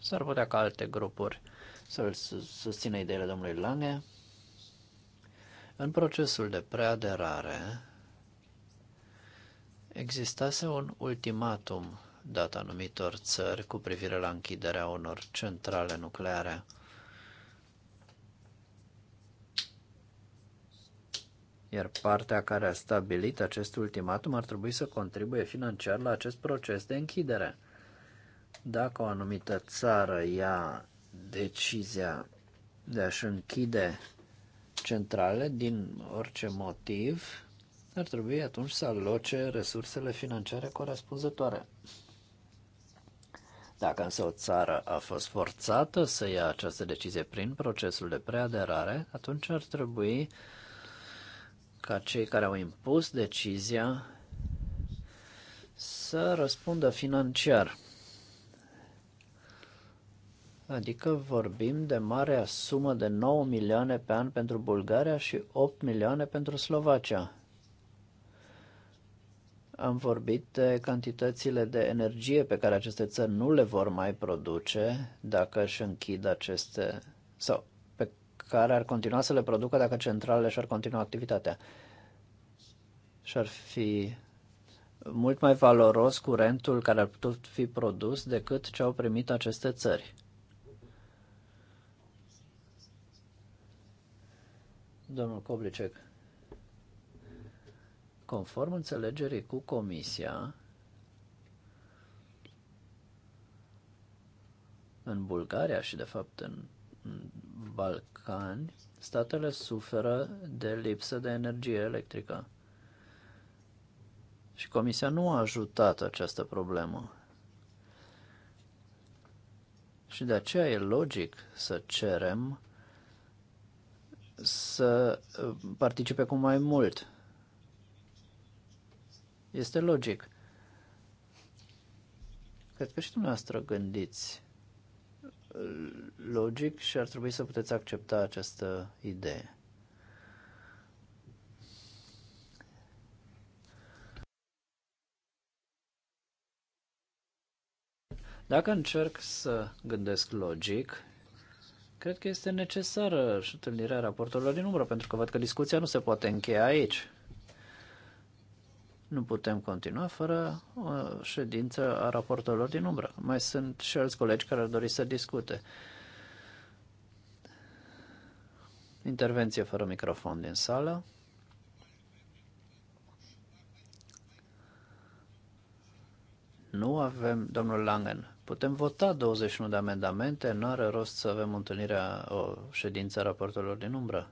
S-ar putea ca alte grupuri să susțină ideile domnului Lange. În procesul de preaderare existase un ultimatum dat anumitor țări cu privire la închiderea unor centrale nucleare. iar partea care a stabilit acest ultimatum ar trebui să contribuie financiar la acest proces de închidere. Dacă o anumită țară ia decizia de a-și închide centrale din orice motiv, ar trebui atunci să aloce resursele financiare corespunzătoare. Dacă însă o țară a fost forțată să ia această decizie prin procesul de preaderare, atunci ar trebui uh, ca cei care au impus decizia să răspundă financiar. Adică vorbim de marea sumă de 9 milioane pe an pentru Bulgaria și 8 milioane pentru Slovacia. Am vorbit de cantitățile de energie pe care aceste țări nu le vor mai produce dacă își închid aceste sau care ar continua să le producă dacă centralele și-ar continua activitatea. Și ar fi mult mai valoros curentul care ar putut fi produs decât ce au primit aceste țări. Domnul Koblicek, conform înțelegerii cu Comisia, în Bulgaria și, de fapt, în, în Balcani, statele suferă de lipsă de energie electrică. Și Comisia nu a ajutat această problemă. Și de aceea e logic să cerem să uh, participe cu mai mult. Este logic. Cred că și dumneavoastră gândiți logic și ar trebui să puteți accepta această idee. Dacă încerc să gândesc logic, cred că este necesară și întâlnirea raportorilor din umbră, pentru că văd că discuția nu se poate încheia aici. Nu putem continua fără o uh, ședință a raportorilor din umbră. Mai sunt și alți colegi care ar dori să discute. Intervenție fără microfon din sală. Nu avem, domnul Langen, putem vota 21 de amendamente, nu are rost să avem întâlnirea, o ședință a raportorilor din umbră.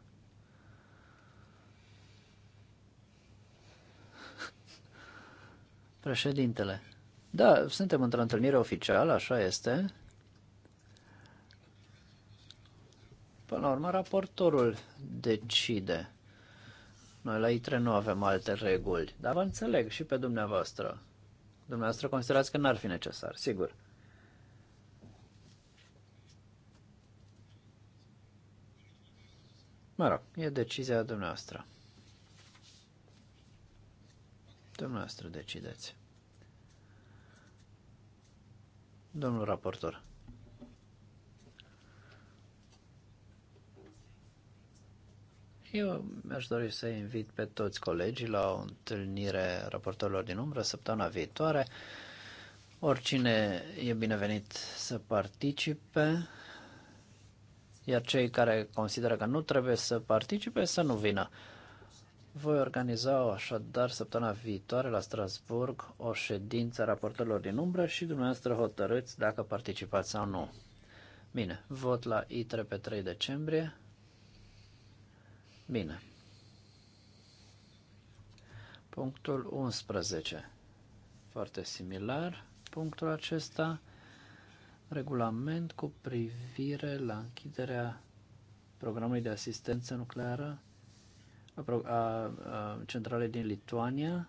Președintele. Da, suntem într-o întâlnire oficială, așa este. Până la urmă, raportorul decide. Noi la ITRE nu avem alte reguli, dar vă înțeleg și pe dumneavoastră. Dumneavoastră considerați că n-ar fi necesar, sigur. Mă rog, e decizia dumneavoastră. Dumneavoastră decideți. Domnul raportor. Eu mi-aș dori să invit pe toți colegii la o întâlnire raportorilor din umbră săptămâna viitoare. Oricine e binevenit să participe, iar cei care consideră că nu trebuie să participe să nu vină. Voi organiza așadar săptămâna viitoare la Strasburg o ședință a raportărilor din umbră și dumneavoastră hotărâți dacă participați sau nu. Bine, vot la ITRE pe 3 decembrie. Bine. Punctul 11. Foarte similar punctul acesta. Regulament cu privire la închiderea programului de asistență nucleară a, a centrale din Lituania.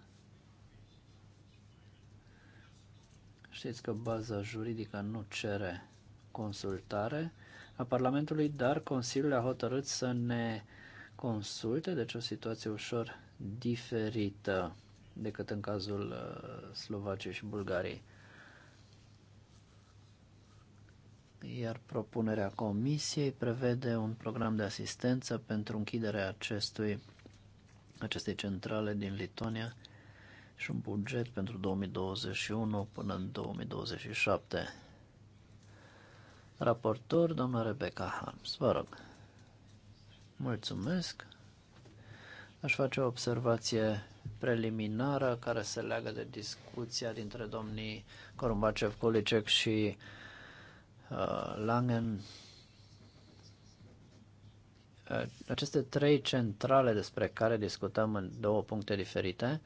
Știți că baza juridică nu cere consultare a Parlamentului, dar Consiliul a hotărât să ne consulte, deci o situație ușor diferită decât în cazul Slovaciei și Bulgariei. Iar propunerea Comisiei prevede un program de asistență pentru închiderea acestui acestei centrale din Lituania și un buget pentru 2021 până în 2027. Raportor, doamna Rebecca Harms, vă rog. Mulțumesc. Aș face o observație preliminară care se leagă de discuția dintre domnii Corumbacev, Kolicek și uh, Langen Uh, aceste trei centrale despre care discutăm în două puncte diferite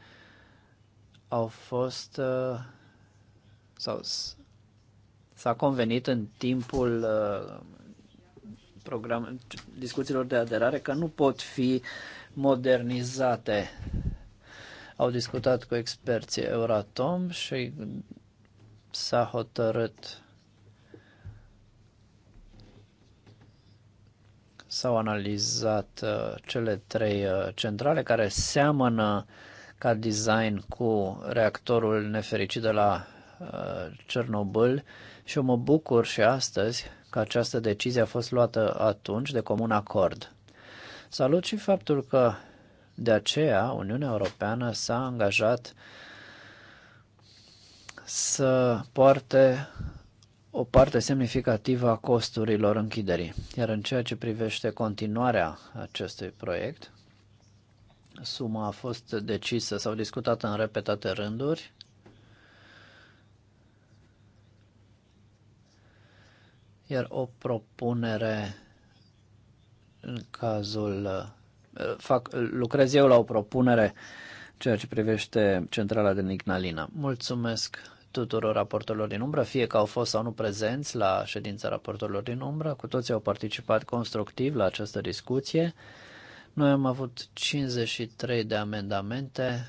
au fost uh, sau s-a convenit în timpul uh, program, discuțiilor de aderare că nu pot fi modernizate. Au discutat cu experții Euratom și s-a hotărât s-au analizat uh, cele trei uh, centrale care seamănă ca design cu reactorul nefericit de la uh, Cernobâl și eu mă bucur și astăzi că această decizie a fost luată atunci de comun acord. Salut și faptul că de aceea Uniunea Europeană s-a angajat să poarte o parte semnificativă a costurilor închiderii. Iar în ceea ce privește continuarea acestui proiect, suma a fost decisă sau discutată în repetate rânduri. Iar o propunere în cazul fac, lucrez eu la o propunere ceea ce privește centrala de Nignalina. Mulțumesc tuturor raportorilor din umbră, fie că au fost sau nu prezenți la ședința raportorilor din umbră. Cu toții au participat constructiv la această discuție. Noi am avut 53 de amendamente,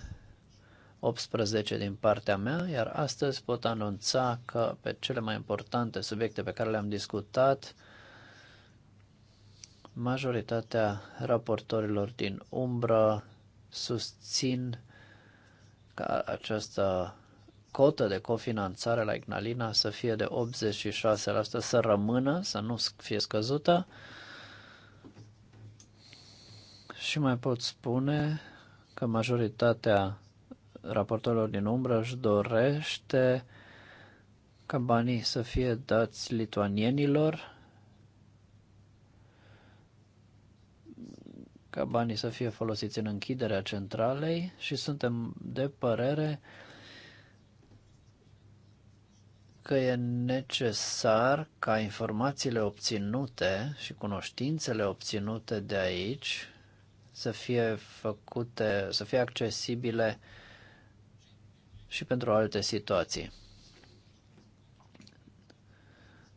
18 din partea mea, iar astăzi pot anunța că pe cele mai importante subiecte pe care le-am discutat, majoritatea raportorilor din umbră susțin ca această cotă de cofinanțare la Ignalina să fie de 86%, să rămână, să nu fie scăzută. Și mai pot spune că majoritatea raportorilor din umbră își dorește ca banii să fie dați lituanienilor, ca banii să fie folosiți în închiderea centralei și suntem de părere că e necesar ca informațiile obținute și cunoștințele obținute de aici să fie făcute, să fie accesibile și pentru alte situații.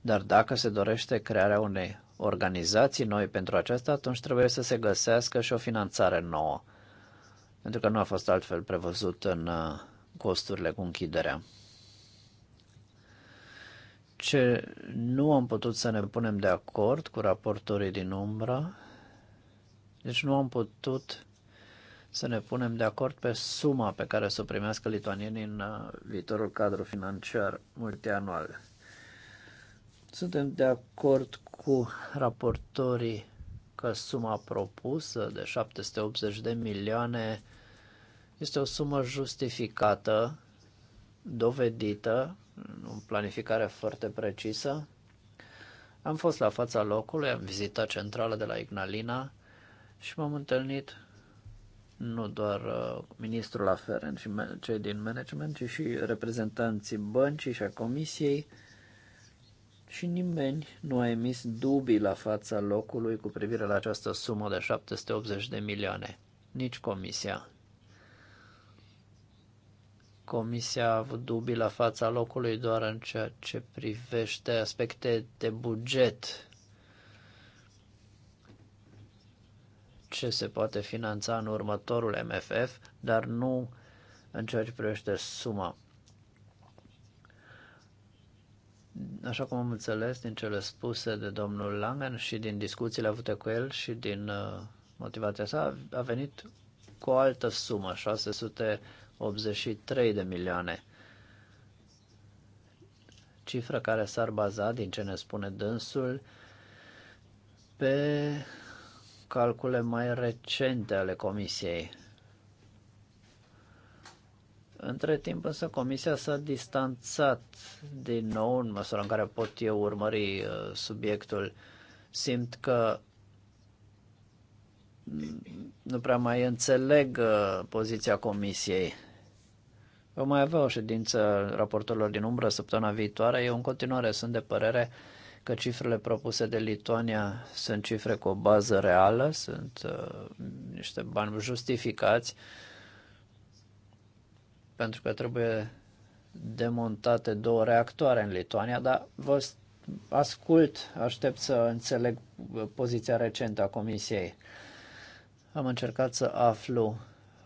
Dar dacă se dorește crearea unei organizații noi pentru aceasta, atunci trebuie să se găsească și o finanțare nouă, pentru că nu a fost altfel prevăzut în uh, costurile cu închiderea ce nu am putut să ne punem de acord cu raportorii din umbra, deci nu am putut să ne punem de acord pe suma pe care să o primească lituanienii în uh, viitorul cadru financiar multianual. Suntem de acord cu raportorii că suma propusă de 780 de milioane este o sumă justificată, dovedită, o planificare foarte precisă. Am fost la fața locului, am vizitat centrala de la Ignalina și m-am întâlnit nu doar uh, ministrul aferent și cei din management, ci și reprezentanții băncii și a comisiei și nimeni nu a emis dubii la fața locului cu privire la această sumă de 780 de milioane. Nici comisia. Comisia a avut dubii la fața locului doar în ceea ce privește aspecte de buget. Ce se poate finanța în următorul MFF, dar nu în ceea ce privește suma. Așa cum am înțeles din cele spuse de domnul Langen și din discuțiile avute cu el și din uh, motivația sa, a venit cu o altă sumă, 600 83 de milioane. Cifră care s-ar baza, din ce ne spune dânsul, pe calcule mai recente ale comisiei. Între timp însă comisia s-a distanțat din nou în măsura în care pot eu urmări uh, subiectul. Simt că nu prea mai înțeleg uh, poziția comisiei. Vom mai avea o ședință raportorilor din umbră săptămâna viitoare. Eu în continuare sunt de părere că cifrele propuse de Lituania sunt cifre cu o bază reală, sunt uh, niște bani justificați, pentru că trebuie demontate două reactoare în Lituania, dar vă ascult, aștept să înțeleg uh, poziția recentă a Comisiei. Am încercat să aflu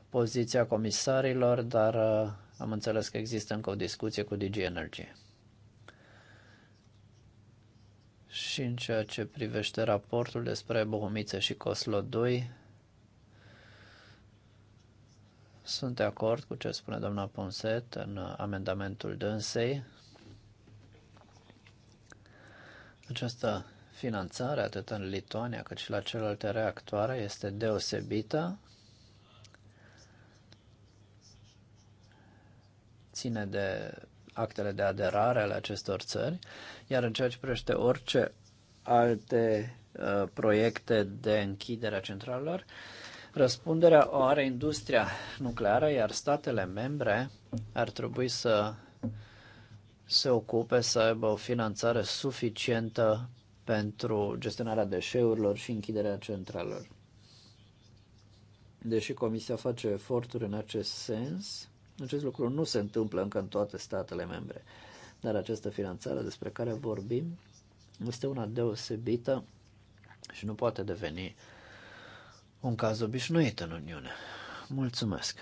poziția comisarilor, dar uh, am înțeles că există încă o discuție cu DG Energy. Și în ceea ce privește raportul despre Bohumiță și Coslo 2, sunt de acord cu ce spune doamna Ponset în amendamentul dânsei. Această finanțare, atât în Lituania cât și la celelalte reactoare, este deosebită ține de actele de aderare ale acestor țări, iar în ceea ce privește orice alte uh, proiecte de închidere a centralelor, răspunderea o are industria nucleară, iar statele membre ar trebui să se ocupe să aibă o finanțare suficientă pentru gestionarea deșeurilor și închiderea centralelor. Deși Comisia face eforturi în acest sens, acest lucru nu se întâmplă încă în toate statele membre, dar această finanțare despre care vorbim este una deosebită și nu poate deveni un caz obișnuit în Uniune. Mulțumesc!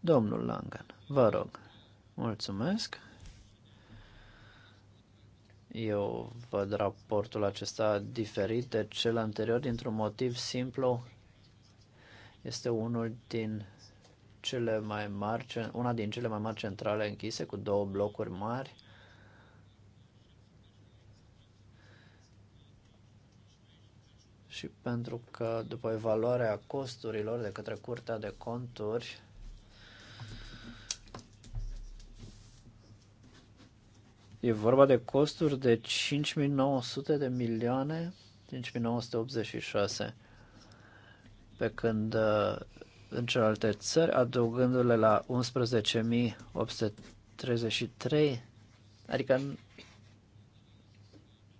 Domnul Langan, vă rog, mulțumesc! Eu văd raportul acesta diferit de cel anterior dintr-un motiv simplu. Este unul din cele mai mari, una din cele mai mari centrale închise cu două blocuri mari. Și pentru că după evaluarea costurilor de către Curtea de Conturi, E vorba de costuri de 5900 de milioane, 5986 pe când uh, în celelalte țări, adăugându-le la 11.833, adică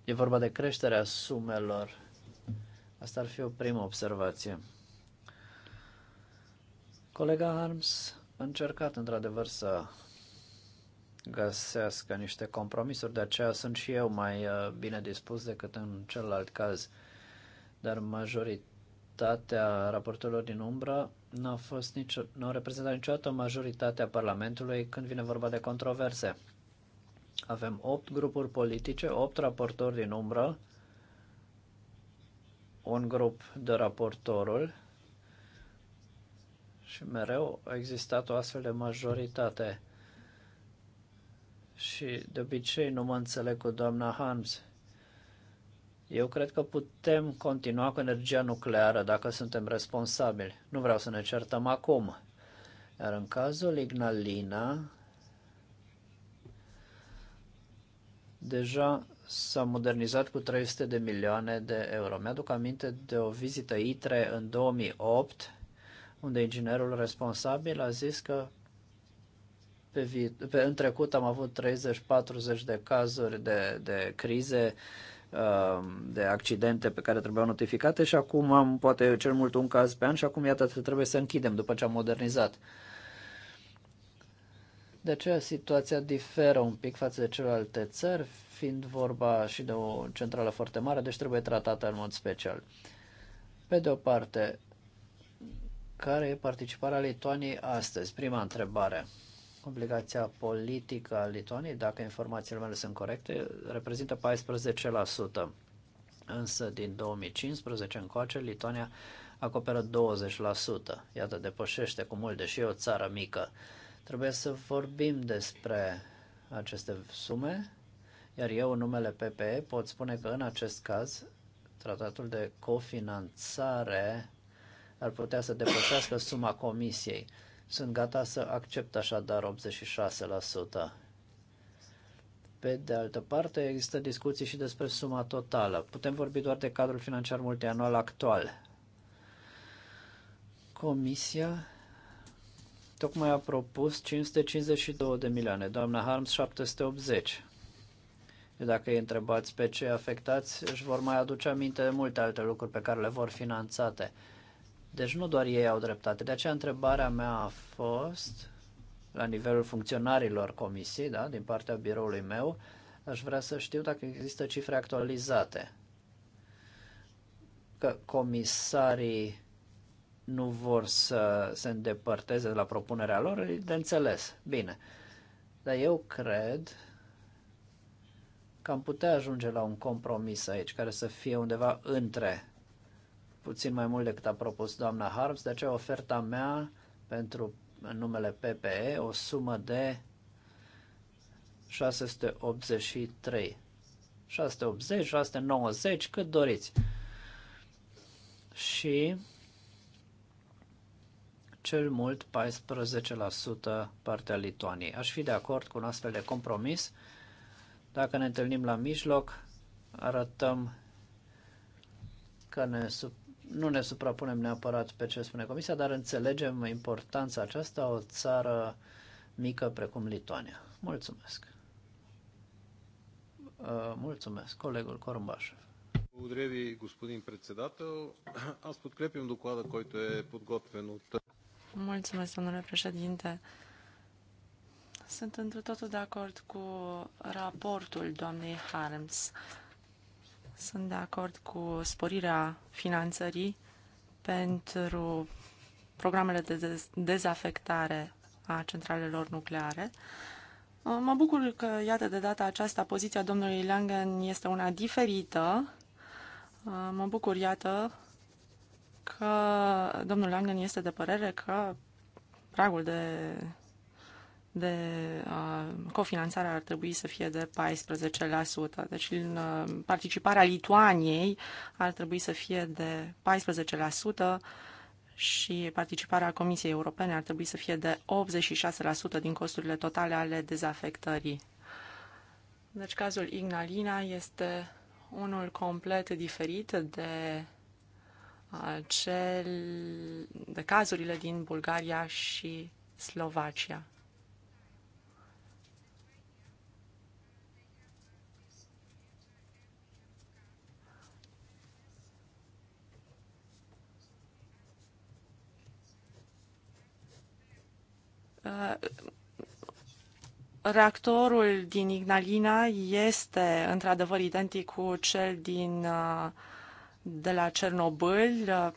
e vorba de creșterea sumelor. Asta ar fi o primă observație. Colega Harms a încercat într-adevăr să găsească niște compromisuri, de aceea sunt și eu mai uh, bine dispus decât în celălalt caz, dar majoritatea majoritatea raportorilor din umbră nu au, fost nicio, nu au reprezentat niciodată majoritatea Parlamentului când vine vorba de controverse. Avem 8 grupuri politice, 8 raportori din umbră, un grup de raportorul și mereu a existat o astfel de majoritate. Și de obicei nu mă înțeleg cu doamna Hams. Eu cred că putem continua cu energia nucleară dacă suntem responsabili. Nu vreau să ne certăm acum. Iar în cazul Ignalina, deja s-a modernizat cu 300 de milioane de euro. Mi-aduc aminte de o vizită ITRE în 2008, unde inginerul responsabil a zis că pe, vi- pe în trecut am avut 30-40 de cazuri de, de crize uh, Um, de accidente pe care trebuiau notificate și acum am poate cel mult un caz pe an și acum iată trebuie să închidem după ce am modernizat. De aceea situația diferă un pic față de celelalte țări, fiind vorba și de o centrală foarte mare, deci trebuie tratată în mod special. Pe de o parte, care e participarea Lituaniei astăzi? Prima întrebare. Obligația politică a Lituaniei, dacă informațiile mele sunt corecte, reprezintă 14%. Însă din 2015 încoace, Lituania acoperă 20%. Iată, depășește cu mult, deși e o țară mică. Trebuie să vorbim despre aceste sume, iar eu, în numele PPE, pot spune că în acest caz, tratatul de cofinanțare ar putea să depășească suma comisiei. Sunt gata să accept așadar 86%. Pe de altă parte, există discuții și despre suma totală. Putem vorbi doar de cadrul financiar multianual actual. Comisia tocmai a propus 552 de milioane, doamna Harms 780. Dacă îi întrebați pe cei afectați, își vor mai aduce aminte de multe alte lucruri pe care le vor finanțate. Deci nu doar ei au dreptate. De aceea întrebarea mea a fost, la nivelul funcționarilor comisiei, da, din partea biroului meu, aș vrea să știu dacă există cifre actualizate. Că comisarii nu vor să se îndepărteze de la propunerea lor, de înțeles. Bine. Dar eu cred că am putea ajunge la un compromis aici, care să fie undeva între puțin mai mult decât a propus doamna Harms, de aceea oferta mea pentru numele PPE o sumă de 683. 680, 690, cât doriți. Și cel mult 14% partea Lituaniei. Aș fi de acord cu un astfel de compromis. Dacă ne întâlnim la mijloc, arătăm că ne sub nu ne suprapunem neapărat pe ce spune Comisia, dar înțelegem importanța aceasta o țară mică precum Lituania. Mulțumesc! Uh, mulțumesc, colegul Corumbașev. Благодаря ви, господин председател. Аз подкрепям доклада, който е подготвен от... Mulțumesc, domnule președinte. Sunt într totul de acord cu raportul doamnei Harms. Uh, sunt de acord cu sporirea finanțării pentru programele de dezafectare a centralelor nucleare. Uh, mă bucur că, iată, de data aceasta poziția domnului Langen este una diferită. Uh, mă bucur, iată, că domnul Langen este de părere că pragul de de cofinanțare ar trebui să fie de 14%. Deci în participarea Lituaniei ar trebui să fie de 14% și participarea Comisiei Europene ar trebui să fie de 86% din costurile totale ale dezafectării. Deci cazul Ignalina este unul complet diferit de cel de cazurile din Bulgaria și Slovacia. Reactorul din Ignalina este într-adevăr identic cu cel din, uh, de la Cernobâl. Uh,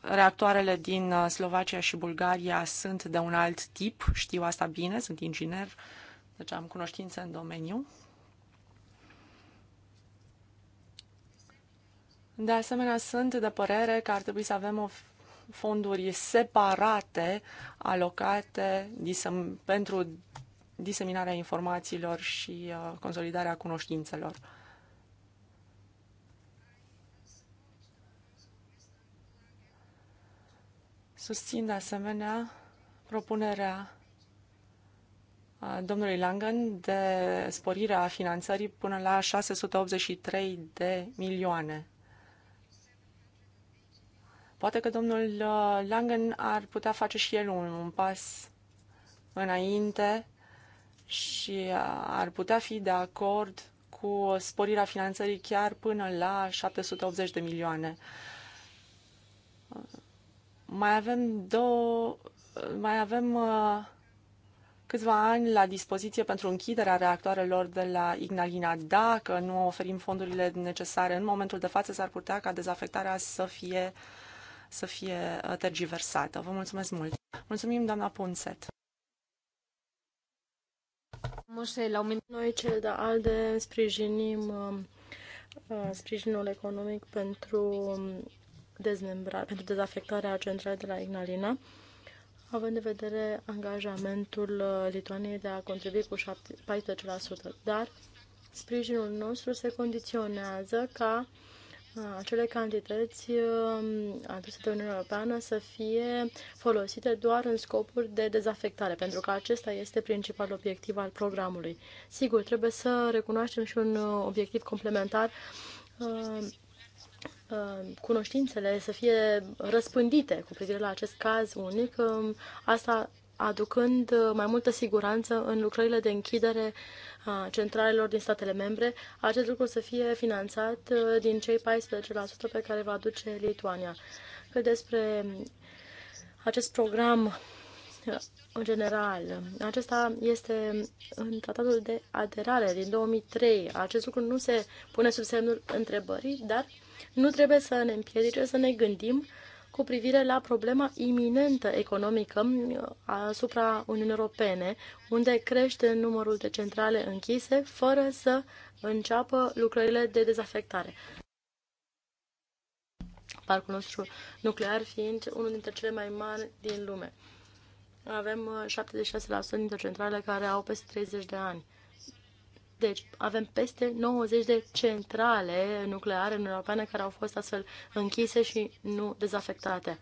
reactoarele din uh, Slovacia și Bulgaria sunt de un alt tip, știu asta bine, sunt inginer, deci am cunoștință în domeniu. De asemenea, sunt de părere că ar trebui să avem o fonduri separate alocate disem- pentru diseminarea informațiilor și uh, consolidarea cunoștințelor. Susțin de asemenea propunerea uh, domnului Langen de sporirea finanțării până la 683 de milioane. Poate că domnul uh, Langen ar putea face și el un, un pas înainte și uh, ar putea fi de acord cu sporirea finanțării chiar până la 780 de milioane. Mai avem două, mai avem uh, câțiva ani la dispoziție pentru închiderea reactoarelor de la Ignalina. Dacă nu oferim fondurile necesare în momentul de față, s-ar putea ca dezafectarea să fie uh, să fie uh, tergiversată. Vă mulțumesc mult! Mulțumim, doamna Punset! Noi, cel de ALDE, sprijinim uh, uh, sprijinul economic pentru, dezmembrare, pentru dezafectarea centralei de la Ignalina având în vedere angajamentul Lituaniei de a contribui cu 14%, dar sprijinul nostru se condiționează ca acele cantități um, aduse de Uniunea Europeană să fie folosite doar în scopuri de dezafectare, pentru că acesta este principalul obiectiv al programului. Sigur, trebuie să recunoaștem și un uh, obiectiv complementar uh, uh, cunoștințele să fie răspândite cu privire la acest caz unic, um, asta aducând mai multă siguranță în lucrările de închidere a centralelor din statele membre, acest lucru să fie finanțat uh, din cei 14% pe care va aduce Lituania. Cât despre acest program uh, în general. Acesta este în tratatul de aderare din 2003. Acest lucru nu se pune sub semnul întrebării, dar nu trebuie să ne împiedice să ne gândim cu privire la problema iminentă economică uh, asupra Uniunii Europene, unde crește numărul de centrale închise fără să înceapă lucrările de dezafectare. Parcul nostru nuclear fiind unul dintre cele mai mari din lume. Avem 76% uh, dintre centrale care au peste 30 de ani. Deci avem peste 90 de centrale nucleare în Europeană care au fost astfel închise și nu dezafectate.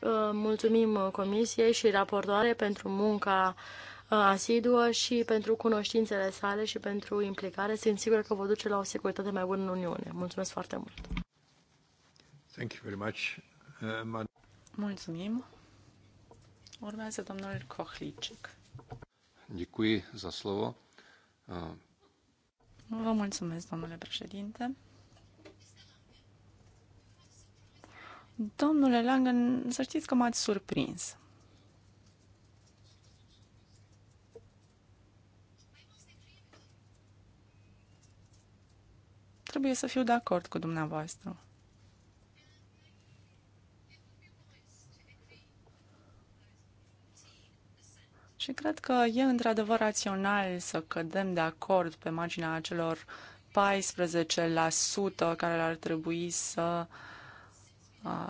Uh, mulțumim Comisiei și raportoare pentru munca uh, asiduă și pentru cunoștințele sale și pentru implicare. Sunt sigur că vă duce la o securitate mai bună în Uniune. Mulțumesc foarte mult! Thank you very much. Uh, Mulțumim. Urmează domnul Kohlicic. Děkuji za slovo. Vă mulțumesc, domnule președinte. Domnule Langen, să știți că m-ați surprins. Trebuie să fiu de acord cu dumneavoastră. Și cred că e într-adevăr rațional să cădem de acord pe marginea acelor 14% care ar trebui să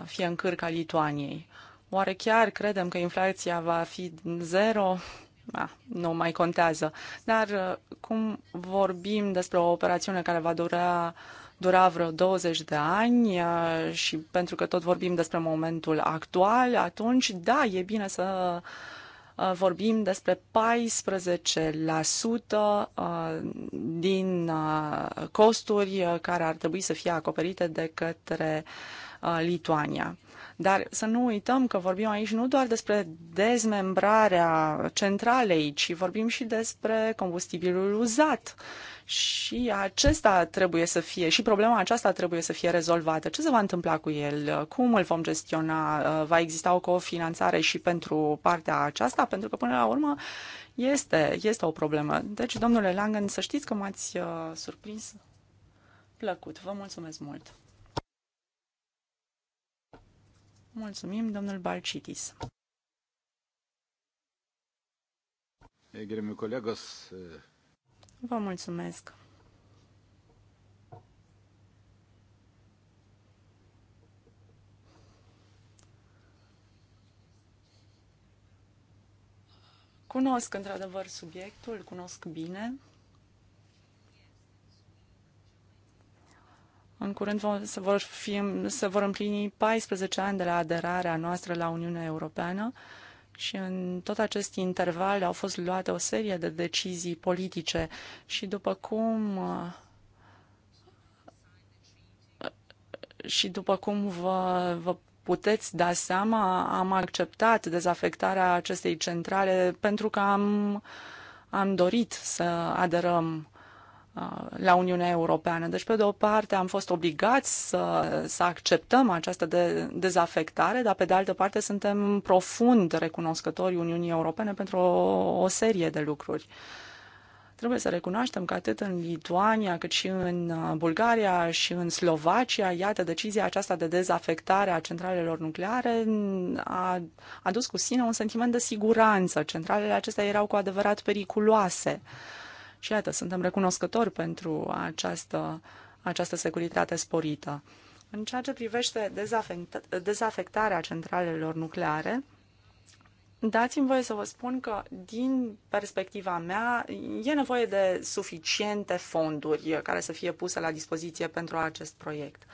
fie în cârca Lituaniei. Oare chiar credem că inflația va fi zero? Ah, nu mai contează. Dar cum vorbim despre o operațiune care va dura dura vreo 20 de ani și pentru că tot vorbim despre momentul actual, atunci da, e bine să uh, Uh, vorbim despre 14% uh, din uh, costuri care ar trebui să fie acoperite de către Lituania. Dar să nu uităm că vorbim aici nu doar despre dezmembrarea centralei, ci vorbim și despre combustibilul uzat. Și acesta trebuie să fie, și problema aceasta trebuie să fie rezolvată. Ce se va întâmpla cu el? Cum îl vom gestiona? Va exista o cofinanțare și pentru partea aceasta? Pentru că, până la urmă, este, este o problemă. Deci, domnule Langen, să știți că m-ați uh, surprins plăcut. Vă mulțumesc mult! Mulțumim, domnul Balcitis. Gerimi colegos. Vă mulțumesc. Cunosc într-adevăr subiectul, cunosc bine. În curând se vor, fi, se vor împlini 14 ani de la aderarea noastră la Uniunea Europeană și în tot acest interval au fost luate o serie de decizii politice și după cum și după cum vă, vă puteți da seama, am acceptat dezafectarea acestei centrale pentru că am, am dorit să aderăm la Uniunea Europeană. Deci, pe de o parte, am fost obligați să, să acceptăm această de, dezafectare, dar, pe de altă parte, suntem profund recunoscători Uniunii Europene pentru o, o serie de lucruri. Trebuie să recunoaștem că atât în Lituania, cât și în uh, Bulgaria și în Slovacia, iată, decizia aceasta de dezafectare a centralelor nucleare a adus cu sine un sentiment de siguranță. Centralele acestea erau cu adevărat periculoase. Uh, și iată, suntem recunoscători pentru această, această securitate sporită. În ceea ce privește dezafecta- dezafectarea centralelor nucleare, Dați-mi voie să vă spun că, din perspectiva mea, e nevoie de suficiente fonduri care să fie puse la dispoziție pentru acest proiect. Uh,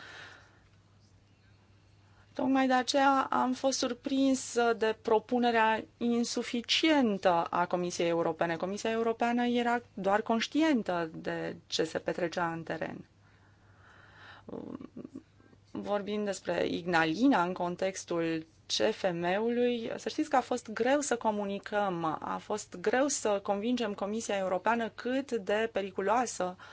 Tocmai de aceea am fost surprins de propunerea insuficientă a Comisiei Europene. Comisia Europeană era doar conștientă de ce se petrecea în teren. Vorbind despre Ignalina în contextul CFM-ului, să știți că a fost greu să comunicăm, a fost greu să convingem Comisia Europeană cât de periculoasă uh,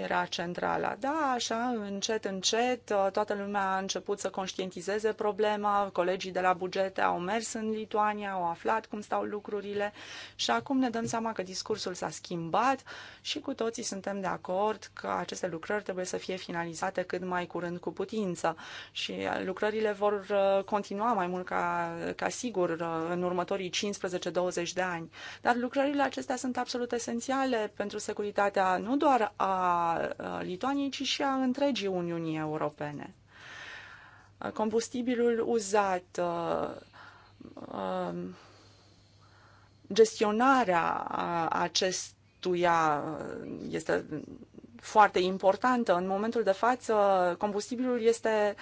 era centrala. Da, așa, încet, încet, toată lumea a început să conștientizeze problema, colegii de la bugete au mers în Lituania, au aflat cum stau lucrurile și acum ne dăm seama că discursul s-a schimbat și cu toții suntem de acord că aceste lucrări trebuie să fie finalizate cât mai curând cu putință și lucrările vor uh, continua mai mult ca, ca sigur uh, în următorii 15-20 de ani. Dar lucrările acestea sunt absolut esențiale pentru securitatea nu doar a a Lituaniei, ci și a întregii Uniunii Europene. Combustibilul uzat, gestionarea acestuia este foarte importantă. În momentul de față, combustibilul este uh,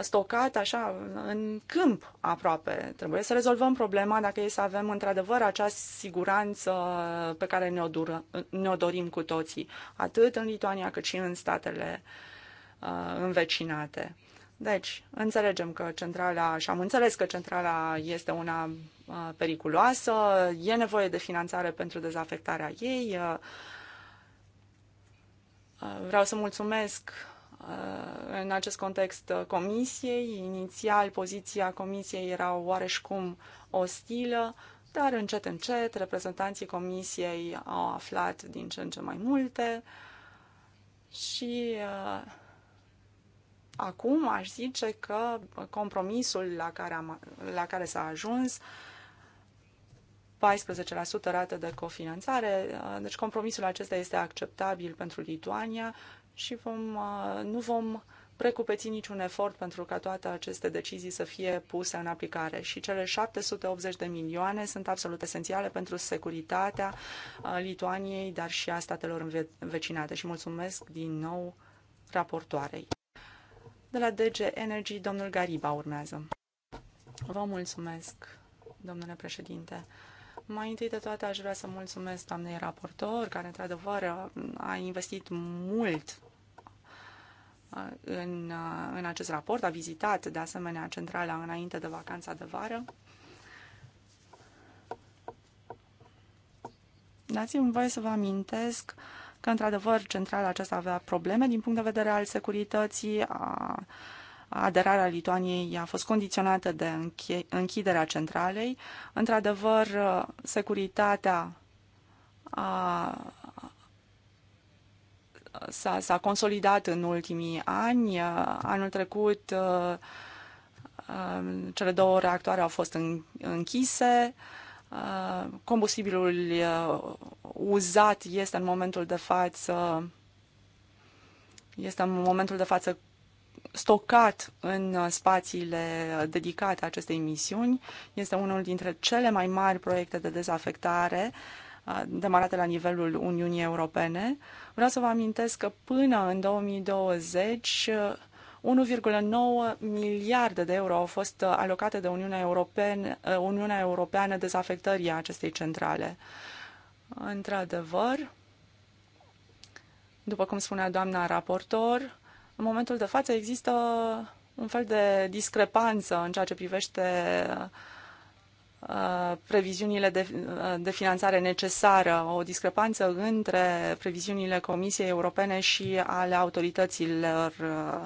stocat așa în câmp aproape. Trebuie să rezolvăm problema dacă e să avem într-adevăr acea siguranță pe care ne-o, dură, ne-o dorim cu toții, atât în Lituania cât și în statele uh, învecinate. Deci, înțelegem că centrala, și am înțeles că centrala este una uh, periculoasă, e nevoie de finanțare pentru dezafectarea ei. Uh, vreau să mulțumesc Uh, în acest context uh, comisiei. Inițial, poziția comisiei era oareșcum ostilă, dar încet, încet, reprezentanții comisiei au aflat din ce în ce mai multe și uh, acum aș zice că compromisul la care, am, la care s-a ajuns 14% rată de cofinanțare. Uh, deci compromisul acesta este acceptabil pentru Lituania și vom, uh, nu vom precupeți niciun efort pentru ca toate aceste decizii să fie puse în aplicare. Și cele 780 de milioane sunt absolut esențiale pentru securitatea uh, Lituaniei, dar și a statelor învecinate. Și mulțumesc din nou raportoarei. De la DG Energy, domnul Gariba urmează. Vă mulțumesc, domnule președinte. Mai întâi de toate aș vrea să mulțumesc doamnei raportor, care într-adevăr a investit mult Uh, în, uh, în acest raport, a vizitat de asemenea centrala înainte de vacanța de vară. Dați-mi voie să vă amintesc că, într-adevăr, centrala aceasta avea probleme din punct de vedere al securității, a aderarea Lituaniei a fost condiționată de închiderea centralei. Într-adevăr, uh, securitatea a, s-a, consolidat în ultimii ani. Anul trecut uh, uh, cele două reactoare au fost închise. Uh, combustibilul uzat este în momentul de față este în momentul de față stocat în spațiile dedicate acestei misiuni. Este unul dintre cele mai mari proiecte de dezafectare uh, demarate la nivelul Uniunii Europene. Vreau să vă amintesc că până în 2020 1,9 miliarde de euro au fost alocate de Uniunea Europeană, Uniunea Europeană dezafectării acestei centrale. Într-adevăr, după cum spunea doamna raportor, în momentul de față există un fel de discrepanță în ceea ce privește uh, Uh, previziunile de, uh, de finanțare necesară, o discrepanță între previziunile Comisiei Europene și ale autorităților uh,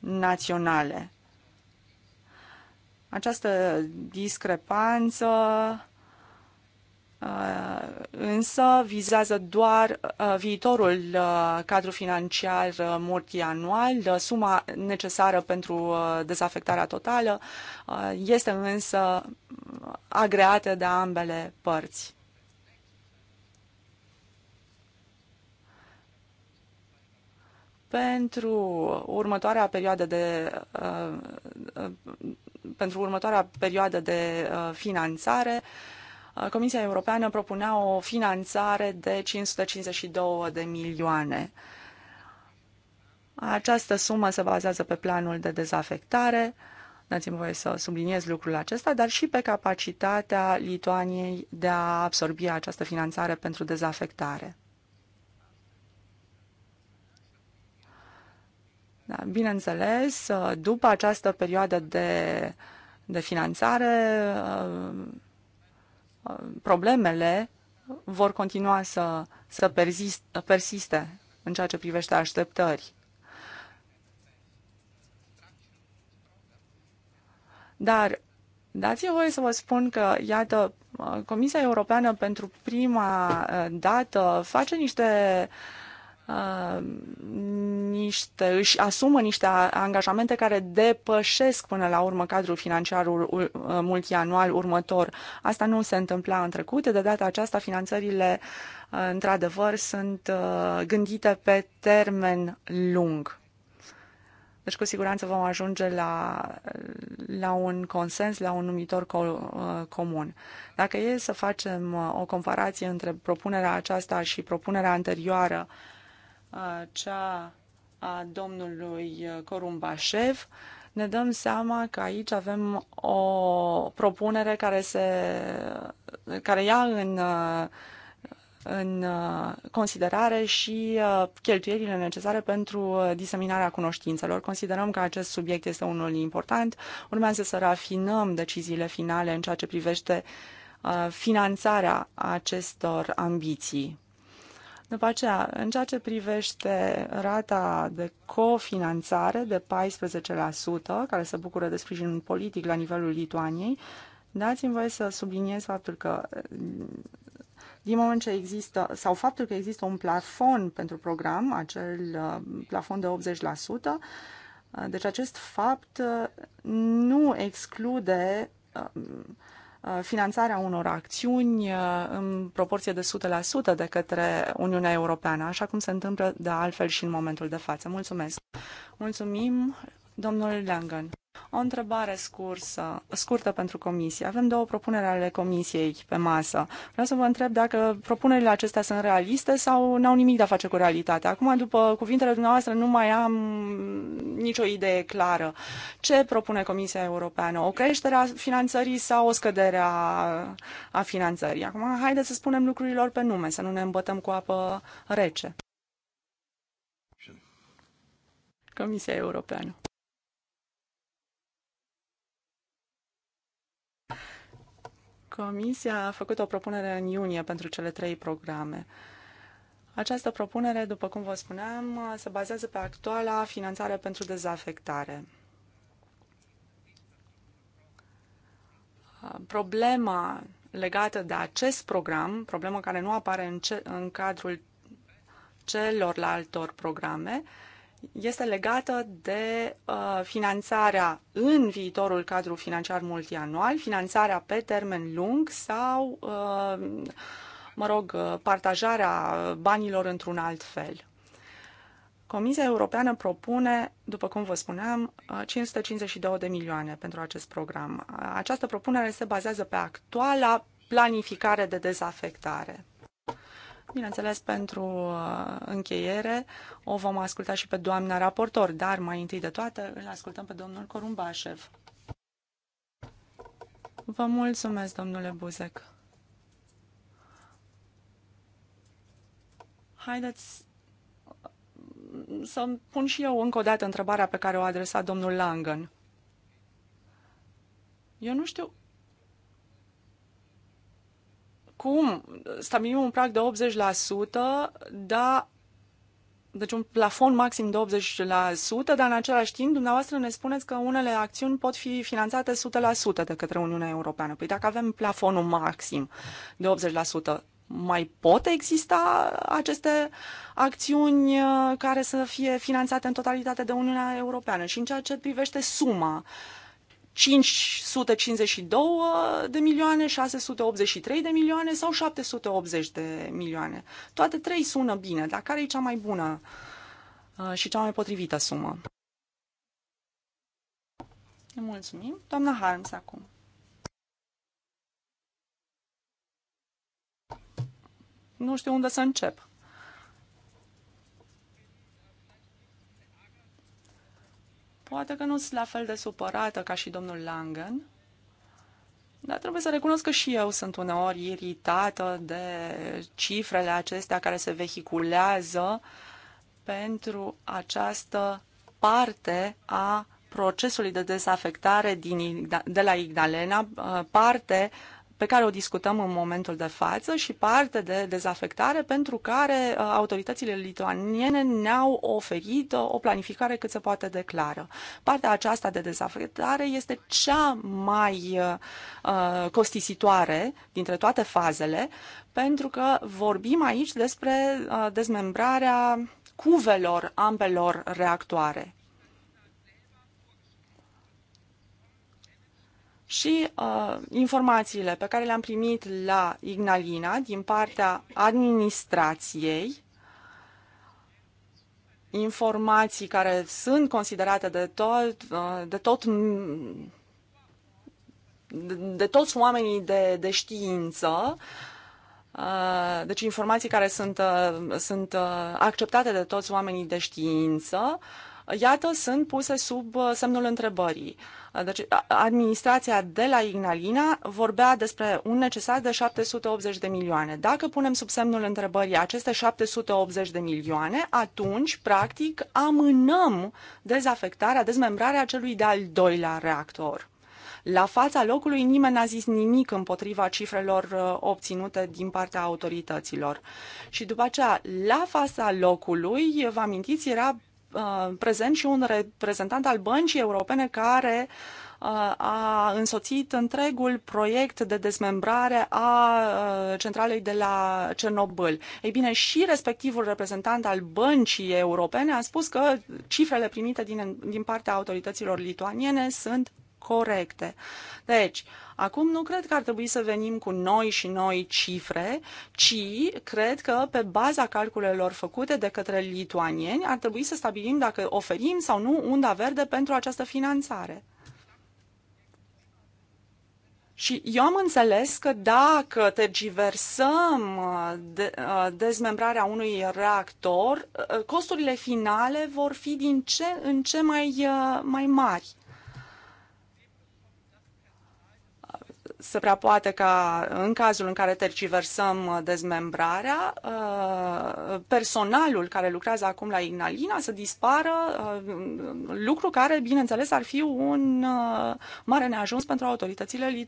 naționale. Această discrepanță Uh, însă vizează doar uh, viitorul uh, cadru financiar multianual. Suma necesară pentru dezafectarea totală este însă agreată de ambele părți. Pentru următoarea perioadă de pentru următoarea perioadă de finanțare uh, Comisia Europeană propunea o finanțare de 552 de milioane. Această sumă se bazează pe planul de dezafectare, dați-mi voie să subliniez lucrul acesta, dar și pe capacitatea Lituaniei de a absorbi această finanțare pentru dezafectare. Da, bineînțeles, după această perioadă de, de finanțare, problemele vor continua să, să persist, persiste în ceea ce privește așteptări. Dar dați-mi voie să vă spun că, iată, Comisia Europeană pentru prima uh, dată face niște uh, niște, își asumă niște angajamente care depășesc până la urmă cadrul financiar multianual următor. Asta nu se întâmpla în trecut, de data aceasta finanțările uh, într-adevăr sunt uh, gândite pe termen lung. Deci cu siguranță vom ajunge la, la un consens, la un numitor co- uh, comun. Dacă e să facem o comparație între propunerea aceasta și propunerea anterioară, uh, cea a domnului Corumbașev, ne dăm seama că aici avem o propunere care, se, care ia în, în considerare și cheltuielile necesare pentru diseminarea cunoștințelor. Considerăm că acest subiect este unul important. Urmează să rafinăm deciziile finale în ceea ce privește finanțarea acestor ambiții. După aceea, în ceea ce privește rata de cofinanțare de 14%, care se bucură de sprijin politic la nivelul Lituaniei, dați-mi voie să subliniez faptul că din moment ce există, sau faptul că există un plafon pentru program, acel uh, plafon de 80%, uh, deci acest fapt uh, nu exclude Uh, finanțarea unor acțiuni uh, în proporție de 100% de către Uniunea Europeană, așa cum se întâmplă de altfel și în momentul de față. Mulțumesc! Mulțumim, domnul Langan! O întrebare scursă, scurtă pentru comisie. Avem două propuneri ale comisiei pe masă. Vreau să vă întreb dacă propunerile acestea sunt realiste sau n-au nimic de a face cu realitatea. Acum, după cuvintele dumneavoastră, nu mai am nicio idee clară. Ce propune Comisia Europeană? O creștere a finanțării sau o scădere a, a finanțării? Acum, haideți să spunem lucrurilor pe nume, să nu ne îmbătăm cu apă rece. Comisia Europeană. Comisia a făcut o propunere în iunie pentru cele trei programe. Această propunere, după cum vă spuneam, se bazează pe actuala finanțare pentru dezafectare. Problema legată de acest program, problema care nu apare în, ce, în cadrul celorlaltor programe, uh, este legată de uh, finanțarea în viitorul cadru financiar multianual, finanțarea pe termen lung sau, uh, mă rog, partajarea banilor într-un alt fel. Comisia Europeană propune, după cum vă spuneam, 552 uh, de milioane pentru acest program. Această propunere se bazează pe actuala planificare de dezafectare. Bineînțeles, pentru uh, încheiere o vom asculta și pe doamna raportor, dar mai întâi de toate îl ascultăm pe domnul Corumbașev. Vă mulțumesc, domnule Buzec. Haideți uh, să pun și eu încă o dată întrebarea pe care o adresa domnul Langen. Eu nu știu cum stabilim un prag de 80%, dar deci un plafon maxim de 80%, dar în același timp dumneavoastră ne spuneți că unele acțiuni pot fi finanțate 100% de către Uniunea Europeană. Păi dacă avem plafonul maxim de 80%, mai pot exista aceste acțiuni uh, care să fie finanțate în totalitate de Uniunea Europeană și în ceea ce privește suma uh, 552 de milioane, 683 de milioane sau 780 de milioane. Toate trei sună bine, dar care e cea mai bună uh, și cea mai potrivită sumă? Ne mulțumim. Doamna Harms acum. Nu știu unde să încep. Poate că nu sunt la fel de supărată ca și domnul Langen, dar trebuie să recunosc că și eu sunt uneori iritată de cifrele acestea care se vehiculează pentru această parte a procesului de dezafectare din, de la Ignalena, parte pe care o discutăm în momentul de față și parte de dezafectare pentru care uh, autoritățile lituaniene ne-au oferit uh, o planificare cât se poate declară. Partea aceasta de dezafectare este cea mai uh, costisitoare dintre toate fazele pentru că vorbim aici despre dezmembrarea cuvelor ambelor reactoare. și uh, informațiile pe care le-am primit la Ignalina din partea administrației, informații care sunt considerate de tot, uh, de tot de, de toți oamenii de, de știință, uh, deci informații care sunt, uh, sunt uh, acceptate de toți oamenii de știință, iată, sunt puse sub semnul întrebării. Deci, administrația de la Ignalina vorbea despre un necesar de 780 de milioane. Dacă punem sub semnul întrebării aceste 780 de milioane, atunci, practic, amânăm dezafectarea, dezmembrarea celui de-al doilea reactor. La fața locului nimeni n-a zis nimic împotriva cifrelor uh, obținute din partea autorităților. Și după aceea, la fața locului, vă amintiți, era Uh, prezent și un reprezentant al Băncii Europene care uh, a însoțit întregul proiect de dezmembrare a uh, centralei de la Cernobâl. Ei bine, și respectivul reprezentant al Băncii Europene a spus că cifrele primite din, din partea autorităților lituaniene sunt corecte. Deci, acum nu cred că ar trebui să venim cu noi și noi cifre, ci cred că pe baza calculelor făcute de către lituanieni ar trebui să stabilim dacă oferim sau nu unda verde pentru această finanțare. Și eu am înțeles că dacă tergiversăm uh, de, uh, dezmembrarea unui reactor, uh, costurile finale vor fi din ce în ce mai, mai mari. se prea poate ca în cazul în care terciversăm dezmembrarea, uh, personalul care lucrează acum la Ignalina să dispară, uh, lucru care, bineînțeles, ar fi un uh, mare neajuns pentru autoritățile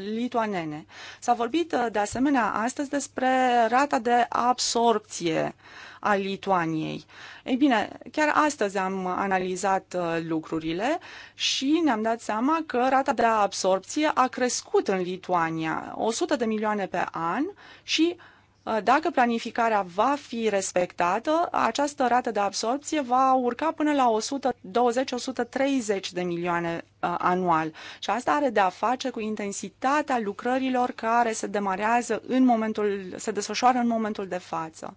lituanene. S-a vorbit, de asemenea, astăzi despre rata de absorpție uh, al Lituaniei. Ei bine, chiar astăzi am analizat uh, lucrurile și ne-am dat seama că rata de absorpție a crescut în Lituania 100 de milioane pe an și uh, dacă planificarea va fi respectată, această rată de absorpție va urca până la 120-130 de milioane uh, anual. Și asta are de a face cu intensitatea lucrărilor care se demarează în momentul, se desfășoară în momentul de față.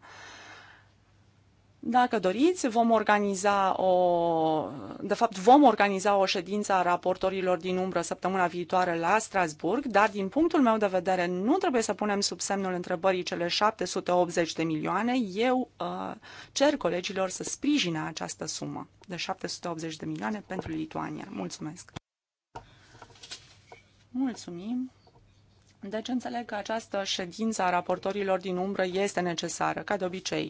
Dacă doriți, vom organiza o, de fapt vom organiza o ședință a raportorilor din umbră săptămâna viitoare la Strasburg, dar din punctul meu de vedere nu trebuie să punem sub semnul întrebării cele 780 de milioane. Eu uh, cer colegilor să sprijine această sumă de 780 de milioane pentru Lituania. Mulțumesc! Mulțumim! Deci înțeleg că această ședință a raportorilor din umbră este necesară, ca de obicei.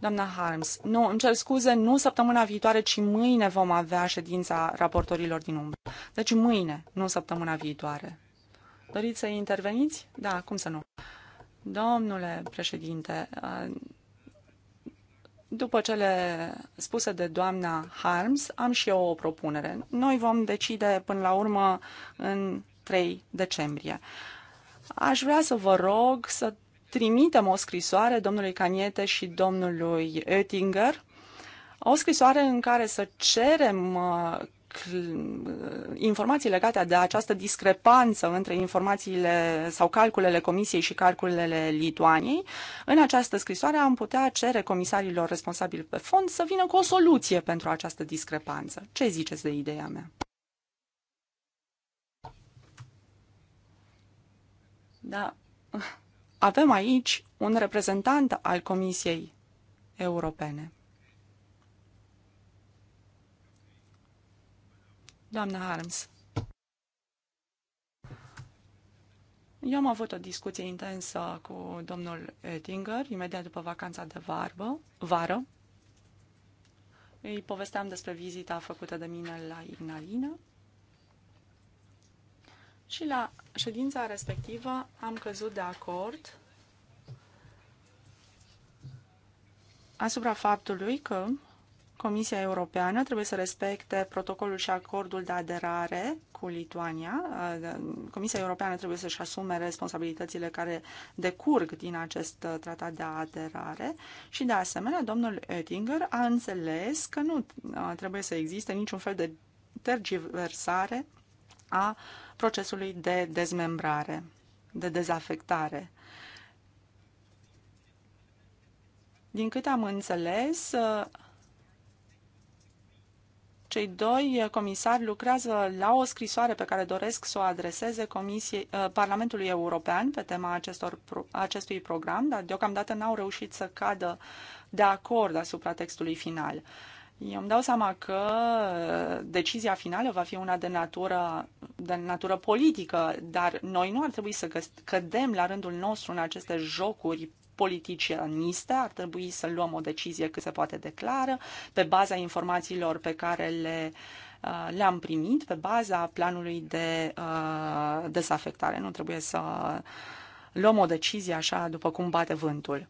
Doamna Harms, nu, îmi cer scuze, nu săptămâna viitoare, ci mâine vom avea ședința raportorilor din umbră. Deci mâine, nu săptămâna viitoare. Doriți să interveniți? Da, cum să nu. Domnule președinte, uh, după cele spuse de doamna Harms, am și eu o propunere. Noi vom decide până la urmă în 3 decembrie. Aș vrea să vă rog să trimitem o scrisoare domnului Caniete și domnului Oettinger, o scrisoare în care să cerem uh, informații legate de această discrepanță între informațiile sau calculele Comisiei și calculele Lituaniei, în această scrisoare am putea cere comisarilor responsabili pe fond să vină cu o soluție pentru această discrepanță. Ce ziceți de ideea mea? Da, Avem aici un reprezentant al Comisiei Europene. Doamna Harms, eu am avut o discuție intensă cu domnul Ettinger imediat după vacanța de varbă, vară. Îi povesteam despre vizita făcută de mine la Ignalina și la ședința respectivă am căzut de acord asupra faptului că Comisia Europeană trebuie să respecte protocolul și acordul de aderare cu Lituania. Comisia Europeană trebuie să-și asume responsabilitățile care decurg din acest tratat de aderare și, de asemenea, domnul Oettinger a înțeles că nu trebuie să existe niciun fel de tergiversare a procesului de dezmembrare, de dezafectare. Din câte am înțeles, cei doi comisari lucrează la o scrisoare pe care doresc să o adreseze Comisiei, eh, Parlamentului European pe tema acestor, acestui program, dar deocamdată n-au reușit să cadă de acord asupra textului final. Eu îmi dau seama că uh, decizia finală va fi una de natură, de natură politică, dar noi nu ar trebui să cădem la rândul nostru în aceste jocuri politicianiste, ar trebui să luăm o decizie cât se poate declară, pe baza informațiilor pe care le, uh, le-am primit, pe baza planului de uh, desafectare. Nu trebuie să luăm o decizie așa după cum bate vântul.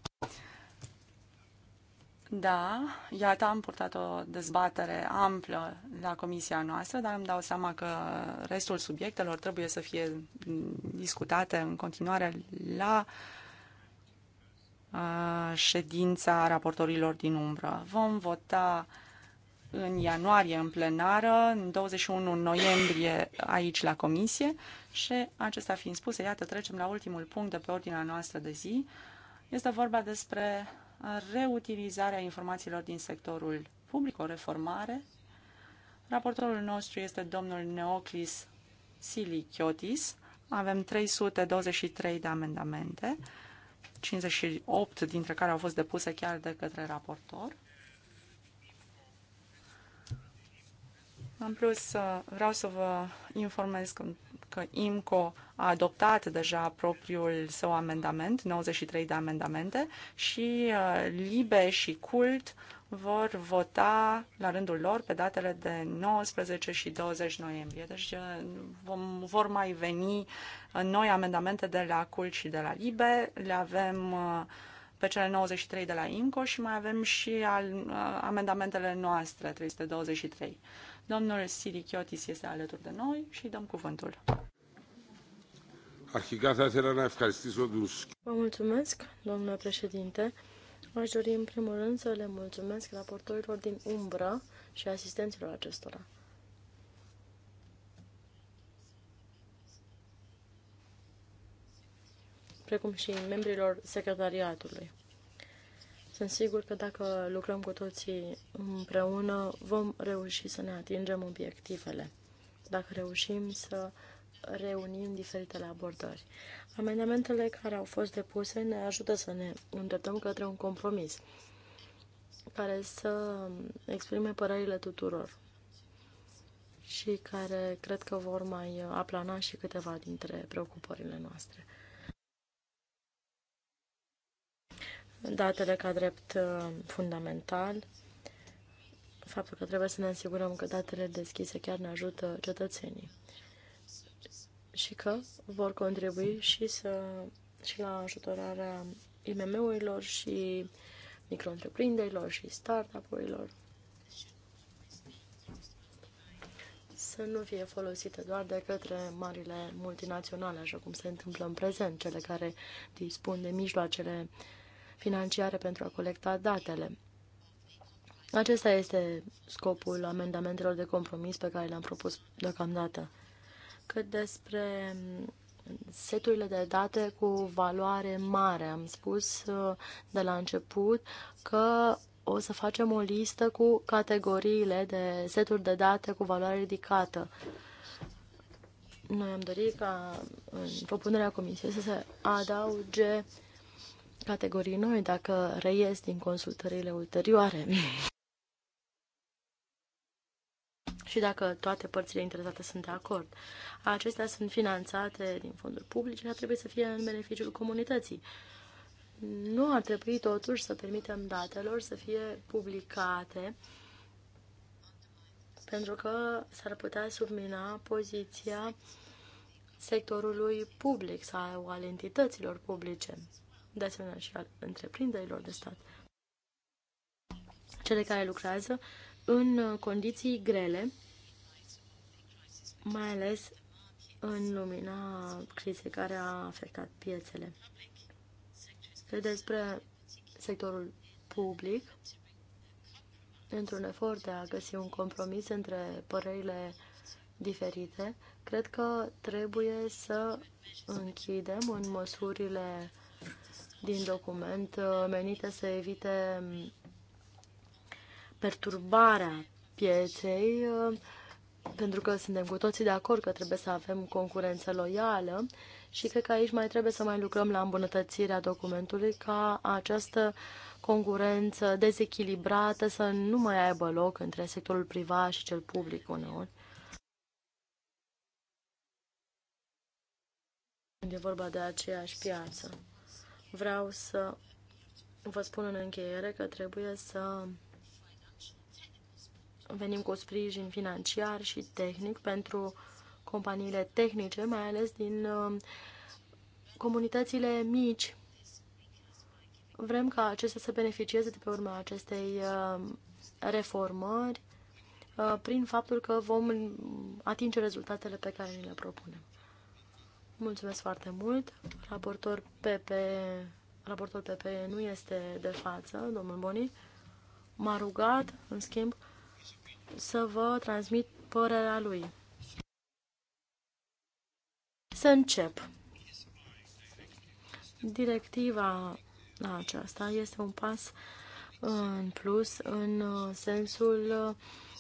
Da, iată, am purtat o dezbatere amplă la comisia noastră, dar îmi dau seama că restul subiectelor trebuie să fie discutate în continuare la uh, ședința raportorilor din umbră. Vom vota în ianuarie în plenară, în 21 noiembrie aici la comisie și acesta fiind spuse, iată, trecem la ultimul punct de pe ordinea noastră de zi. Este vorba despre reutilizarea informațiilor din sectorul public, o reformare. Raportorul nostru este domnul Neoclis Silichiotis. Avem 323 de amendamente, 58 dintre care au fost depuse chiar de către raportor. În plus, vreau să vă informez că că IMCO a adoptat deja propriul său amendament, 93 de amendamente, și uh, LIBE și CULT vor vota la rândul lor pe datele de 19 și 20 noiembrie. Deci uh, vom, vor mai veni uh, noi amendamente de la CULT și de la LIBE. Le avem pe cele 93 de la IMCO și mai avem și al, amendamentele noastre, 323. Domnul Chiotis este alături de noi și dăm cuvântul. Vă mulțumesc, domnule președinte. Aș dori în primul rând să le mulțumesc raportorilor din umbră și asistenților acestora. precum și membrilor secretariatului. Sunt sigur că dacă lucrăm cu toții împreună, vom reuși să ne atingem obiectivele, dacă reușim să reunim diferitele abordări. Amendamentele care au fost depuse ne ajută să ne îndreptăm către un compromis care să exprime părerile tuturor și care cred că vor mai aplana și câteva dintre preocupările noastre. datele ca drept uh, fundamental, faptul că trebuie să ne asigurăm că datele deschise chiar ne ajută cetățenii și că vor contribui și, să, și la ajutorarea IMM-urilor și micro și startup-urilor. Să nu fie folosite doar de către marile multinaționale, așa cum se întâmplă în prezent, cele care dispun de mijloacele uh, financiare pentru a colecta datele. Acesta este scopul amendamentelor de compromis pe care le-am propus deocamdată. Cât despre mm, seturile de date cu valoare mare, am spus uh, de la început că o să facem o listă cu categoriile de seturi de date cu valoare ridicată. Noi am dorit ca în propunerea comisiei să se adauge uh, categorii noi dacă reies din consultările ulterioare. și dacă toate părțile interesate sunt de acord. Acestea sunt finanțate din fonduri publice, dar trebuie să fie în beneficiul comunității. Nu ar trebui totuși să permitem datelor să fie publicate pentru că s-ar putea submina poziția sectorului public sau al entităților publice de asemenea și al întreprinderilor de stat, cele care lucrează în uh, condiții grele, mai ales în lumina crizei care a afectat piețele. Despre sectorul public, într-un efort de a găsi un compromis între părerile diferite, cred că trebuie să închidem în măsurile din document uh, menite să evite mm, perturbarea pieței, uh, pentru că suntem cu toții de acord că trebuie să avem concurență loială și cred că aici mai trebuie să mai lucrăm la îmbunătățirea documentului ca această concurență dezechilibrată să nu mai aibă loc între sectorul privat și cel public uneori. Când e vorba de aceeași piață. Vreau să vă spun în încheiere că trebuie să venim cu sprijin financiar și tehnic pentru companiile tehnice, mai ales din uh, comunitățile mici. Vrem ca acestea să beneficieze de pe urma acestei uh, reformări uh, prin faptul că vom atinge rezultatele pe care ni le propunem. Mulțumesc foarte mult. Raportor PP, raportor PP nu este de față, domnul Boni. M-a rugat, în schimb, să vă transmit părerea lui. Să încep. Directiva aceasta este un pas în plus în sensul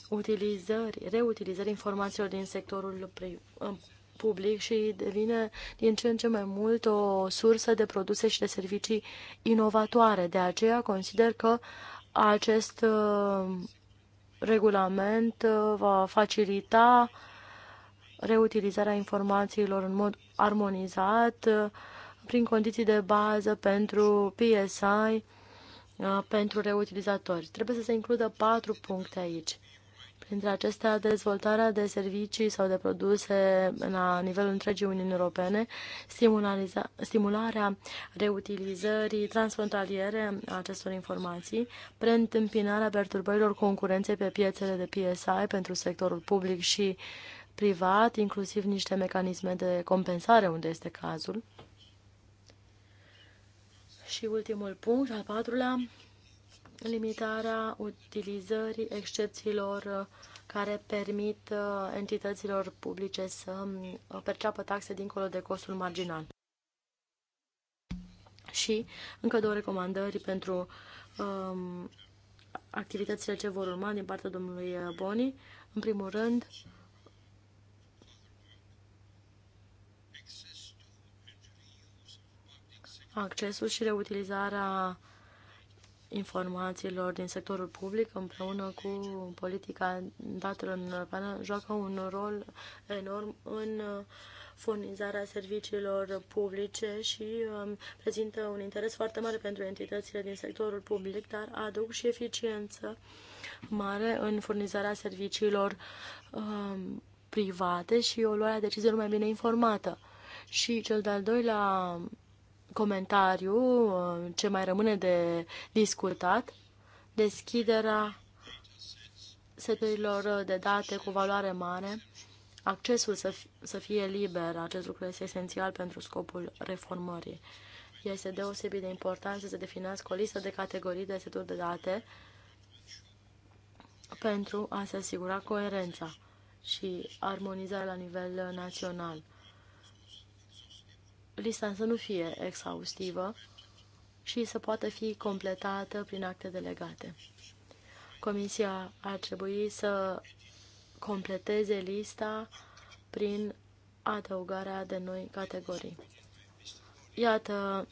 utilizării, reutilizării informațiilor din sectorul public și devine din ce în ce mai mult o sursă de produse și de servicii inovatoare. De aceea consider că acest uh, regulament uh, va facilita reutilizarea informațiilor în mod armonizat uh, prin condiții de bază pentru PSI pentru reutilizatori. Trebuie să se includă patru puncte aici. Printre acestea, dezvoltarea de servicii sau de produse la nivelul întregii Uniunii Europene, stimularea reutilizării transfrontaliere a acestor informații, preîntâmpinarea perturbărilor concurenței pe piețele de PSI pentru sectorul public și privat, inclusiv niște mecanisme de compensare unde este cazul. Și ultimul punct, al patrulea, limitarea utilizării excepțiilor care permit uh, entităților publice să uh, perceapă taxe dincolo de costul marginal. Și încă două recomandări pentru um, activitățile ce vor urma din partea domnului Boni. În primul rând, accesul și reutilizarea informațiilor din sectorul public împreună cu politica datelor în europeană joacă un rol enorm în uh, furnizarea serviciilor publice și um, prezintă un interes foarte mare pentru entitățile din sectorul public, dar aduc și eficiență mare în furnizarea serviciilor um, private și o luare a deciziilor mai bine informată. Și cel de-al doilea comentariu uh, ce mai rămâne de discutat, deschiderea seturilor de date cu valoare mare, accesul să, să fie liber, acest lucru este esențial pentru scopul reformării. Este deosebit de important să se definească o listă de categorii de seturi de date pentru a se asigura coerența și armonizarea la nivel național lista să nu fie exhaustivă și să poată fi completată prin acte delegate. Comisia ar trebui să completeze lista prin adăugarea de noi categorii. Iată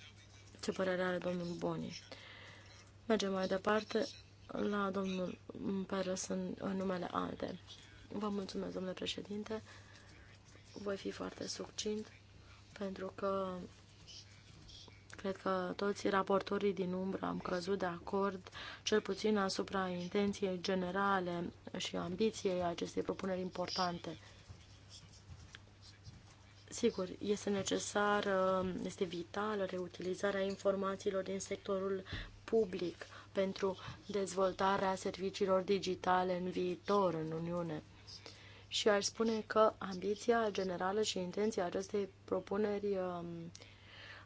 ce părere are domnul Boni. Mergem mai departe la domnul Peres în, în numele alte. Vă mulțumesc, domnule președinte. Voi fi foarte succint pentru că cred că toți raportorii din umbră am căzut de acord, cel puțin asupra intenției generale și ambiției acestei propuneri importante. Sigur, este necesară, este vitală reutilizarea informațiilor din sectorul public pentru dezvoltarea serviciilor digitale în viitor în Uniune și aș spune că ambiția generală și intenția acestei propuneri um,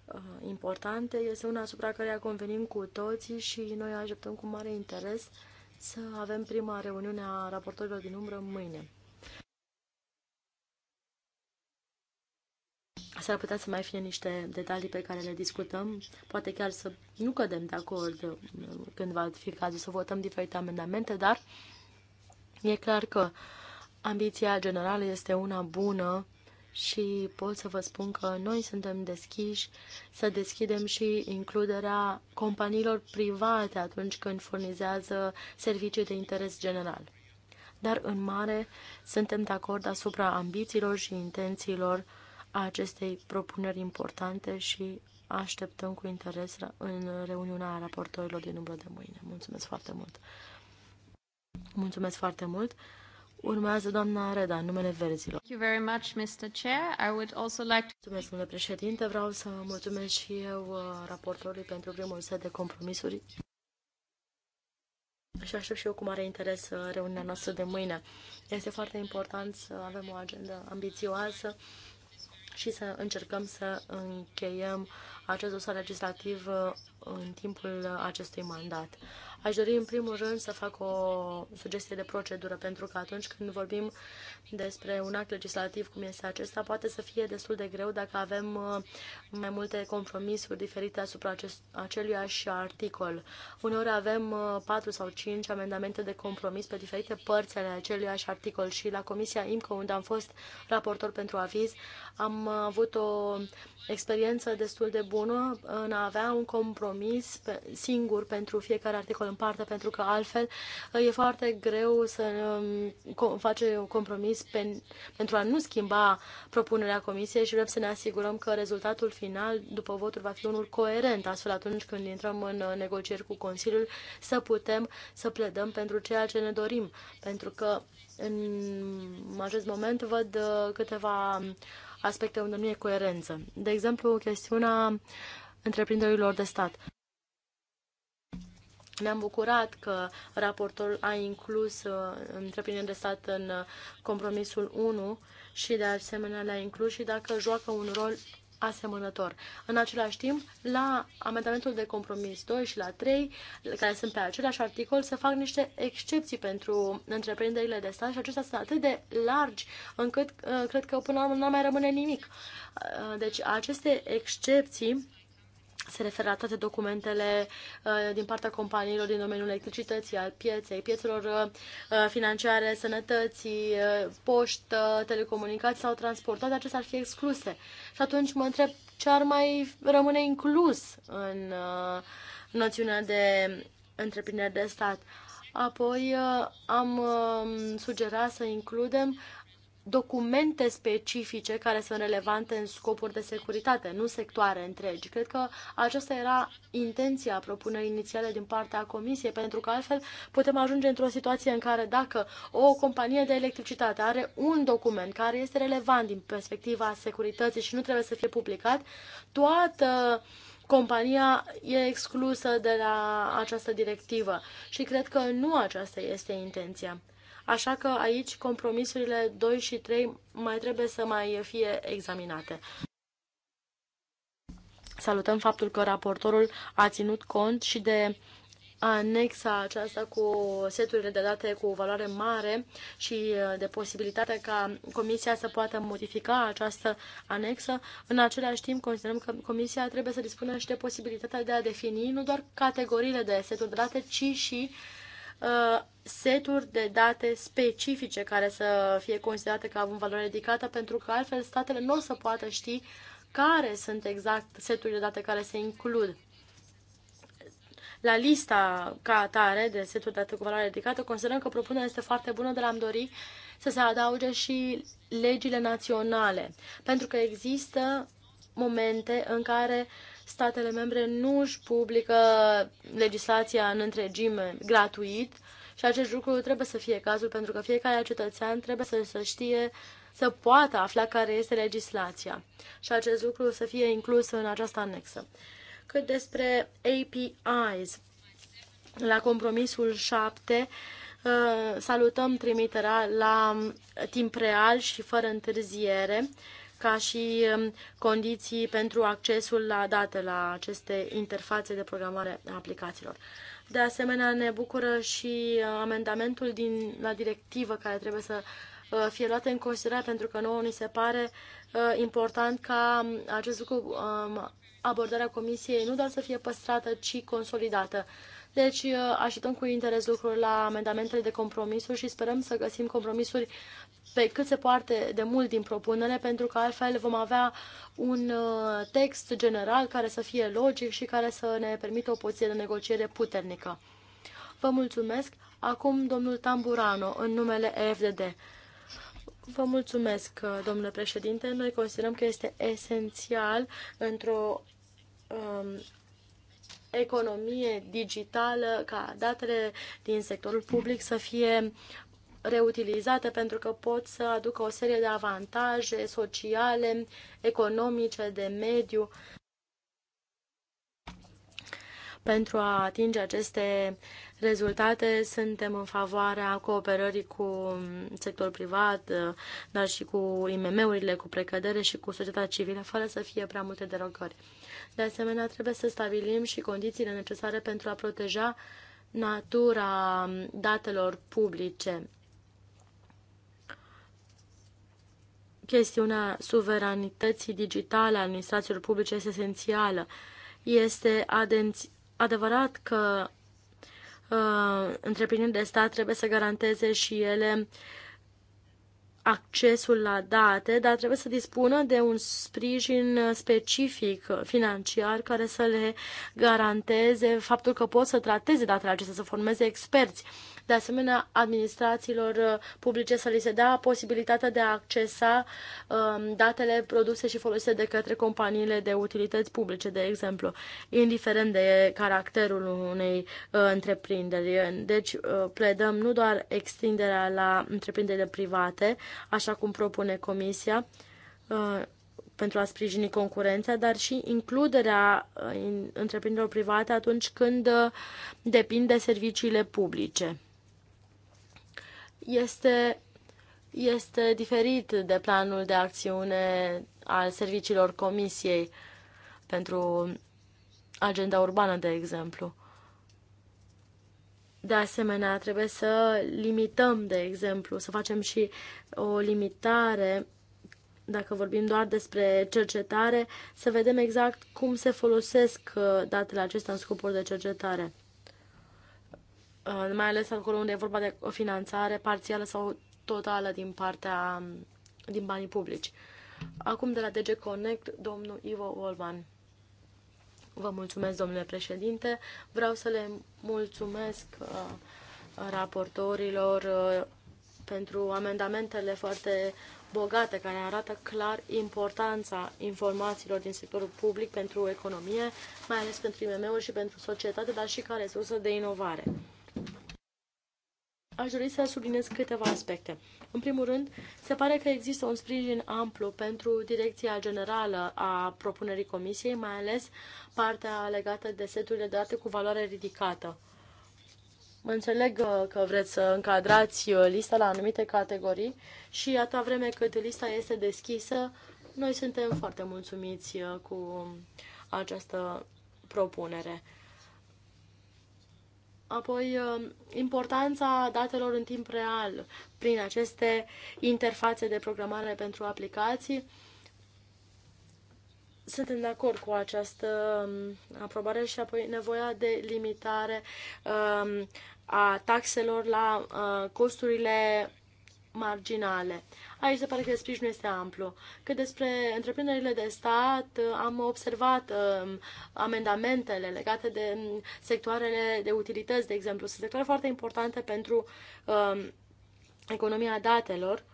uh, importante este una asupra care convenim cu toții și noi așteptăm cu mare interes să avem prima reuniune a raportorilor din umbră mâine. S-ar putea să mai fie niște detalii pe care le discutăm, poate chiar să nu cădem de acord uh, când va fi cazul să votăm diferite amendamente, dar e clar că uh, ambiția generală este una bună și pot să vă spun că noi suntem deschiși să deschidem și includerea companiilor private atunci când furnizează servicii de interes general. Dar, în mare, suntem de acord asupra ambițiilor și intențiilor acestei propuneri importante și așteptăm cu interes în reuniunea raportorilor din umbră de mâine. Mulțumesc foarte mult! Mulțumesc foarte mult! Urmează doamna Reda, în numele verzilor. Thank you very much, Mr. Chair. I would also like to... Mulțumesc, domnule președinte. Vreau să mulțumesc și eu uh, raportorului pentru primul set de compromisuri. Și aștept și eu cu mare interes uh, reuniunea noastră de mâine. Este foarte important să avem o agendă ambițioasă și să încercăm să încheiem acest dosar legislativ uh, în timpul acestui mandat. Aș dori în primul rând să fac o sugestie de procedură, pentru că atunci când vorbim despre un act legislativ cum este acesta, poate să fie destul de greu dacă avem uh, mai multe compromisuri diferite asupra aceluiași articol. Uneori avem 4 uh, sau 5 amendamente de compromis pe diferite părți ale aceluiași articol și la Comisia IMCO, unde am fost raportor pentru aviz, am uh, avut o experiență destul de bună în a avea un compromis singur pentru fiecare articol în parte, pentru că altfel uh, e foarte greu să um, face un compromis pen, pentru a nu schimba propunerea Comisiei și vrem să ne asigurăm că rezultatul final după votul va fi unul coerent, astfel atunci când intrăm în uh, negocieri cu Consiliul să putem să pledăm pentru ceea ce ne dorim, pentru că în acest moment văd uh, câteva aspecte unde nu e coerență. De exemplu, chestiunea întreprinderilor de stat. Ne-am bucurat că raportul a inclus uh, întreprinderile de stat în uh, compromisul 1 și de asemenea le-a inclus și dacă joacă un rol asemănător. În același timp, la amendamentul de compromis 2 și la 3, care sunt pe același articol, se fac niște excepții pentru întreprinderile de stat și acestea sunt atât de largi încât uh, cred că până la urmă nu mai rămâne nimic. Deci aceste excepții se referă la toate documentele uh, din partea companiilor din domeniul electricității, al pieței, piețelor uh, uh, financiare, sănătății, poștă, telecomunicații sau transport. Toate acestea ar fi excluse. Și atunci mă întreb ce ar mai rămâne inclus în noțiunea de întreprindere de stat. Apoi am um, sugerat să includem documente specifice care sunt relevante în scopuri de securitate, nu sectoare întregi. Cred că aceasta era intenția propunerii inițiale din partea Comisiei, pentru că altfel putem ajunge într-o situație în care dacă o companie de electricitate are un document care este relevant din perspectiva securității și nu trebuie să fie publicat, toată compania e exclusă de la această directivă și cred că nu aceasta este intenția. Așa că aici compromisurile 2 și 3 mai trebuie să mai fie examinate. Salutăm faptul că raportorul a ținut cont și de anexa aceasta cu seturile de date cu valoare mare și uh, de posibilitatea ca Comisia să poată modifica această anexă. În același timp, considerăm că Comisia trebuie să dispună și de posibilitatea de a defini nu doar categoriile de seturi de date, ci și uh, Uh, seturi de date specifice care să fie considerate ca având valoare ridicată, pentru că altfel statele nu o să poată ști care sunt exact seturile de date care se includ. La lista ca atare de seturi de date cu valoare ridicată, considerăm că propunerea este foarte bună, dar am dori să se adauge și legile naționale, pentru că există momente în care uh, statele membre nu își publică legislația în întregime gratuit și acest lucru trebuie să fie cazul pentru că fiecare cetățean trebuie să, să știe să poată afla care este legislația și acest lucru să fie inclus în această anexă. Cât despre APIs, la compromisul 7, uh, salutăm trimiterea la timp real și fără întârziere ca și um, condiții pentru accesul la date, la aceste interfațe de programare a aplicațiilor. De asemenea, ne bucură și uh, amendamentul din la directivă care trebuie să uh, fie luată în considerare pentru că nouă ni se pare uh, important ca um, acest lucru, um, abordarea comisiei, nu doar să fie păstrată, ci consolidată. Deci așteptăm cu interes lucruri la amendamentele de compromisuri și sperăm să găsim compromisuri pe cât se poate de mult din propunere, pentru că altfel vom avea un uh, text general care să fie logic și care să ne permită o poziție de negociere puternică. Vă mulțumesc. Acum domnul Tamburano, în numele EFDD. Vă mulțumesc, uh, domnule președinte. Noi considerăm că este esențial într-o um, economie digitală ca datele din sectorul public să fie reutilizate pentru că pot să aducă o serie de avantaje sociale, economice, de mediu pentru a atinge aceste rezultate, suntem în favoarea cooperării cu sectorul privat, dar și cu IMM-urile, cu precădere și cu societatea civilă, fără să fie prea multe derogări. De asemenea, trebuie să stabilim și condițiile necesare pentru a proteja natura datelor publice. Chestiunea suveranității digitale a administrațiilor publice este esențială. Este adevărat că uh, întreprinderile de stat trebuie să garanteze și ele accesul la date, dar trebuie să dispună de un sprijin specific financiar care să le garanteze faptul că pot să trateze datele acestea, să formeze experți. Uh, de asemenea, administrațiilor uh, publice să li se dea posibilitatea de a accesa um, datele produse și folosite de către companiile de utilități publice, de exemplu, indiferent de caracterul unei uh, întreprinderi. Deci, uh, pledăm nu doar extinderea la întreprinderile private, așa cum propune Comisia, pentru a sprijini concurența, dar și includerea întreprinderilor private atunci când depind de serviciile publice este, este diferit de planul de acțiune al serviciilor Comisiei pentru agenda urbană, de exemplu. De asemenea, trebuie să limităm, de exemplu, să facem și o limitare, dacă vorbim doar despre cercetare, să vedem exact cum se folosesc uh, datele acestea în scopuri de cercetare. Uh, mai ales acolo unde e vorba de o finanțare parțială sau totală din partea um, din banii publici. Acum de la DG Connect, domnul Ivo Olvan Vă mulțumesc, domnule președinte. Vreau să le mulțumesc uh, raportorilor uh, pentru amendamentele foarte bogate care arată clar importanța informațiilor din sectorul public pentru economie, mai ales pentru IMM-uri și pentru societate, dar și ca resursă de inovare aș dori să subliniez câteva aspecte. În primul rând, se pare că există un sprijin amplu pentru direcția generală a propunerii comisiei, mai ales partea legată de seturile de date cu valoare ridicată. Mă înțeleg uh, că vreți să încadrați uh, lista la anumite categorii și atâta vreme cât lista este deschisă, noi suntem foarte mulțumiți uh, cu această propunere. Apoi, um, importanța datelor în timp real prin aceste interfațe de programare pentru aplicații. Suntem de acord cu această um, aprobare și apoi nevoia de limitare um, a taxelor la uh, costurile marginale. Aici se pare că sprijinul este amplu. Că despre întreprinderile de stat am observat um, amendamentele legate de um, sectoarele de utilități, de exemplu. Sunt sectoare foarte importante pentru um, economia datelor.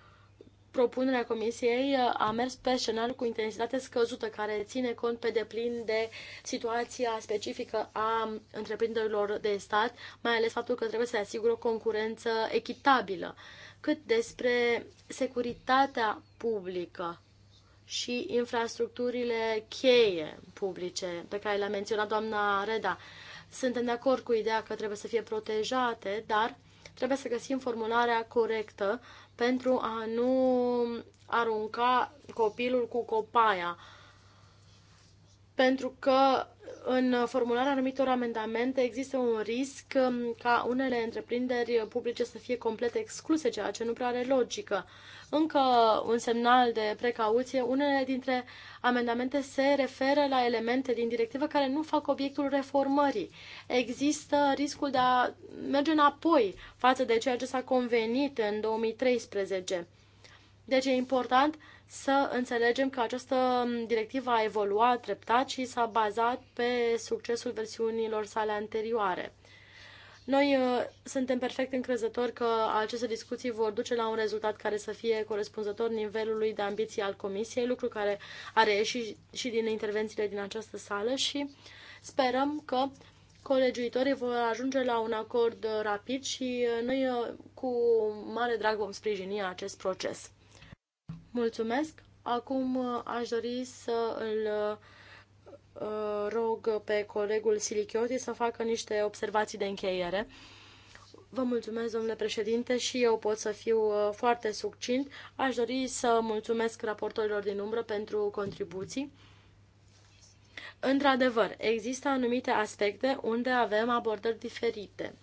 Propunerea Comisiei uh, a mers pe scenariu cu intensitate scăzută, care ține cont pe deplin de situația specifică a întreprinderilor de stat, mai ales faptul că trebuie să asigură o concurență echitabilă. Uh, cât despre securitatea publică și infrastructurile cheie publice pe care le-a menționat doamna Reda. Suntem de acord cu ideea că trebuie să fie protejate, dar trebuie să găsim formularea corectă pentru a nu arunca copilul cu copaia. Pentru că în formularea anumitor amendamente există un risc um, ca unele întreprinderi publice să fie complet excluse, ceea ce nu prea are logică. Încă un semnal de precauție, unele dintre amendamente se referă la elemente din directivă care nu fac obiectul reformării. Există riscul de a merge înapoi față de ceea ce s-a convenit în 2013. Deci e important uh, să înțelegem că această directivă a evoluat treptat și s-a bazat pe succesul versiunilor sale anterioare. Noi uh, suntem perfect încrezători că aceste discuții vor duce la un rezultat care să fie corespunzător nivelului de ambiție al Comisiei, lucru care are ieșit și din intervențiile din această sală și sperăm că colegiuitorii vor ajunge la un acord rapid și uh, noi uh, cu mare drag vom sprijini acest proces. Mulțumesc. Acum uh, aș dori să îl uh, rog pe colegul Silichioti să facă niște observații de încheiere. Vă mulțumesc, domnule președinte, și eu pot să fiu uh, foarte succint. Aș dori să mulțumesc raportorilor din umbră pentru contribuții. Într-adevăr, există anumite aspecte unde avem abordări diferite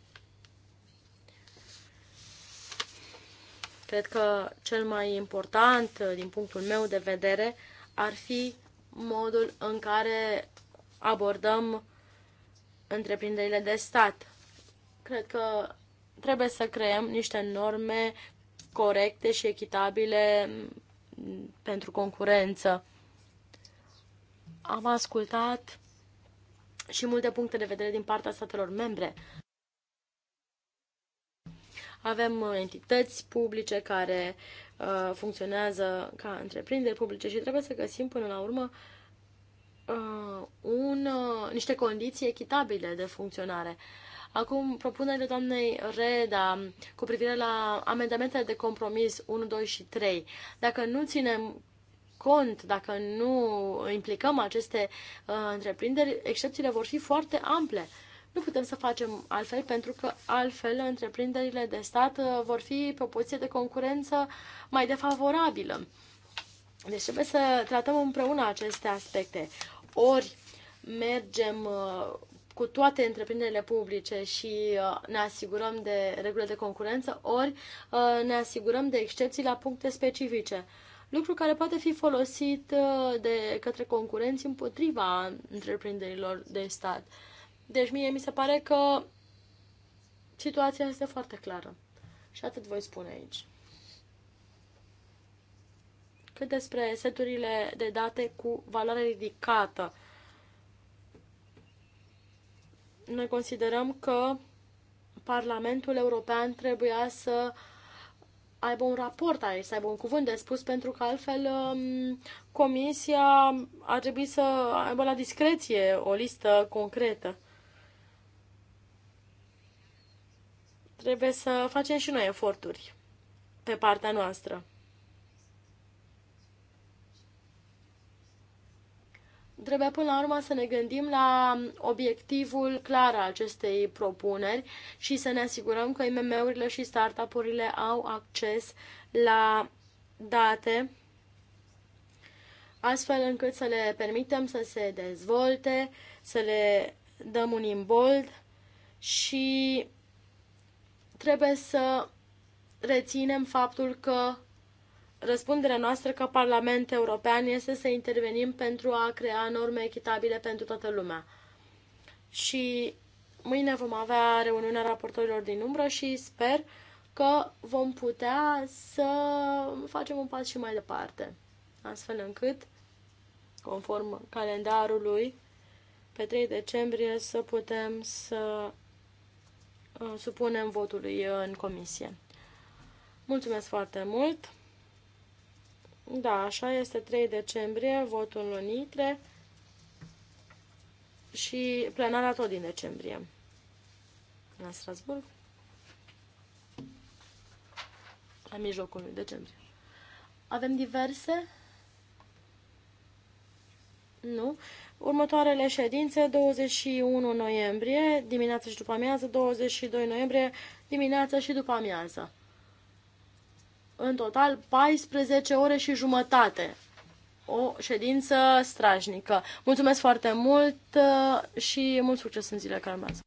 Cred că cel mai important, uh, din punctul meu de vedere, ar fi modul în care abordăm întreprinderile de stat. Cred că trebuie să creăm niște norme corecte și echitabile mm, pentru concurență. Am ascultat și multe puncte de vedere din partea statelor membre avem uh, entități publice care uh, funcționează ca întreprinderi publice și trebuie să găsim până la urmă uh, un, niște condiții echitabile de funcționare. Acum, propunerile doamnei Reda cu privire la amendamentele de compromis 1, 2 și 3. Dacă nu ținem cont, dacă nu implicăm aceste uh, întreprinderi, excepțiile vor fi foarte ample. Nu putem să facem altfel, pentru că altfel întreprinderile de stat uh, vor fi pe o poziție de concurență mai defavorabilă. Deci trebuie să tratăm împreună aceste aspecte. Ori mergem uh, cu toate întreprinderile publice și uh, ne asigurăm de regulile de concurență, ori ne asigurăm de excepții la puncte specifice. Lucru care poate fi folosit de către concurenți împotriva întreprinderilor de stat. Deci mie mi se pare că situația este foarte clară. Și atât voi spune aici. Cât despre seturile de date cu valoare ridicată, noi considerăm că Parlamentul European trebuia să aibă un raport aici, să aibă un cuvânt de spus, pentru că altfel um, Comisia ar trebui să aibă la discreție o listă concretă. trebuie să facem și noi eforturi pe partea noastră. Trebuie până la urmă să ne gândim la obiectivul clar al acestei propuneri și să ne asigurăm că IMM-urile și startup-urile au acces la date astfel încât să le permitem să se dezvolte, să le dăm un imbold și trebuie să reținem faptul că răspunderea noastră ca Parlament European este să intervenim pentru a crea norme echitabile pentru toată lumea. Și mâine vom avea reuniunea raportorilor din umbră și sper că vom putea să facem un pas și mai departe, astfel încât, conform calendarului, pe 3 decembrie să putem să Uh, supunem votului uh, în comisie. Mulțumesc foarte mult! Da, așa este 3 decembrie, votul în ITRE și plenarea tot din decembrie la Strasburg la mijlocul lui decembrie. Avem diverse? Nu. Următoarele ședințe, 21 noiembrie, dimineața și după amiază, 22 noiembrie, dimineața și după amiază. În total, 14 ore și jumătate. O ședință strașnică. Mulțumesc foarte mult uh, și mult succes în zilele care urmează.